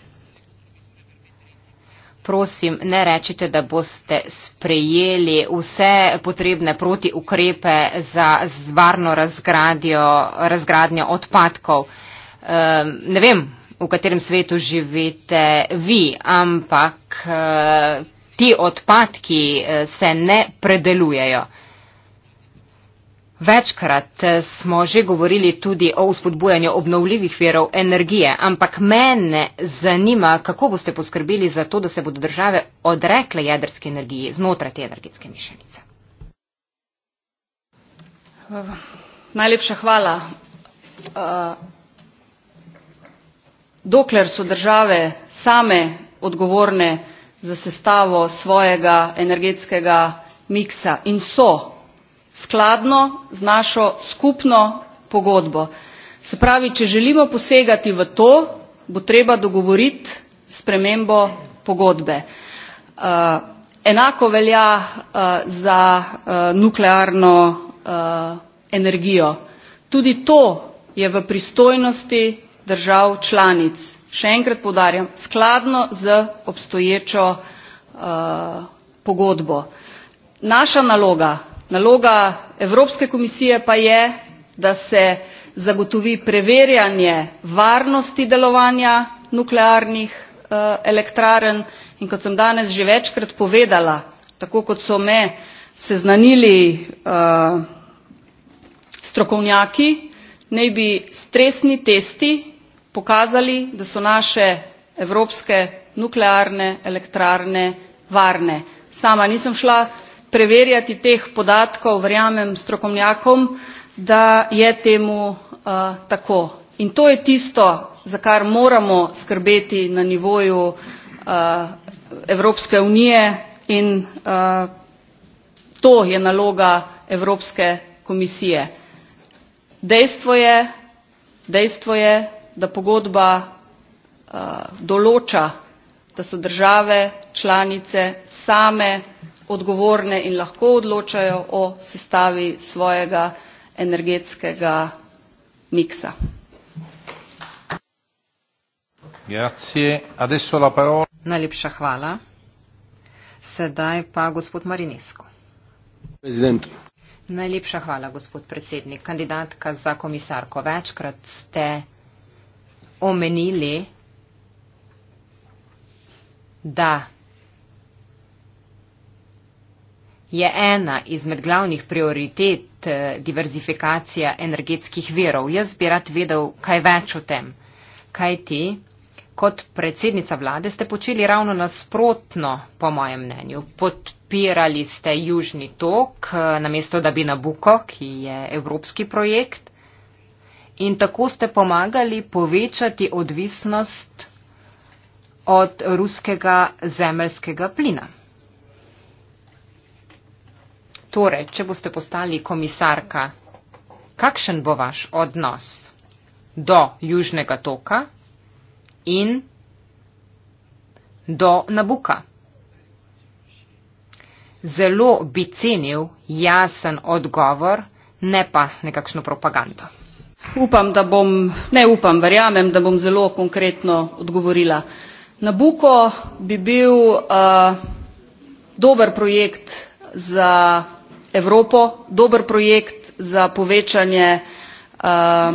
E: Prosim, ne rečite, da boste sprejeli vse potrebne protiukrepe za varno razgradnjo odpadkov. Ehm, ne vem, v katerem svetu živite vi, ampak eh, ti odpadki eh, se ne predelujejo. Večkrat eh, smo že govorili tudi o vzpodbujanju obnovljivih verov energije, ampak mene zanima, kako boste poskrbeli za to, da se bodo države odrekle jedrske energiji znotraj te energetske mišljenice.
D: Najlepša hvala. Eh, dokler so države same odgovorne za sestavo svojega energetskega miksa in so skladno z našo skupno pogodbo se pravi če želimo posegati v to bo treba dogovoriti spremembo pogodbe. Eh, enako velja eh, za eh, nuklearno energijo tudi to je v pristojnosti držav članic še enkrat poudarjam skladno z obstoječo pogodbo. naša naloga naloga evropske komisije pa je da se zagotovi preverjanje varnosti delovanja nuklearnih eh, elektrarn in kot sem danes že večkrat povedala tako kot so me seznanili eh, strokovnjaki naj bi stresni testi pokazali da so naše evropske nuklearne elektrarne varne. sama nisem šla preverjati teh podatkov verjamem strokovnjakom da je temu eh, tako in to je tisto za kar moramo skrbeti na nivoju eh, evropske unije in eh, to je naloga evropske komisije dejstvo je dejstvo je da pogodba določa da so države članice same odgovorne in lahko odločajo o sestavi svojega energetskega miksa. Najlepša
E: hvala. Sedaj pa gospod Marinesko. Prezident. Najlepša hvala, gospod predsednik. Kandidatka za komisarko, večkrat ste omenili, da je ena izmed glavnih prioritet eh, diverzifikacija energetskih verov. Jaz bi rad vedel kaj več o tem. Kaj ti, kot predsednica vlade, ste počeli ravno nasprotno, po mojem mnenju. Podpirali ste Južni tok, eh, namesto da bi Nabuko, ki je evropski projekt, in tako ste pomagali povečati odvisnost od ruskega zemljskega plina. Torej, če boste postali komisarka, kakšen bo vaš odnos do Južnega toka in do Nabuka? Zelo bi cenil jasen odgovor, ne pa nekakšno propagando.
D: Upam, da bom, ne upam, verjamem, da bom zelo konkretno odgovorila. Nabuko bi bil uh, dober projekt za evropo dober projekt za povečanje eh,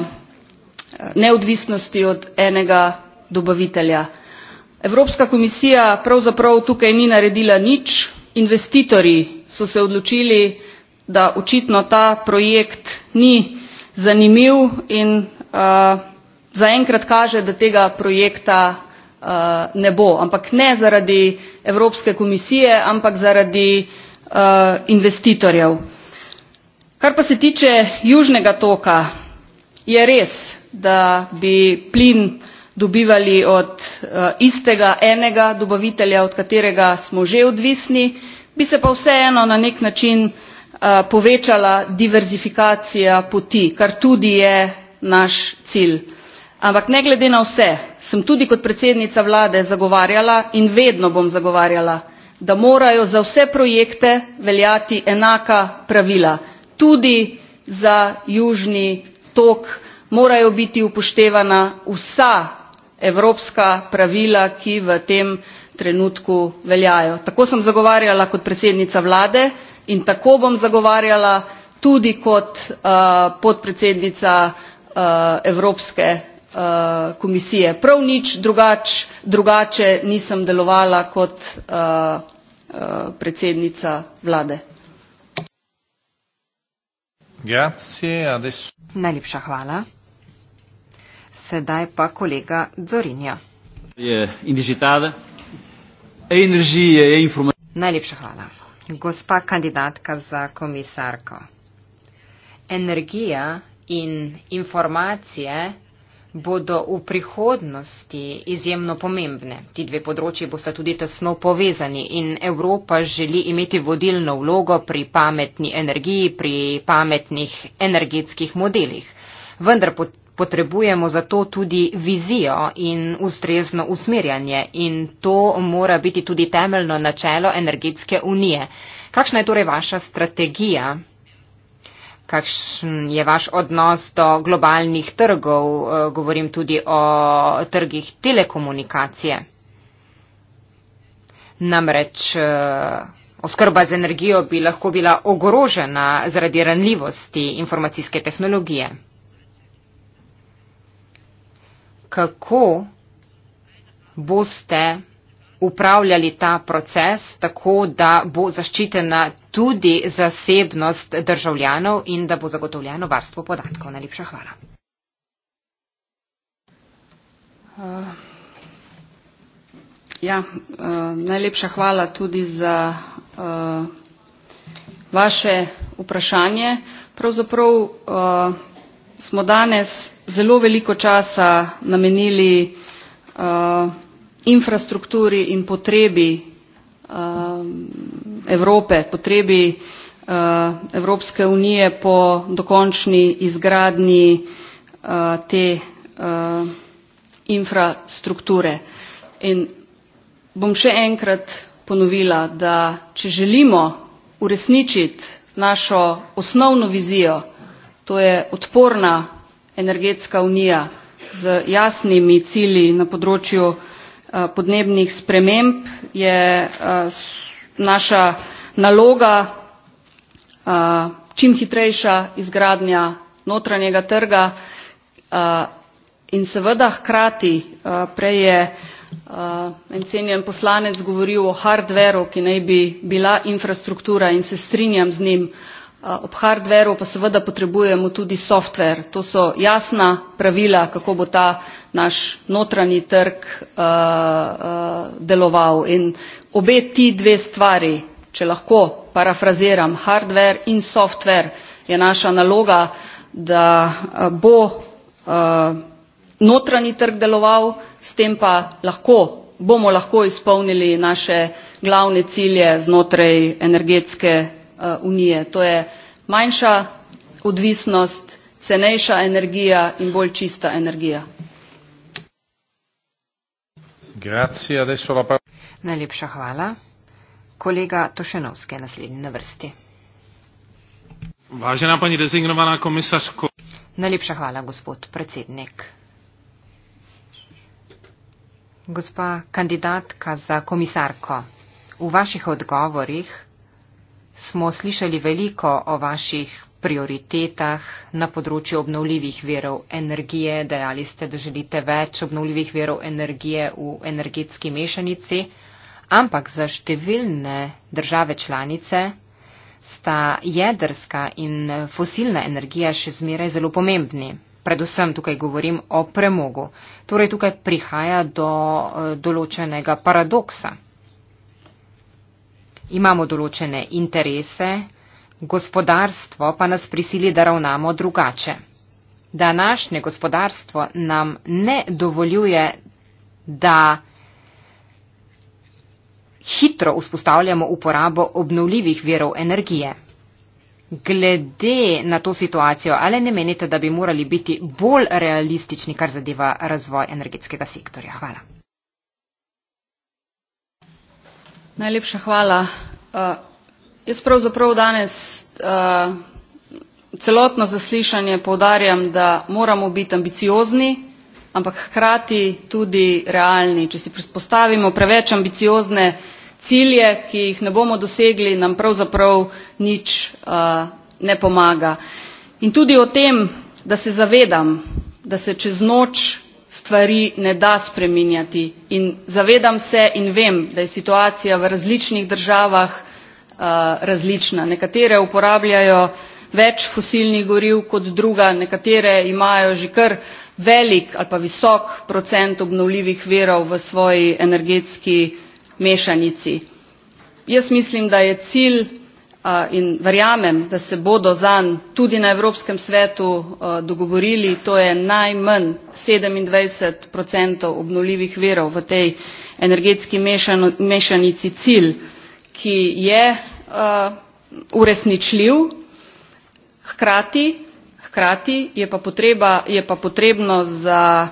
D: neodvisnosti od enega dobavitelja. evropska komisija pravzaprav tukaj ni naredila nič investitorji so se odločili da očitno ta projekt ni zanimiv in eh, zaenkrat kaže da tega projekta eh, ne bo ampak ne zaradi evropske komisije ampak zaradi Eh, investitorjev. kar pa se tiče južnega toka je res da bi plin dobivali od eh, istega enega dobavitelja od katerega smo že odvisni bi se pa vseeno na nek način eh, povečala diverzifikacija poti kar tudi je naš cilj. ampak ne glede na vse sem tudi kot predsednica vlade zagovarjala in vedno bom zagovarjala da morajo za vse projekte veljati enaka pravila tudi za južni tok morajo biti upoštevana vsa evropska pravila ki v tem trenutku veljajo. tako sem zagovarjala kot predsednica vlade in tako bom zagovarjala tudi kot eh, podpredsednica eh, evropske Eh, komisije prav nič drugače nisem delovala kot eh, eh, predsednica vlade najlepša hvala
E: sedaj pa kolega Zorinja
F: e e
E: najlepša hvala gospa kandidatka za komisarko energija in informacije bodo v prihodnosti izjemno pomembne. Ti dve področji bosta tudi tesno povezani in Evropa želi imeti vodilno vlogo pri pametni energiji, pri pametnih energetskih modelih. Vendar potrebujemo za to tudi vizijo in ustrezno usmerjanje in to mora biti tudi temeljno načelo energetske unije. Kakšna je torej vaša strategija kakšen je vaš odnos do globalnih trgov, e, govorim tudi o trgih telekomunikacije. Namreč e, oskrba z energijo bi lahko bila ogrožena zaradi ranljivosti informacijske tehnologije. Kako boste upravljali ta proces tako, da bo zaščitena tudi zasebnost državljanov in da bo zagotovljeno varstvo podatkov. Najlepša hvala.
D: Uh, ja, uh, najlepša hvala tudi za uh, vaše vprašanje. Pravzaprav uh, smo danes zelo veliko časa namenili uh, infrastrukturi in potrebi um, evrope potrebi uh, evropske unije po dokončni izgradnji uh, te uh, infrastrukture. In bom še enkrat ponovila, da če želimo uresničiti našo osnovno vizijo, to je odporna energetska unija z jasnimi cilji na področju Eh, podnebnih sprememb je eh, naša naloga eh, čim hitrejša izgradnja notranjega trga in seveda hkrati prej je en cenjen poslanec govoril o hardwareu ki naj bi bila infrastruktura in se strinjam z njim ob hardwareu pa seveda potrebujemo tudi software to so jasna pravila kako bo ta naš notranji trg deloval in obe ti dve stvari če lahko parafraziram hardware in software je naša naloga da bo notranji trg deloval s tem pa lahko bomo lahko izpolnili naše glavne cilje znotraj energetske Eh, unije to je manjša odvisnost cenejša energija in bolj čista energija.
B: Najlepša
E: hvala. Kolega Tošenovski je naslednji na vrsti.
F: Važena pani rezignovana komisarsko.
E: Najlepša hvala, gospod predsednik. Gospa kandidatka za komisarko, v vaših odgovorih smo slišali veliko o vaših prioritetah na področju obnovljivih verov energije. Dejali ste, da želite več obnovljivih verov energije v energetski mešanici, ampak za številne države članice sta jedrska in fosilna energija še zmeraj zelo pomembni. Predvsem tukaj govorim o premogu. Torej tukaj prihaja do eh, določenega paradoksa imamo določene interese, gospodarstvo pa nas prisili, da ravnamo drugače. Današnje gospodarstvo nam ne dovoljuje, da hitro vzpostavljamo uporabo obnovljivih verov energije. Glede na to situacijo, ali ne menite, da bi morali biti bolj realistični, kar zadeva razvoj energetskega sektorja? Hvala.
D: Najlepša hvala. Eh, jaz pravzaprav danes eh, celotno zaslišanje povdarjam, da moramo biti ambiciozni, ampak hkrati tudi realni. Če si predpostavimo preveč ambiciozne cilje, ki jih ne bomo dosegli, nam pravzaprav nič eh, ne pomaga. In tudi o tem, da se zavedam, da se čez noč stvari ne da spreminjati in zavedam se in vem da je situacija v različnih državah eh, različna nekatere uporabljajo več fosilnih goriv kot druga nekatere imajo že kar velik ali pa visok procent obnovljivih virov v svoji energetski mešanici. jaz mislim da je cilj in verjamem da se bodo zanj tudi na evropskem svetu dogovorili to je najmanj sedemindvajset obnovljivih virov v tej energetski mešanici cilj ki je uresničljiv hkrati hkrati je pa potreba je pa potrebno za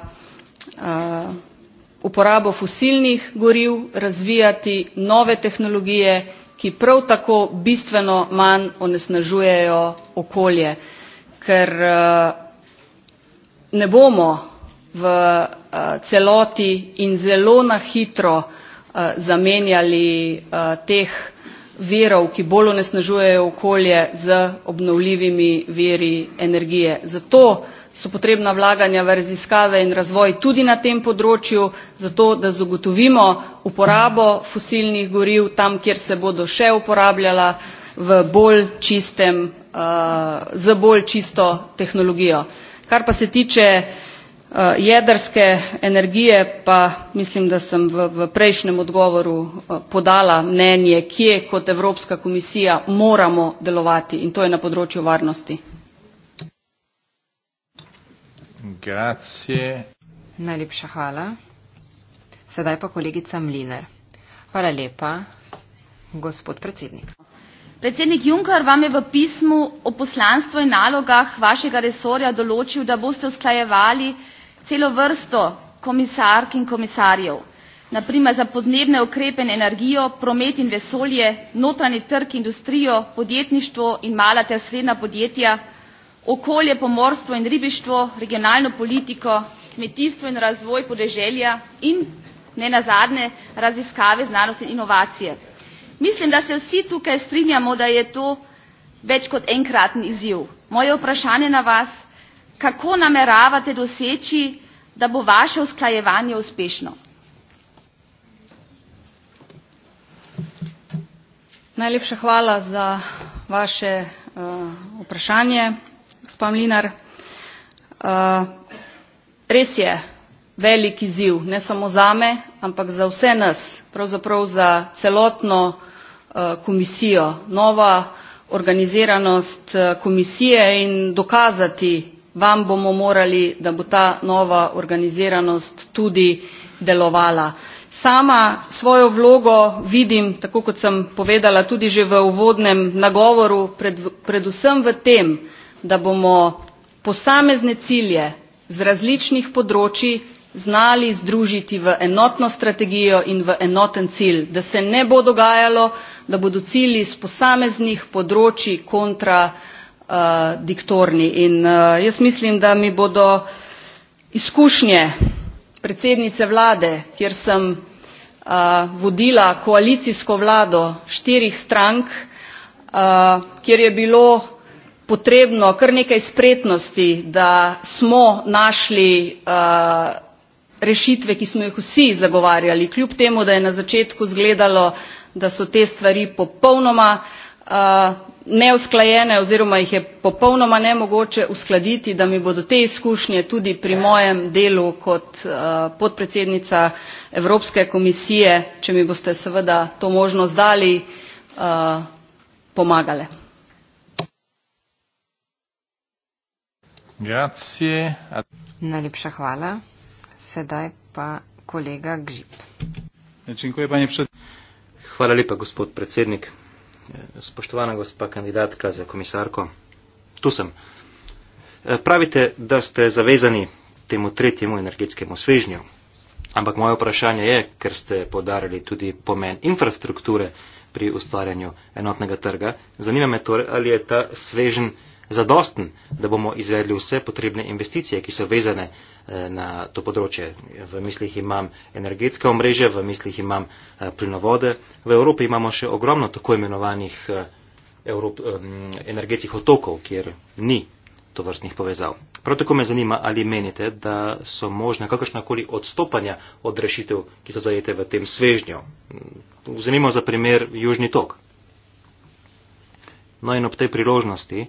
D: uporabo fosilnih goriv razvijati nove tehnologije ki prav tako bistveno manj onesnažujejo okolje ker eh, ne bomo v eh, celoti in zelo na hitro eh, zamenjali teh virov ki bolj onesnažujejo okolje z obnovljivimi viri energije zato so potrebna vlaganja v raziskave in razvoj tudi na tem področju zato da zagotovimo uporabo fosilnih goriv tam kjer se bodo še uporabljala v bolj čistem eh, z bolj čisto tehnologijo. kar pa se tiče eh, jedrske energije pa mislim da sem v, v prejšnjem odgovoru eh, podala mnenje kje kot evropska komisija moramo delovati in to je na področju varnosti.
B: Grazie.
E: Najlepša hvala. Sedaj pa kolegica Mliner. Hvala lepa, gospod predsednik.
D: Predsednik Juncker vam je v pismu o poslanstvu in nalogah vašega resorja določil, da boste usklajevali celo vrsto komisark in komisarjev, naprimer za podnebne ukrepe in energijo, promet in vesolje, notranji trg, industrijo, podjetništvo in mala ter srednja podjetja, okolje, pomorstvo in ribištvo, regionalno politiko, kmetijstvo in razvoj podeželja in ne nazadnje raziskave, znanost in inovacije. Mislim, da se vsi tukaj strinjamo, da je to več kot enkraten izziv. Moje vprašanje na vas, kako nameravate doseči, da bo vaše usklajevanje uspešno? Najlepša hvala za vaše uh, vprašanje gospa Mlinar. Uh, res je velik izziv, ne samo zame, ampak za vse nas, pravzaprav za celotno uh, komisijo, nova organiziranost uh, komisije in dokazati vam bomo morali, da bo ta nova organiziranost tudi delovala. Sama svojo vlogo vidim, tako kot sem povedala tudi že v uvodnem nagovoru, pred, predvsem v tem, da bomo posamezne cilje z različnih področij znali združiti v enotno strategijo in v enoten cilj da se ne bo dogajalo da bodo cilji s posameznih področij kontra eh, diktorni in eh, jaz mislim da mi bodo izkušnje predsednice vlade kjer sem eh, vodila koalicijsko vlado štirih strank kjer je bilo potrebno kar nekaj spretnosti da smo našli eh, rešitve ki smo jih vsi zagovarjali kljub temu da je na začetku izgledalo da so te stvari popolnoma eh, neusklajene oziroma jih je popolnoma nemogoče uskladiti da mi bodo te izkušnje tudi pri mojem delu kot eh, podpredsednica evropske komisije če mi boste seveda to možnost dali pomagale.
B: Grazie.
D: Najlepša hvala.
E: Sedaj pa kolega Gžip.
A: Hvala lepa, gospod predsednik. Spoštovana gospa kandidatka za komisarko, tu sem. Pravite, da ste zavezani temu tretjemu energetskemu svežnju, ampak moje vprašanje je, ker ste podarili tudi pomen infrastrukture pri ustvarjanju enotnega trga, zanima me torej, ali je ta svežen zadosten, da bomo izvedli vse potrebne investicije, ki so vezane eh, na to področje. V mislih imam energetske omrežje, v mislih imam eh, plinovode. V Evropi imamo še ogromno tako imenovanih eh, Evrop, energetskih otokov, kjer ni to vrstnih povezav. Prav tako me zanima, ali menite, da so možne kakršnakoli odstopanja od rešitev, ki so zajete v tem svežnju. Vzemimo za primer Južni tok. No in ob tej priložnosti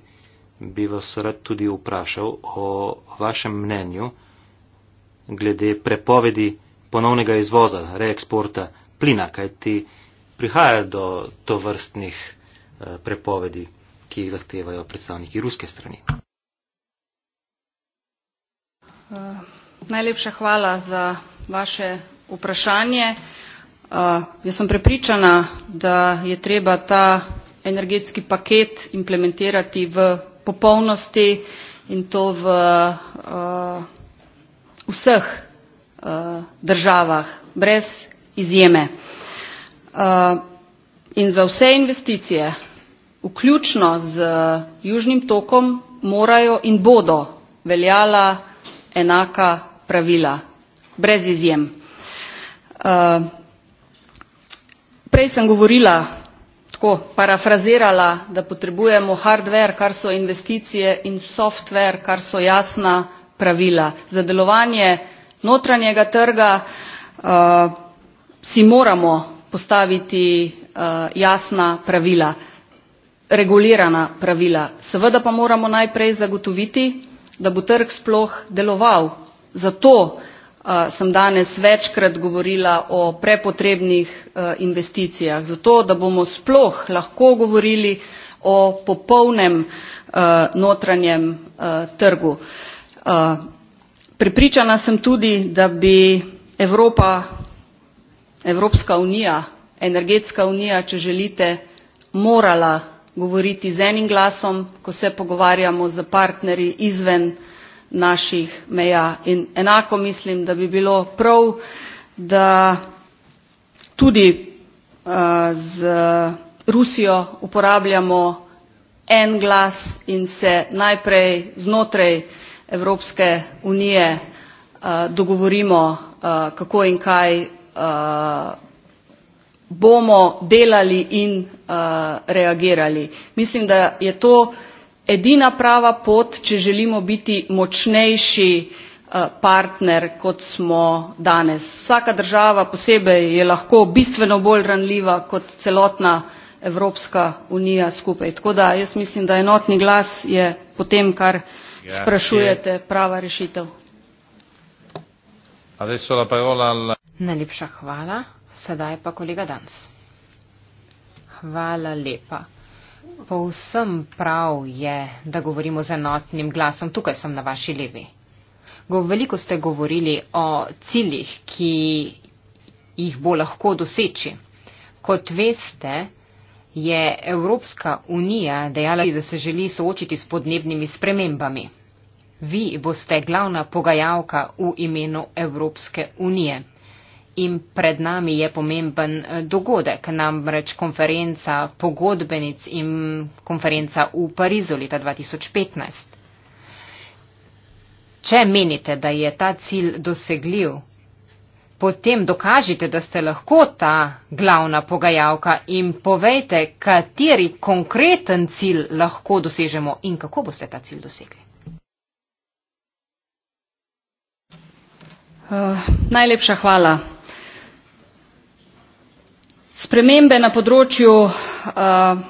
A: bi vas rad tudi vprašal o vašem mnenju glede prepovedi ponovnega izvoza, reeksporta plina, kaj ti prihaja do tovrstnih eh, prepovedi, ki jih zahtevajo predstavniki ruske strani.
D: Uh, najlepša hvala za vaše vprašanje. Uh, jaz sem prepričana, da je treba ta energetski paket implementirati v popolnosti in to v uh, vseh uh, državah, brez izjeme. Uh, in za vse investicije, vključno z Južnim tokom, morajo in bodo veljala enaka pravila, brez izjem. Uh, prej sem govorila tako parafrazirala da potrebujemo hardver kar so investicije in softver kar so jasna pravila za delovanje notranjega trga eh, si moramo postaviti eh, jasna pravila regulirana pravila seveda pa moramo najprej zagotoviti da bo trg sploh deloval zato Eh, sem danes večkrat govorila o prepotrebnih eh, investicijah zato da bomo sploh lahko govorili o popolnem eh, notranjem trgu. prepričana sem tudi da bi evropa evropska unija energetska unija če želite morala govoriti z enim glasom ko se pogovarjamo s partnerji izven naših meja in enako mislim da bi bilo prav da tudi uh, z rusijo uporabljamo en glas in se najprej znotraj evropske unije uh, dogovorimo uh, kako in kaj uh, bomo delali in uh, reagirali. Mislim, da je to uh, edina prava pot če želimo biti močnejši eh, partner kot smo danes. vsaka država posebej je lahko bistveno bolj ranljiva kot celotna evropska unija skupaj tako da jaz mislim da enotni glas je po tem kar sprašujete prava rešitev. najlepša hvala sedaj pa kolega dance.
E: hvala lepa. Povsem prav je, da govorimo z enotnim glasom. Tukaj sem na vaši levi. Veliko ste govorili o ciljih, ki jih bo lahko doseči. Kot veste, je Evropska unija dejala, da se želi soočiti s podnebnimi spremembami. Vi boste glavna pogajalka v imenu Evropske unije in pred nami je pomemben eh, dogodek, namreč konferenca pogodbenic in konferenca v Parizu leta 2015. Če menite, da je ta cilj dosegljiv, potem dokažite, da ste lahko ta glavna pogajalka in povejte, kateri konkreten cilj lahko dosežemo in kako
D: boste ta cilj dosegli. Uh, najlepša hvala spremembe na področju eh,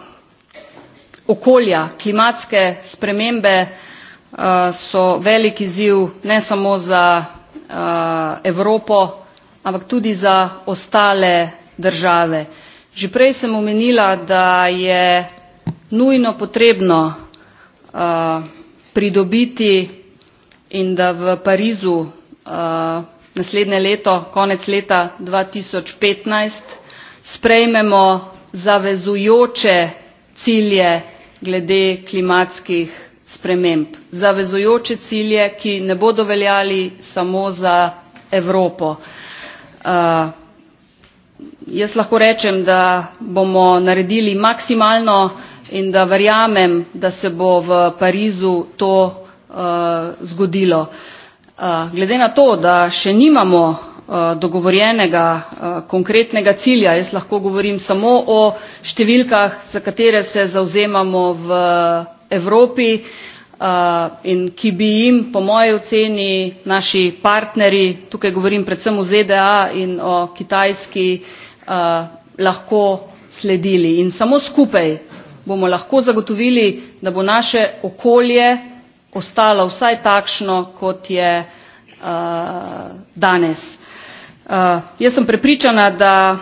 D: okolja klimatske spremembe eh, so velik izziv ne samo za eh, evropo ampak tudi za ostale države. že prej sem omenila da je nujno potrebno pridobiti in da v parizu naslednje leto konec leta dva tisoč petnajst sprejmemo zavezujoče cilje glede klimatskih sprememb zavezujoče cilje ki ne bodo veljali samo za evropo. Uh, jaz lahko rečem da bomo naredili maksimalno in da verjamem da se bo v parizu to uh, zgodilo. Uh, glede na to da še nimamo Eh, dogovorjenega eh, konkretnega cilja. Jaz lahko govorim samo o številkah, za katere se zauzemamo v Evropi eh, in ki bi jim, po moji oceni, naši partnerji, tukaj govorim predvsem o ZDA in o Kitajski, lahko sledili. In samo skupaj bomo lahko zagotovili, da bo naše okolje ostalo vsaj takšno, kot je danes. Eh, jaz sem prepričana da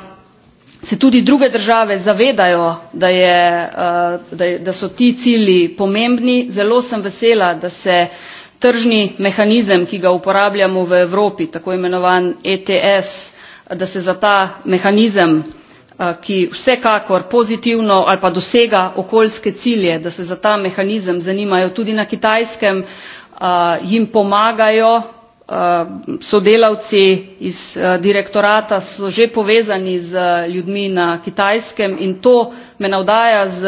D: se tudi druge države zavedajo eh, da, je, da so ti cilji pomembni zelo sem vesela da se tržni mehanizem ki ga uporabljamo v evropi tako imenovan ets da se za ta mehanizem eh, ki vsekakor pozitivno ali pa dosega okoljske cilje da se za ta mehanizem zanimajo tudi na kitajskem jim pomagajo Eh, sodelavci iz eh, direktorata so že povezani z eh, ljudmi na kitajskem in to me navdaja z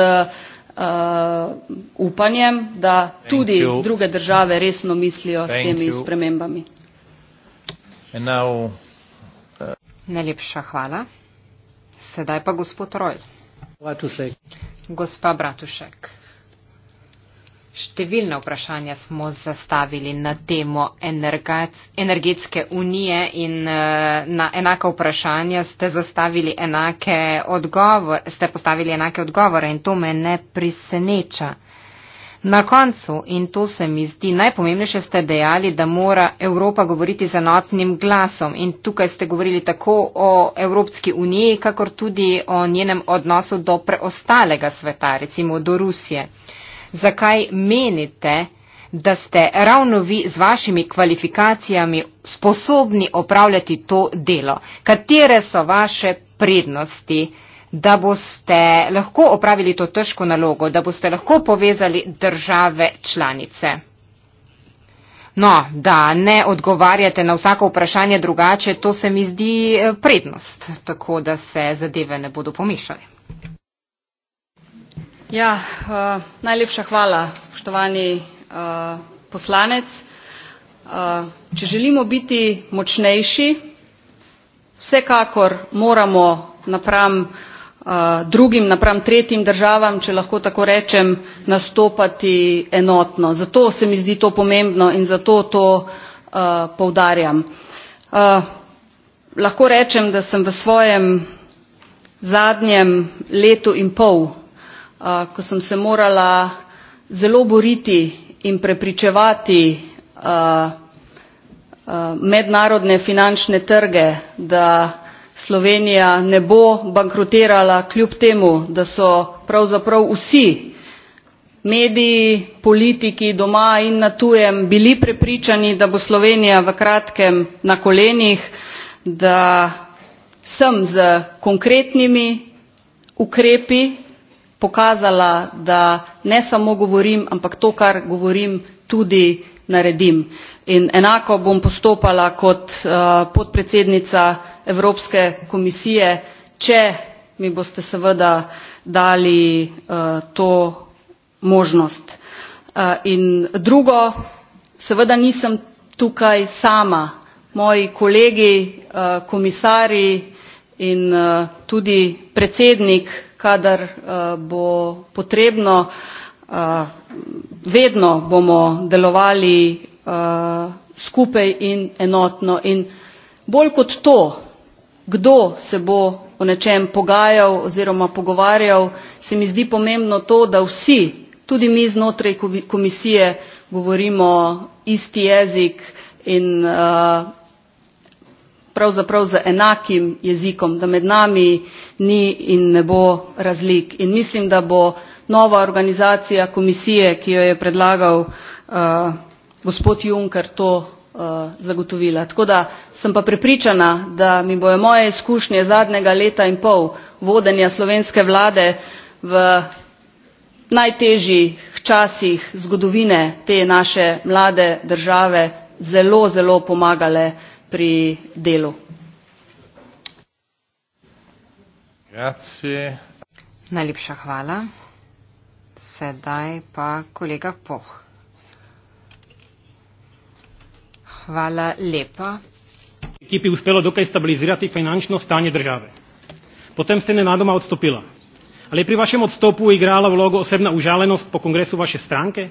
D: uh, upanjem, da tudi druge države resno mislijo Thank s temi you. spremembami.
B: Now, uh,
E: Najlepša hvala. Sedaj pa gospod Roj. Gospa Bratušek. Številna vprašanja smo zastavili na temo energetske unije in eh, na enaka vprašanja ste, enake odgovor, ste postavili enake odgovore in to me ne priseneča. Na koncu, in to se mi zdi najpomembnejše, ste dejali, da mora Evropa govoriti z enotnim glasom in tukaj ste govorili tako o Evropski uniji, kakor tudi o njenem odnosu do preostalega sveta, recimo do Rusije zakaj menite, da ste ravno vi z vašimi kvalifikacijami sposobni opravljati to delo? Katere so vaše prednosti, da boste lahko opravili to težko nalogo, da boste lahko povezali države članice? No, da ne odgovarjate na vsako vprašanje drugače, to se mi zdi eh, prednost, tako da se zadeve ne bodo pomišljali.
D: Ja, eh, najlepša hvala spoštovani eh, poslanec. Eh, če želimo biti močnejši vsekakor moramo napram drugim napram tretjim državam če lahko tako rečem nastopati enotno zato se mi zdi to pomembno in zato to poudarjam. lahko rečem da sem v svojem zadnjem letu in pol ko sem se morala zelo boriti in prepričevati mednarodne finančne trge, da Slovenija ne bo bankrotirala kljub temu, da so pravzaprav vsi mediji, politiki doma in na tujem bili prepričani, da bo Slovenija v kratkem na kolenih, da sem z konkretnimi ukrepi, pokazala, da ne samo govorim, ampak to, kar govorim, tudi naredim. In enako bom postopala kot uh, podpredsednica Evropske komisije, če mi boste seveda dali uh, to možnost. Uh, in drugo, seveda nisem tukaj sama. Moji kolegi, uh, komisari in uh, tudi predsednik kadar eh, bo potrebno. Eh, vedno bomo delovali eh, skupaj in enotno in bolj kot to, kdo se bo o nečem pogajal oziroma pogovarjal, se mi zdi pomembno to, da vsi, tudi mi znotraj komisije, govorimo isti jezik in uh, pravzaprav z enakim jezikom da med nami ni in ne bo razlik in mislim da bo nova organizacija komisije ki jo je predlagal uh, gospod juncker to eh, zagotovila. Tako da sem pa prepričana, da mi bojo moje izkušnje zadnjega leta in pol vodenja slovenske vlade v najtežjih časih zgodovine te naše mlade države zelo, zelo pomagale pri delu.
B: Grazie.
E: Najlepša hvala. Sedaj pa kolega Poh. Hvala lepa.
F: Ekipi uspelo dokaj stabilizirati finančno stanje države. Potem ste nenadoma odstopila. Ali je pri vašem odstopu igrala vlogo osebna užalenost po kongresu vaše stranke?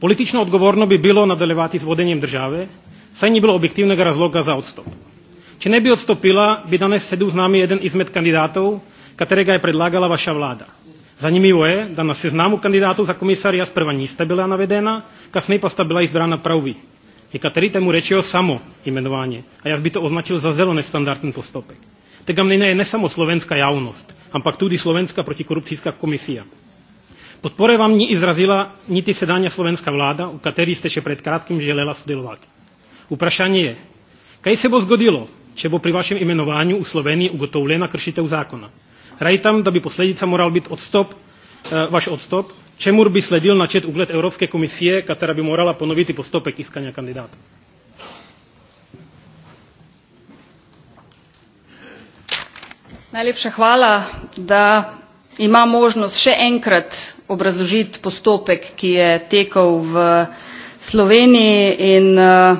F: Politično odgovorno bi bilo nadaljevati s vodenjem države, saj ni bilo objektivnega razloga za odstop. Če ne bi odstopila, bi danes sedel z nami eden izmed kandidatov, katerega je predlagala vaša vlada. Zanimivo je, da na seznamu kandidatov za komisarja sprva niste bila navedena, kasneje pa sta bila izbrana prav vi. Nekateri temu rečejo samo imenovanje, a jaz bi to označil za zelo nestandarden postopek. Tega mnenja je ne samo slovenska javnost, ampak tudi slovenska protikorupcijska komisija. Podpore vam ni izrazila niti sedanja slovenska vlada, v kateri ste še pred kratkim želela sodelovati. Vprašanje. Kaj se bo zgodilo, če bo pri vašem imenovanju v Sloveniji ugotovljena kršitev zakona? Rajtam, da bi posledica moral biti odstop, eh, vaš odstop, čemu bi sledil načet ugled Evropske komisije, katera bi morala ponoviti postopek iskanja kandidata?
D: Najlepša hvala, da ima možnost še enkrat obrazložiti postopek, ki je tekel v Sloveniji in eh,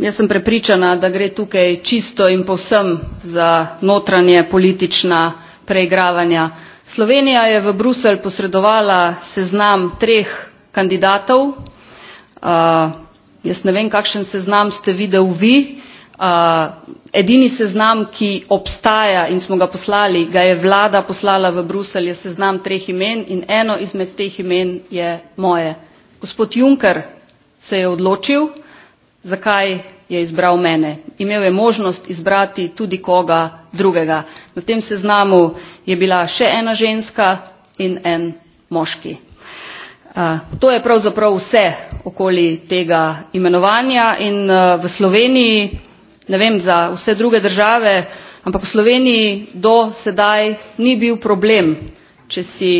D: Jaz sem prepričana, da gre tukaj čisto in povsem za notranje politična preigravanja. Slovenija je v Bruselj posredovala seznam treh kandidatov. Uh, jaz ne vem, kakšen seznam ste videli vi. Uh, edini seznam, ki obstaja in smo ga poslali, ga je vlada poslala v Bruselj, je seznam treh imen in eno izmed teh imen je moje. Gospod Juncker se je odločil, zakaj je izbral mene. Imel je možnost izbrati tudi koga drugega. Na tem seznamu je bila še ena ženska in en moški. To je pravzaprav vse okoli tega imenovanja in v Sloveniji, ne vem za vse druge države, ampak v Sloveniji do sedaj ni bil problem, če si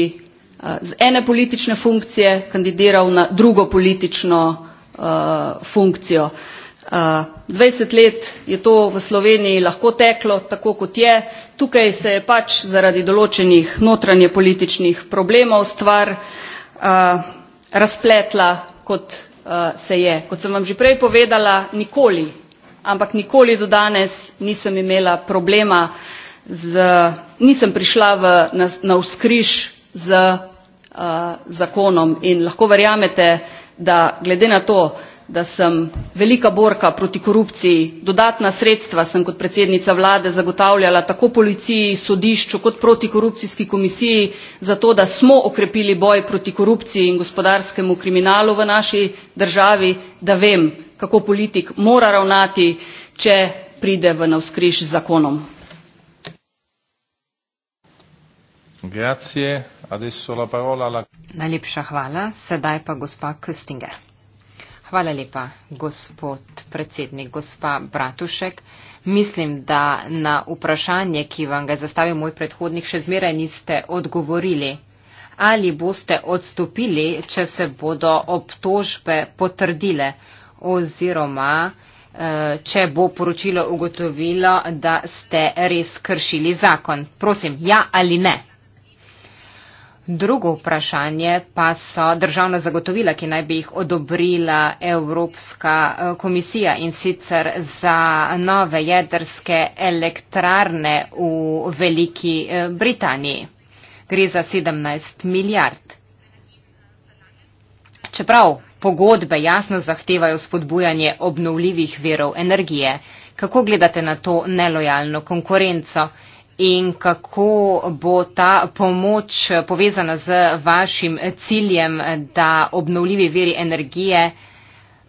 D: z ene politične funkcije kandidiral na drugo politično funkcijo Eh, funkcijo. Eh, dvajset let je to v Sloveniji lahko teklo tako, kot je. Tukaj se je pač zaradi določenih notranje političnih problemov stvar eh, razpletla, kot se je. Kot sem vam že prej povedala, nikoli, ampak nikoli do danes nisem imela problema, z, nisem prišla v, na, na vzkriž z uh, zakonom in lahko verjamete, da glede na to da sem velika borka proti korupciji dodatna sredstva sem kot predsednica vlade zagotavljala tako policiji sodišču kot protikorupcijski komisiji zato da smo okrepili boj proti korupciji in gospodarskemu kriminalu v naši državi da vem kako politik mora ravnati če pride v navzkriž z zakonom.
B: Grazie alla...
D: Najlepša hvala, sedaj pa gospa
E: Köstinger. Hvala lepa, gospod predsednik, gospa Bratušek. Mislim, da na vprašanje, ki vam ga je zastavil moj predhodnik, še zmeraj niste odgovorili. Ali boste odstopili, če se bodo obtožbe potrdile oziroma eh, če bo poročilo ugotovilo, da ste res kršili zakon? Prosim, ja ali ne? Drugo vprašanje pa so državna zagotovila, ki naj bi jih odobrila Evropska eh, komisija in sicer za nove jedrske elektrarne v Veliki eh, Britaniji. Gre za 17 milijard. Čeprav pogodbe jasno zahtevajo spodbujanje obnovljivih verov energije, kako gledate na to nelojalno konkurenco? in kako bo ta pomoč povezana z vašim ciljem, da obnovljivi veri energije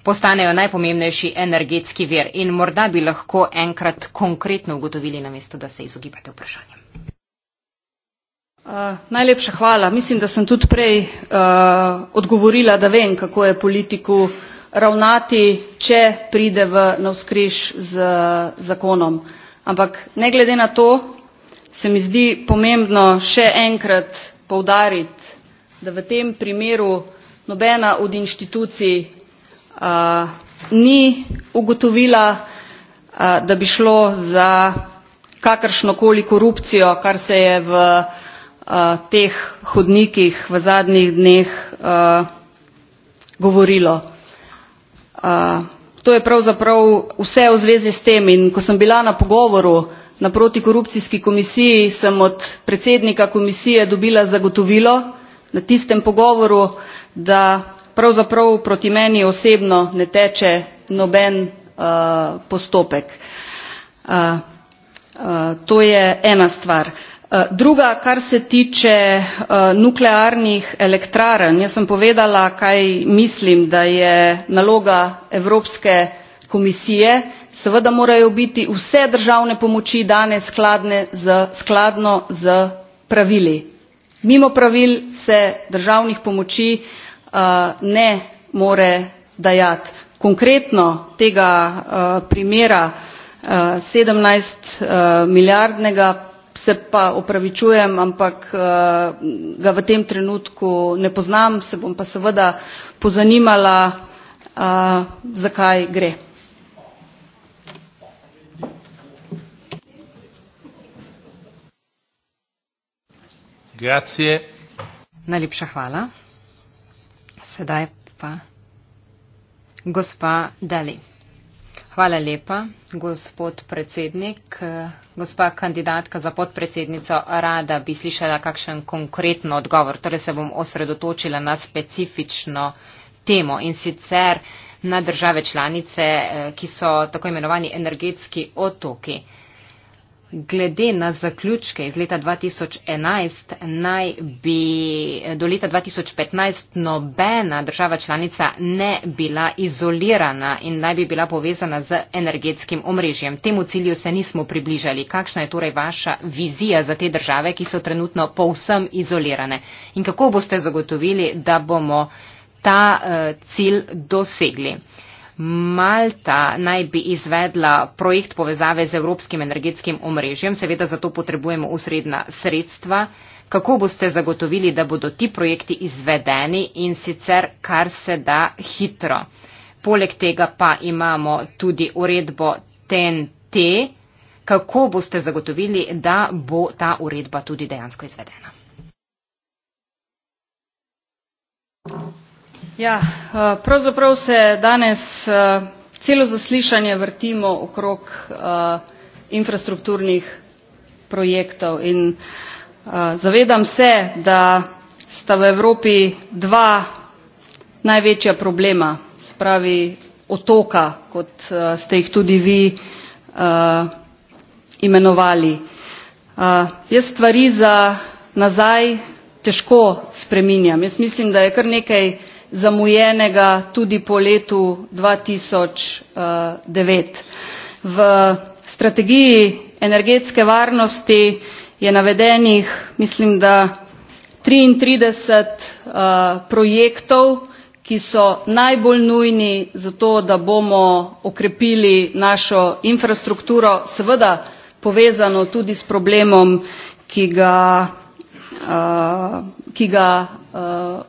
E: postanejo najpomembnejši energetski vir. In morda bi lahko enkrat konkretno ugotovili, namesto da se izogibate vprašanju.
D: Uh, najlepša hvala. Mislim, da sem tudi prej uh, odgovorila, da vem, kako je politiku ravnati, če pride v navskriž z zakonom. Ampak ne glede na to, se mi zdi pomembno še enkrat poudariti, da v tem primeru nobena od inštitucij uh, ni ugotovila, uh, da bi šlo za kakršnokoli korupcijo, kar se je v uh, teh hodnikih v zadnjih dneh uh, govorilo. Uh, to je pravzaprav vse v zvezi s tem in ko sem bila na pogovoru, na protikorupcijski komisiji sem od predsednika komisije dobila zagotovilo na tistem pogovoru, da pravzaprav proti meni osebno ne teče noben uh, postopek. Uh, uh To je ena stvar. Uh, druga, kar se tiče uh, nuklearnih elektrarn, jaz sem povedala, kaj mislim, da je naloga Evropske komisije, seveda morajo biti vse državne pomoči dane skladno s pravili mimo pravil se državnih pomoči eh, ne more dajati konkretno tega eh, primera eh, sedemnajst milijardnega se pa opravičujem ampak ga v tem trenutku ne poznam se bom pa seveda pozanimala za kaj gre
B: Grazie.
E: Najlepša hvala. Sedaj pa gospa Deli. Hvala lepa, gospod predsednik. Gospa kandidatka za podpredsednico, rada bi slišala kakšen konkretno odgovor. Torej se bom osredotočila na specifično temo in sicer na države članice, eh, ki so tako imenovani energetski otoki. Glede na zaključke iz leta 2011, naj bi do leta 2015 nobena država članica ne bila izolirana in naj bi bila povezana z energetskim omrežjem. Temu cilju se nismo približali. Kakšna je torej vaša vizija za te države, ki so trenutno povsem izolirane? In kako boste zagotovili, da bomo ta uh, cilj dosegli? Malta naj bi izvedla projekt povezave z evropskim energetskim omrežjem, seveda za to potrebujemo usredna sredstva. Kako boste zagotovili, da bodo ti projekti izvedeni in sicer kar se da hitro? Poleg tega pa imamo tudi uredbo TNT. Kako boste zagotovili, da bo ta uredba tudi dejansko izvedena?
D: Ja, eh, pravzaprav se danes eh, celo zaslišanje vrtimo okrog eh, infrastrukturnih projektov in zavedam se da sta v evropi dva največja problema se pravi otoka kot ste jih tudi vi imenovali. jaz stvari za nazaj težko spreminjam jaz mislim da je kar nekaj zamujenega tudi po letu. dva tisoč eh, devet v strategiji energetske varnosti je navedenih mislim da triintrideset eh, projektov ki so najbolj nujni zato da bomo okrepili našo infrastrukturo seveda povezano tudi s problemom ki ga eh, ki ga uh,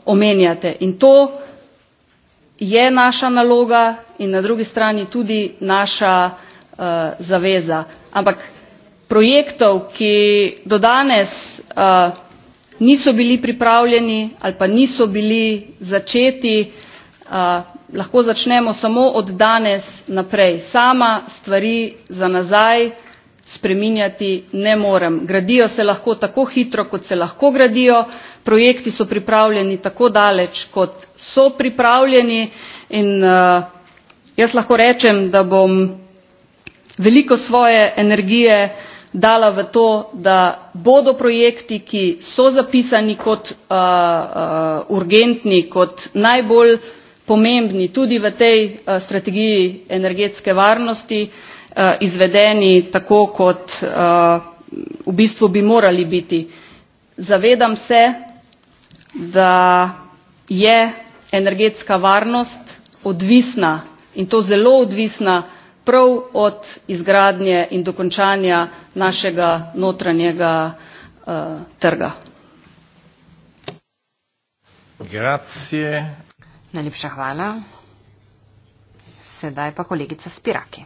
D: omenjate. In to je naša naloga in na drugi strani tudi naša uh, zaveza. Ampak projektov, ki do danes uh, niso bili pripravljeni ali pa niso bili začeti, uh, lahko začnemo samo od danes naprej. Sama stvari za nazaj spreminjati ne morem. Gradijo se lahko tako hitro, kot se lahko gradijo, projekti so pripravljeni tako daleč, kot so pripravljeni in uh, jaz lahko rečem, da bom veliko svoje energije dala v to, da bodo projekti, ki so zapisani kot uh, uh, urgentni, kot najbolj pomembni tudi v tej uh, strategiji energetske varnosti, uh, Eh, izvedeni tako kot eh, v bistvu bi morali biti. Zavedam se, da je energetska varnost odvisna in to zelo odvisna prav od izgradnje in dokončanja našega notranjega uh, trga.
B: Gracije. Najlepša
E: hvala. Sedaj pa kolegica Spiraki.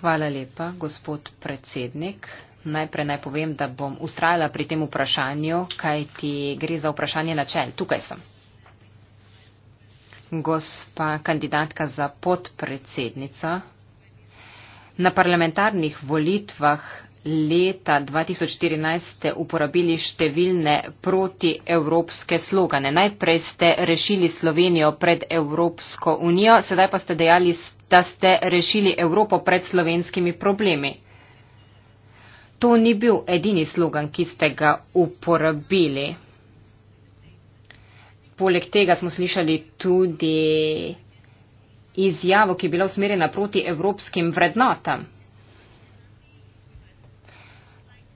E: Hvala lepa, gospod predsednik. Najprej naj povem, da bom ustrajala pri tem vprašanju, kaj ti gre za vprašanje načel. Tukaj sem. Gospa kandidatka za podpredsednica, na parlamentarnih volitvah leta 2014 ste uporabili številne protievropske slogane. Najprej ste rešili Slovenijo pred Evropsko unijo, sedaj pa ste dejali, da ste rešili Evropo pred slovenskimi problemi. To ni bil edini slogan, ki ste ga uporabili. Poleg tega smo slišali tudi izjavo, ki je bila usmerjena proti evropskim vrednotam.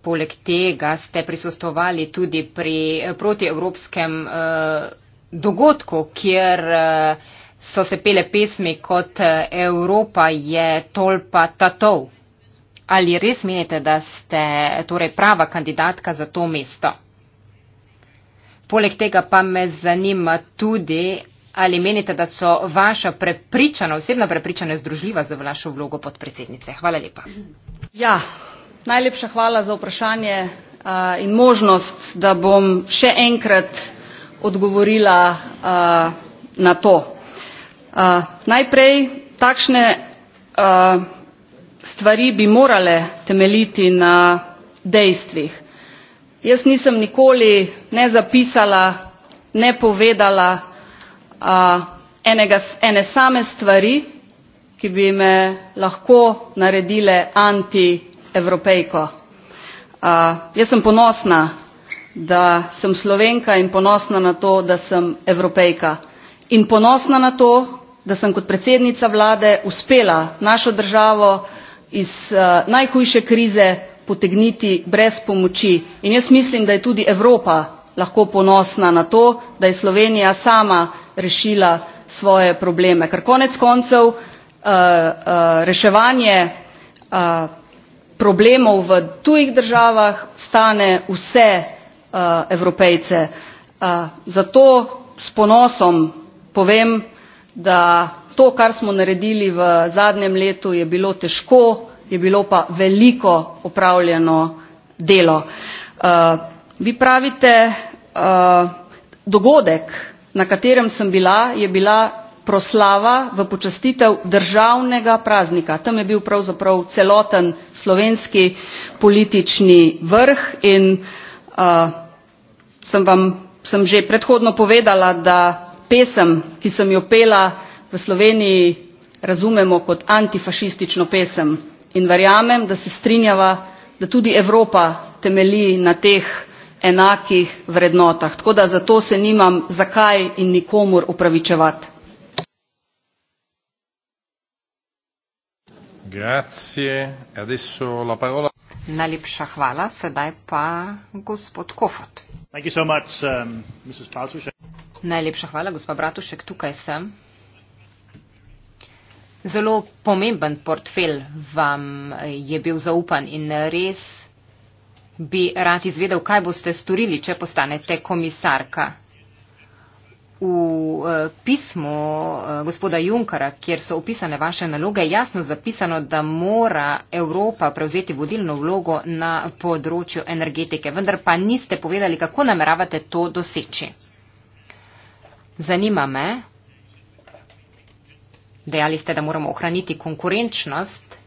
E: Poleg tega ste prisostovali tudi pri protievropskem eh, dogodku, kjer eh, so se pele pesmi kot eh, Evropa je tolpa tatov. Ali res menite, da ste torej prava kandidatka za to mesto? Poleg tega pa me zanima tudi, ali menite, da so vaša prepričana, osebna prepričana združljiva za vašo vlogo podpredsednice. Hvala lepa.
D: Ja, najlepša hvala za vprašanje in možnost, da bom še enkrat odgovorila na to najprej takšne stvari bi morale temeljiti na dejstvih. jaz nisem nikoli ne zapisala ne povedala ene same stvari ki bi me lahko naredile antievropejko. jaz sem ponosna da sem slovenka in ponosna na to da sem evropejka in ponosna na to da sem kot predsednica vlade uspela našo državo iz eh, najhujše krize potegniti brez pomoči in jaz mislim da je tudi evropa lahko ponosna na to da je slovenija sama rešila svoje probleme ker konec koncev eh, eh, reševanje problemov v tujih državah stane vse evropejce zato s ponosom povem da to, kar smo naredili v zadnjem letu, je bilo težko, je bilo pa veliko opravljeno delo. Uh, vi pravite, uh, dogodek, na katerem sem bila, je bila proslava v počastitev državnega praznika. Tam je bil pravzaprav celoten slovenski politični vrh in uh, sem vam sem že predhodno povedala, da pesem ki sem jo pela v sloveniji razumemo kot antifašistično pesem in verjamem da se strinjava da tudi evropa temelji na teh enakih vrednotah tako da zato se nimam zakaj in nikomur opravičevati
B: Grazie. Adesso la parola. Najlepša hvala,
E: sedaj pa gospod Kofot.
B: Thank you so much, um, Mrs.
E: Najlepša hvala, gospod Bratušek, tukaj sem. Zelo pomemben portfelj vam eh, je bil zaupan in res bi rad izvedel, kaj boste storili, če postanete komisarka. V eh, pismu eh, gospoda Junkara, kjer so opisane vaše naloge, je jasno zapisano, da mora Evropa prevzeti vodilno vlogo na področju energetike. Vendar pa niste povedali, kako nameravate to doseči. Zanima me, dejali ste, da moramo ohraniti konkurenčnost,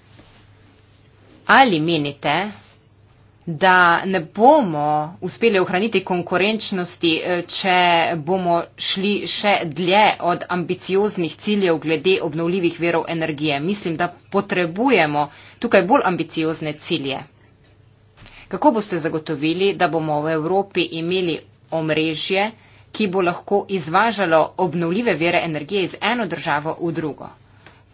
E: ali menite, da ne bomo uspeli ohraniti konkurenčnosti, eh, če bomo šli še dlje od ambicioznih ciljev glede obnovljivih verov energije. Mislim, da potrebujemo tukaj bolj ambiciozne cilje. Kako boste zagotovili, da bomo v Evropi imeli omrežje, ki bo lahko izvažalo obnovljive vere energije iz eno državo v drugo.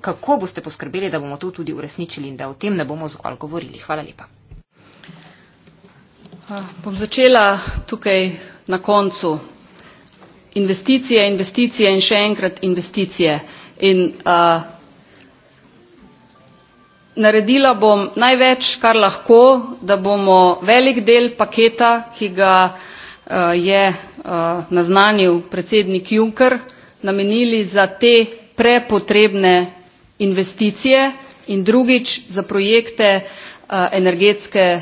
E: Kako boste poskrbeli, da bomo to tudi uresničili in da o tem ne bomo zgolj govorili? Hvala lepa.
D: Ah, bom začela tukaj na koncu. Investicije, investicije in še enkrat investicije. In, ah, Naredila bom največ, kar lahko, da bomo velik del paketa, ki ga Eh, je eh, naznanil predsednik juncker namenili za te prepotrebne investicije in drugič za projekte eh, energetske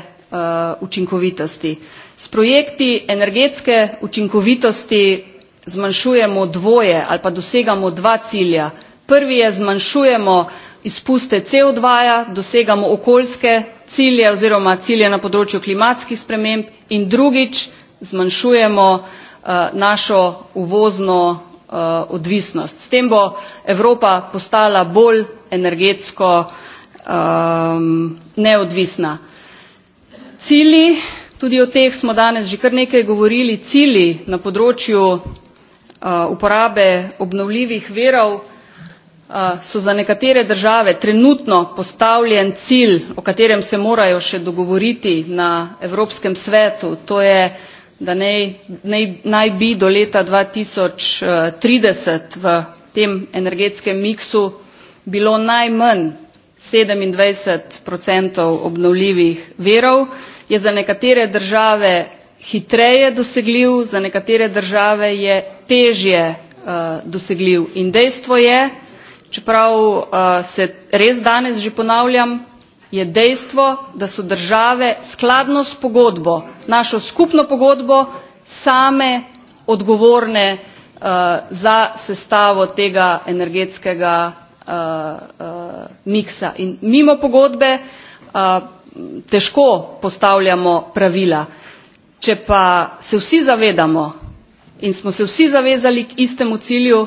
D: učinkovitosti. S projekti energetske učinkovitosti zmanjšujemo dvoje ali pa dosegamo dva cilja. Prvi je zmanjšujemo izpuste CO dva, dosegamo okoljske cilje oziroma cilje na področju klimatskih sprememb in drugič zmanjšujemo eh, našo uvozno eh, odvisnost. s tem bo evropa postala bolj energetsko eh, neodvisna. cilji tudi o teh smo danes že kar nekaj govorili cilji na področju uporabe obnovljivih virov so za nekatere države trenutno postavljen cilj o katerem se morajo še dogovoriti na evropskem svetu to je da naj bi do leta dva tisoč eh, trideset v tem energetskem miksu bilo najmanj sedemindvajset obnovljivih virov je za nekatere države hitreje dosegljiv za nekatere države je težje eh, dosegljiv in dejstvo je čeprav eh, se res danes že ponavljam je dejstvo da so države skladno s pogodbo našo skupno pogodbo same odgovorne eh, za sestavo tega energetskega eh, eh, miksa in mimo pogodbe težko postavljamo pravila če pa se vsi zavedamo in smo se vsi zavezali k istemu cilju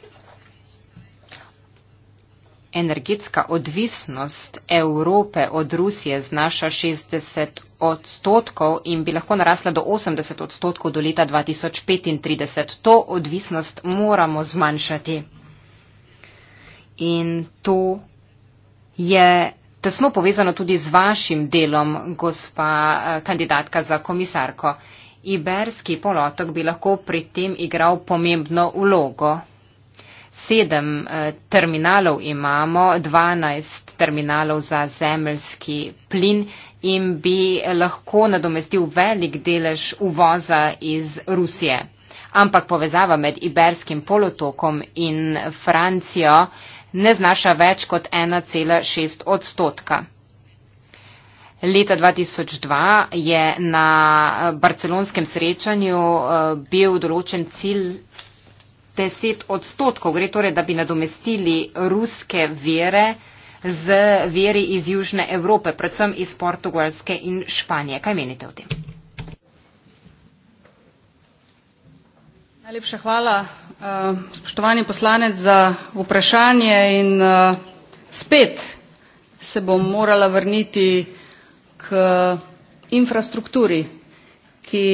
E: energetska odvisnost Evrope od Rusije znaša 60 odstotkov in bi lahko narasla do 80 odstotkov do leta 2035. To odvisnost moramo zmanjšati. In to je tesno povezano tudi z vašim delom, gospa eh, kandidatka za komisarko. Iberski polotok bi lahko pri tem igral pomembno vlogo sedem eh, terminalov imamo, dvanajst terminalov za zemljski plin in bi lahko nadomestil velik delež uvoza iz Rusije. Ampak povezava med Iberskim polotokom in Francijo ne znaša več kot 1,6 odstotka. Leta 2002 je na eh, barcelonskem srečanju eh, bil določen cilj deset odstotkov. Gre torej, da bi nadomestili ruske vere z veri iz Južne Evrope, predvsem iz Portugalske in Španije. Kaj menite o tem?
D: Najlepša hvala, eh, spoštovani poslanec, za vprašanje in eh, spet se bom morala vrniti k infrastrukturi, ki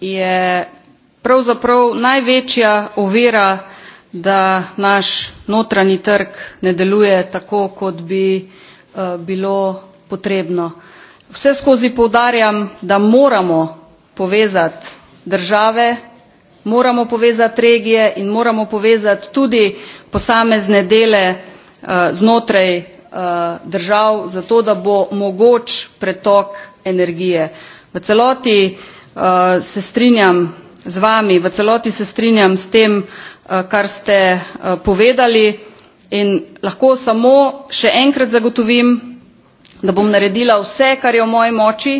D: je pravzaprav največja ovira da naš notranji trg ne deluje tako kot bi eh, bilo potrebno. vseskozi poudarjam da moramo povezati države moramo povezati regije in moramo povezati tudi posamezne dele eh, znotraj eh, držav zato da bo mogoč pretok energije. v celoti se strinjam z vami v celoti se strinjam s tem eh, kar ste eh, povedali in lahko samo še enkrat zagotovim da bom naredila vse kar je v moji moči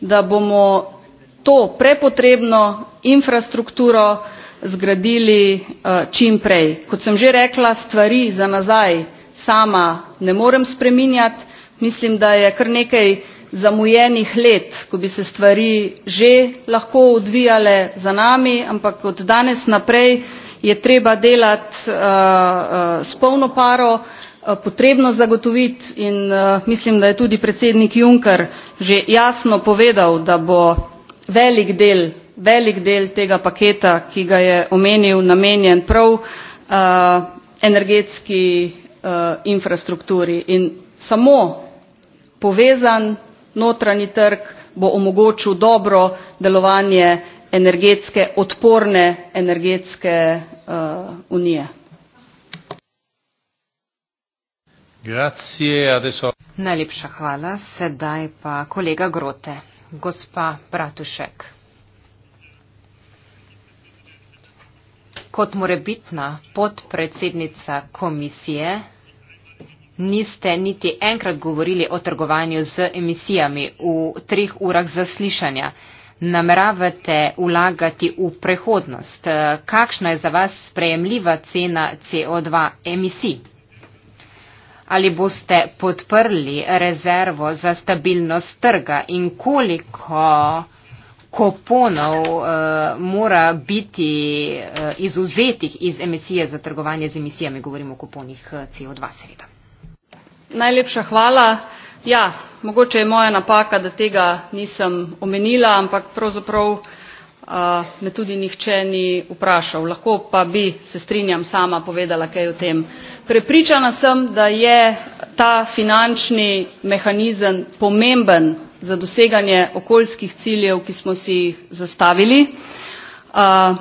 D: da bomo to prepotrebno infrastrukturo zgradili eh, čim prej. Kot sem že rekla, stvari za nazaj sama ne morem spreminjati. Mislim, da je kar nekaj zamujenih let ko bi se stvari že lahko odvijale za nami ampak od danes naprej je treba delati eh, eh, s polno paro eh, potrebno zagotoviti in mislim da je tudi predsednik juncker že jasno povedal da bo velik del velik del tega paketa ki ga je omenil namenjen prav energetski infrastrukturi in samo povezan notranji trg bo omogočil dobro delovanje energetske odporne energetske uh, unije.
B: Grazie, adesso...
D: Najlepša hvala. Sedaj
E: pa kolega Grote, gospa Bratušek. Kot morebitna podpredsednica komisije niste niti enkrat govorili o trgovanju z emisijami v treh urah zaslišanja. Nameravate vlagati v prihodnost. Kakšna je za vas sprejemljiva cena CO2 emisij? Ali boste podprli rezervo za stabilnost trga in koliko kuponov uh, mora biti uh, izuzetih iz emisije za trgovanje z emisijami, govorimo o kuponih eh, CO2 seveda.
D: Najlepša hvala. Ja, mogoče je moja napaka, da tega nisem omenila, ampak pravzaprav uh, me tudi nihče ni vprašal. Lahko pa bi, se strinjam, sama povedala kaj o tem. Prepričana sem, da je ta finančni mehanizem pomemben za doseganje okoljskih ciljev, ki smo si jih zastavili. Uh,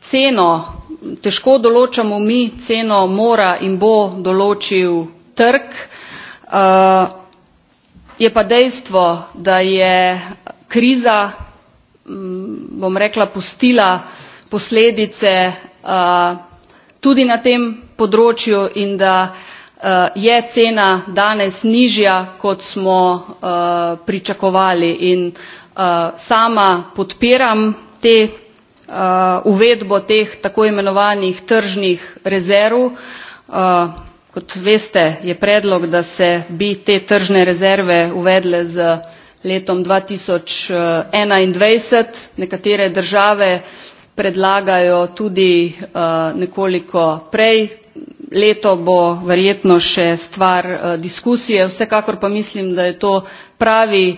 D: ceno, težko določamo mi, ceno mora in bo določil trg. Eh, je pa dejstvo da je kriza mm, bom rekla pustila posledice eh, tudi na tem področju in da eh, je cena danes nižja kot smo pričakovali in sama podpiram te uvedbo teh tako imenovanih tržnih rezerv kot veste je predlog da se bi te tržne rezerve uvedle z letom dva tisoč eh, enaindvajset nekatere države predlagajo tudi eh, nekoliko prej leto bo verjetno še stvar eh, diskusije vsekakor pa mislim da je to pravi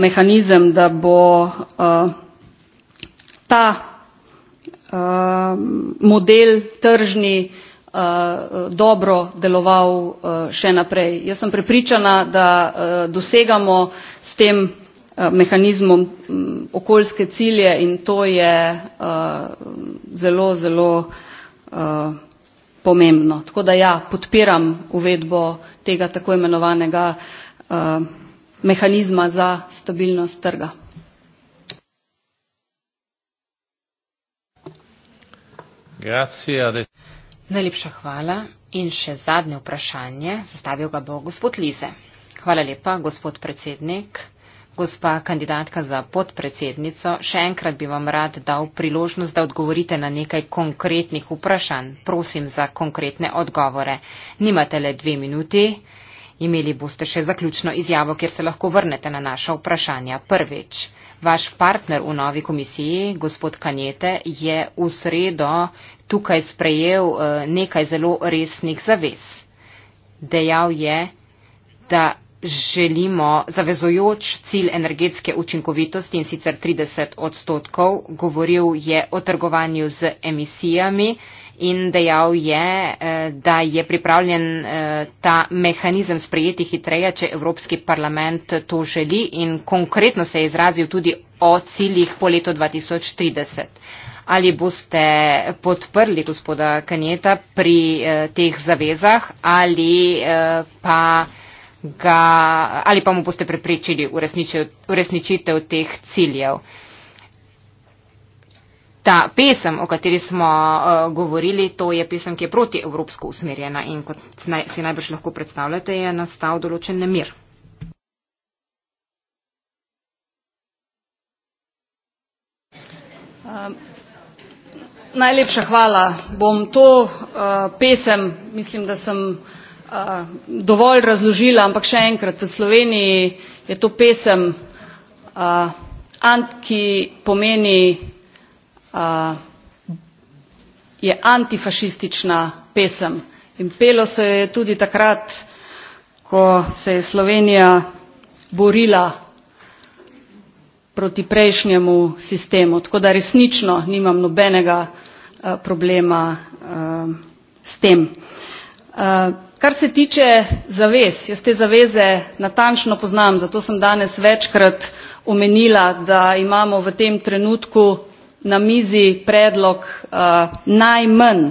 D: mehanizem da bo ta model tržni Eh, dobro deloval eh, še naprej. jaz sem prepričana da eh, dosegamo s tem mehanizmom mm, okoljske cilje in to je zelo zelo pomembno. tako da ja podpiram uvedbo tega tako imenovanega mehanizma za stabilnost trga. Najlepša hvala. In še
E: zadnje vprašanje, zastavil ga bo gospod Lize. Hvala lepa, gospod predsednik. Gospa kandidatka za podpredsednico, še enkrat bi vam rad dal priložnost, da odgovorite na nekaj konkretnih vprašanj. Prosim za konkretne odgovore. Nimate le dve minuti. Imeli boste še zaključno izjavo, kjer se lahko vrnete na naša vprašanja. Prvič, vaš partner v novi komisiji, gospod Kanjete, je v sredo tukaj sprejel eh, nekaj zelo resnih zavez. Dejal je, da želimo zavezojoč cilj energetske učinkovitosti in sicer 30 odstotkov, govoril je o trgovanju z emisijami in dejal je, eh, da je pripravljen eh, ta mehanizem sprejeti hitreje, če Evropski parlament to želi in konkretno se je izrazil tudi o ciljih po letu 2030 ali boste podprli gospoda Kanjeta pri eh, teh zavezah ali, eh, pa ga, ali pa mu boste preprečili uresničitev teh ciljev. Ta pesem, o kateri smo uh, govorili, to je pesem, ki je protievropsko usmerjena in kot naj, si najbrž lahko predstavljate, je nastal določen nemir.
D: najlepša hvala bom to eh, pesem mislim da sem eh, dovolj razložila ampak še enkrat v sloveniji je to pesem eh, ant ki pomeni je antifašistična pesem in pelo se je tudi takrat ko se je slovenija borila proti prejšnjemu sistemu. Tako da resnično nimam nobenega eh, problema eh, s tem. Eh, kar se tiče zavez, jaz te zaveze natančno poznam, zato sem danes večkrat omenila, da imamo v tem trenutku na mizi predlog najmanj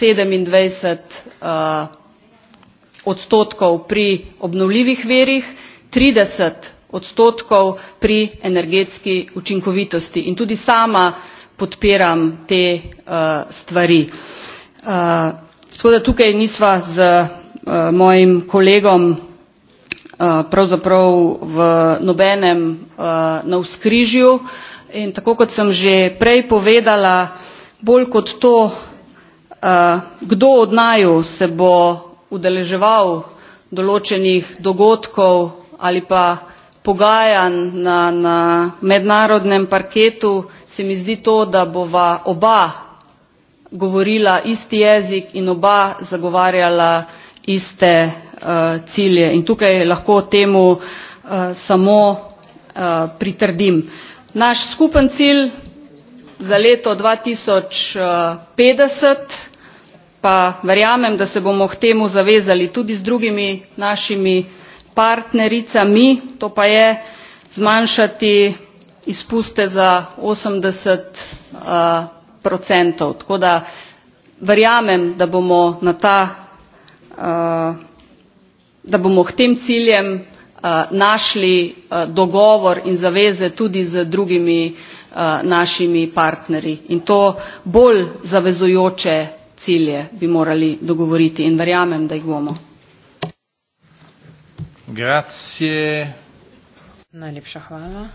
D: 27 odstotkov pri obnovljivih verjih, 30 odstotkov odstotkov pri energetski učinkovitosti in tudi sama podpiram te eh, stvari. Eh, tako da tukaj nisva z eh, mojim kolegom pravzaprav v nobenem na vzkrižju in tako kot sem že prej povedala, bolj kot to, kdo od naju se bo udeleževal določenih dogodkov ali pa pogajanj na, na mednarodnem parketu, se mi zdi to, da bova oba govorila isti jezik in oba zagovarjala iste uh, cilje. In tukaj lahko temu uh, samo uh, pritrdim. Naš skupen cilj za leto 2050, pa verjamem, da se bomo k temu zavezali tudi z drugimi našimi partnericami to pa je zmanjšati izpuste za osemdeset eh, tako da verjamem da bomo na ta eh, da bomo k tem ciljem eh, našli dogovor in zaveze tudi z drugimi našimi partnerji in to bolj zavezujoče cilje bi morali dogovoriti in verjamem da jih bomo.
B: Grazie.
E: Najlepša hvala.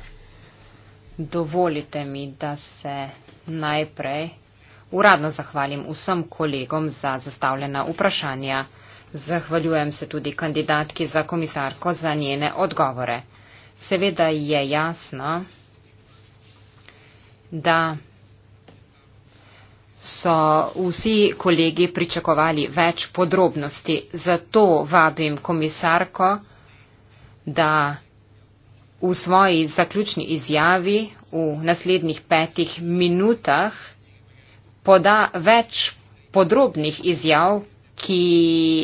E: Dovolite mi, da se najprej uradno zahvalim vsem kolegom za zastavljena vprašanja. Zahvaljujem se tudi kandidatki za komisarko za njene odgovore. Seveda je jasno, da so vsi kolegi pričakovali več podrobnosti. Zato vabim komisarko, da v svoji zaključni izjavi v naslednjih petih minutah poda več podrobnih izjav, ki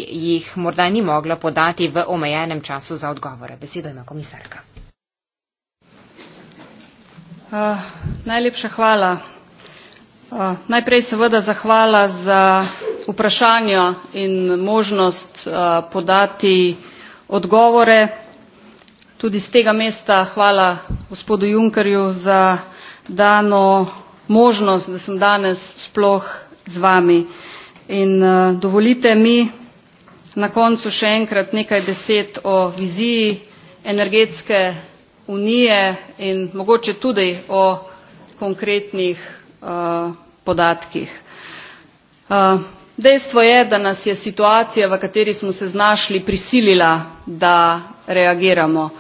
E: jih morda ni mogla podati v omejenem času za odgovore. Besedo ima komisarka.
D: Uh, najlepša hvala. Uh, najprej seveda zahvala za vprašanja in možnost uh, podati odgovore tudi s tega mesta hvala gospodu junckerju za dano možnost da sem danes sploh z vami in eh, dovolite mi na koncu še enkrat nekaj besed o viziji energetske unije in mogoče tudi o konkretnih uh, podatkih. Uh, dejstvo je, da nas je situacija, v kateri smo se znašli, prisilila, da reagiramo. Uh,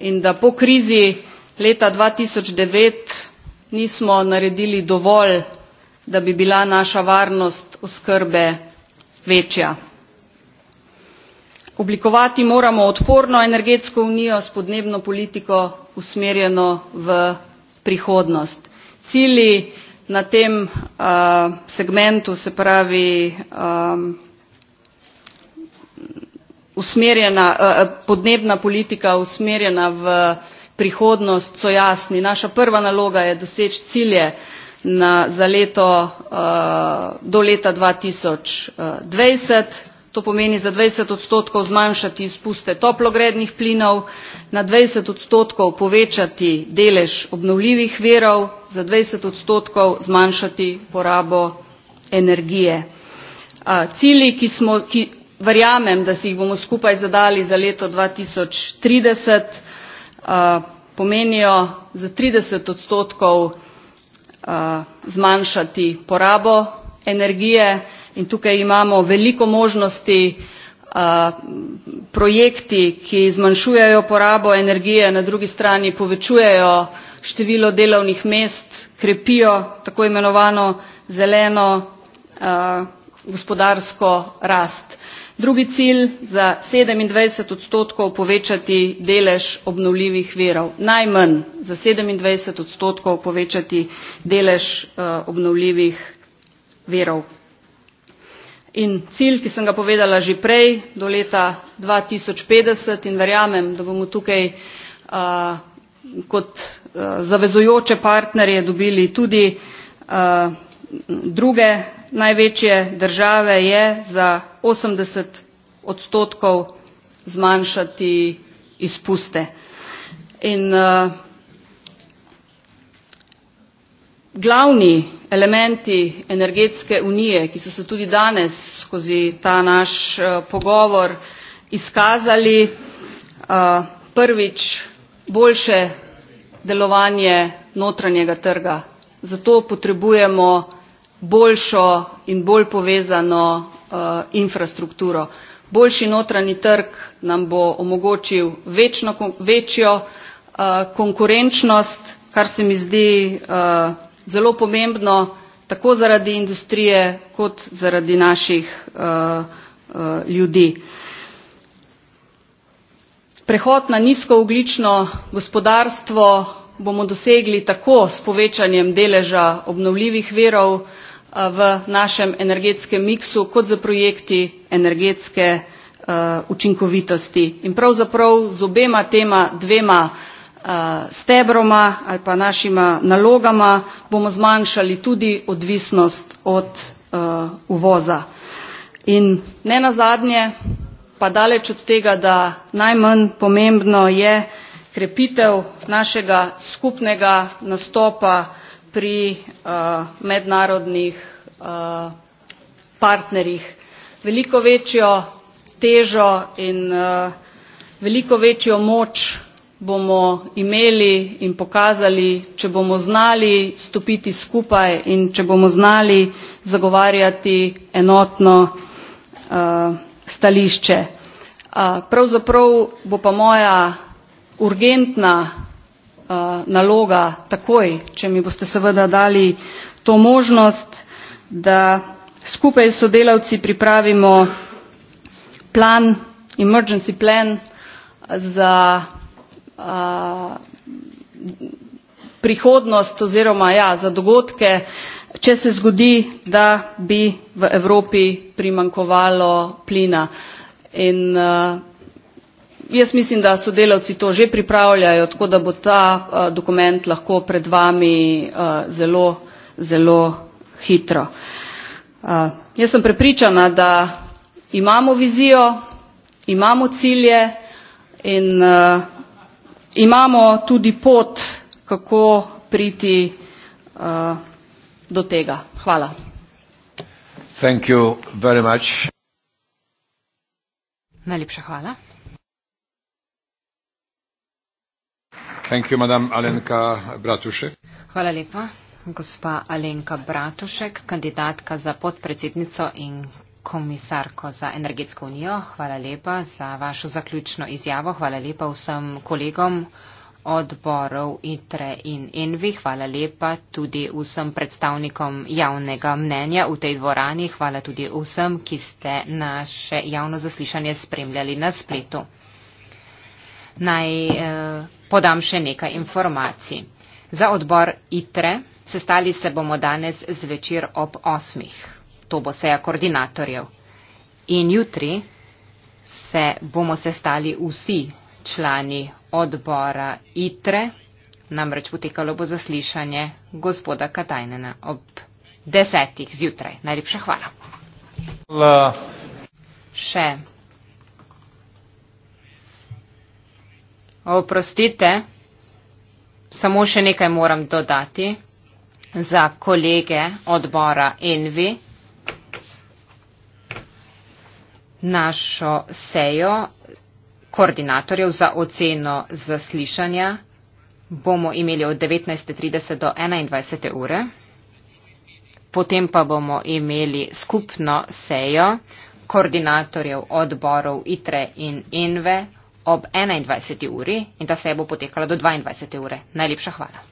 D: in da po krizi leta dva tisoč devet nismo naredili dovolj da bi bila naša varnost oskrbe večja. oblikovati moramo odporno energetsko unijo s podnebno politiko usmerjeno v prihodnost. cilji na tem eh, segmentu se pravi eh, usmerjena eh, eh, podnebna politika usmerjena v prihodnost so jasni naša prva naloga je doseči cilje na, za leto eh, do leta dva tisoč dvajset to pomeni za dvajset odstotkov zmanjšati izpuste toplogrednih plinov na dvajset odstotkov povečati delež obnovljivih virov za dvajset odstotkov zmanjšati porabo energije. Cilji, ki smo, ki, verjamem da si jih bomo skupaj zadali za leto dva tisoč trideset pomenijo za trideset odstotkov zmanjšati porabo energije in tukaj imamo veliko možnosti projekti ki zmanjšujejo porabo energije na drugi strani povečujejo število delovnih mest krepijo tako imenovano zeleno gospodarsko rast drugi cilj za sedemindvajset odstotkov povečati delež obnovljivih virov najmanj za sedemindvajset odstotkov povečati delež eh, obnovljivih virov in cilj ki sem ga povedala že prej do leta dva tisoč petdeset in verjamem da bomo tukaj eh, kot eh, zavezujoče partnerje dobili tudi druge največje države je za osemdeset odstotkov zmanjšati izpuste. In eh, glavni elementi energetske unije, ki so se tudi danes skozi ta naš eh, pogovor izkazali, eh, prvič boljše delovanje notranjega trga. Zato potrebujemo boljšo in bolj povezano Eh, infrastrukturo. Boljši notranji trg nam bo omogočil večno, večjo uh, konkurenčnost, kar se mi zdi uh, zelo pomembno tako zaradi industrije kot zaradi naših uh, uh, ljudi. Prehod na nizkooglično gospodarstvo bomo dosegli tako s povečanjem deleža obnovljivih verov, Eh, v našem energetskem miksu kot s projekti energetske eh, učinkovitosti in pravzaprav z obema tema dvema eh, stebroma ali pa našima nalogama bomo zmanjšali tudi odvisnost od uvoza. in nenazadnje pa daleč od tega da najmanj pomembno je krepitev našega skupnega nastopa pri uh, mednarodnih uh, partnerjih veliko večjo težo in uh, veliko večjo moč bomo imeli in pokazali, če bomo znali stopiti skupaj in če bomo znali zagovarjati enotno uh, stališče. Uh, pravzaprav bo pa moja urgentna Eh, naloga takoj, če mi boste seveda dali to možnost, da skupaj s sodelavci pripravimo plan, emergency plan eh, za a, eh, prihodnost oziroma ja, za dogodke, če se zgodi, da bi v Evropi primankovalo plina. In, a, Jaz mislim, da sodelavci to že pripravljajo, tako da bo ta eh, dokument lahko pred vami eh, zelo, zelo hitro. Eh, jaz sem prepričana, da imamo vizijo, imamo cilje in imamo tudi pot, kako priti do tega. Hvala. Najlepša hvala.
B: Hvala
E: lepa. Gospa Alenka Bratušek, kandidatka za podpredsednico in komisarko za energetsko unijo, hvala lepa za vašo zaključno izjavo. Hvala lepa vsem kolegom odborov ITRE in ENVI. Hvala lepa tudi vsem predstavnikom javnega mnenja v tej dvorani. Hvala tudi vsem, ki ste naše javno zaslišanje spremljali na spletu naj eh, podam še nekaj informacij. Za odbor ITRE sestali se bomo danes zvečer ob osmih. To bo seja koordinatorjev. In jutri se bomo sestali vsi člani odbora ITRE, namreč potekalo bo zaslišanje gospoda Katajnena ob desetih zjutraj. Najlepša hvala. La. Še Oprostite, samo še nekaj moram dodati za kolege odbora Envi. Našo sejo koordinatorjev za oceno zaslišanja bomo imeli od 19.30 do 21. ure. Potem pa bomo imeli skupno sejo koordinatorjev odborov ITRE in INVE ob 21. uri in ta seja bo potekala do 22. ure. Najlepša hvala.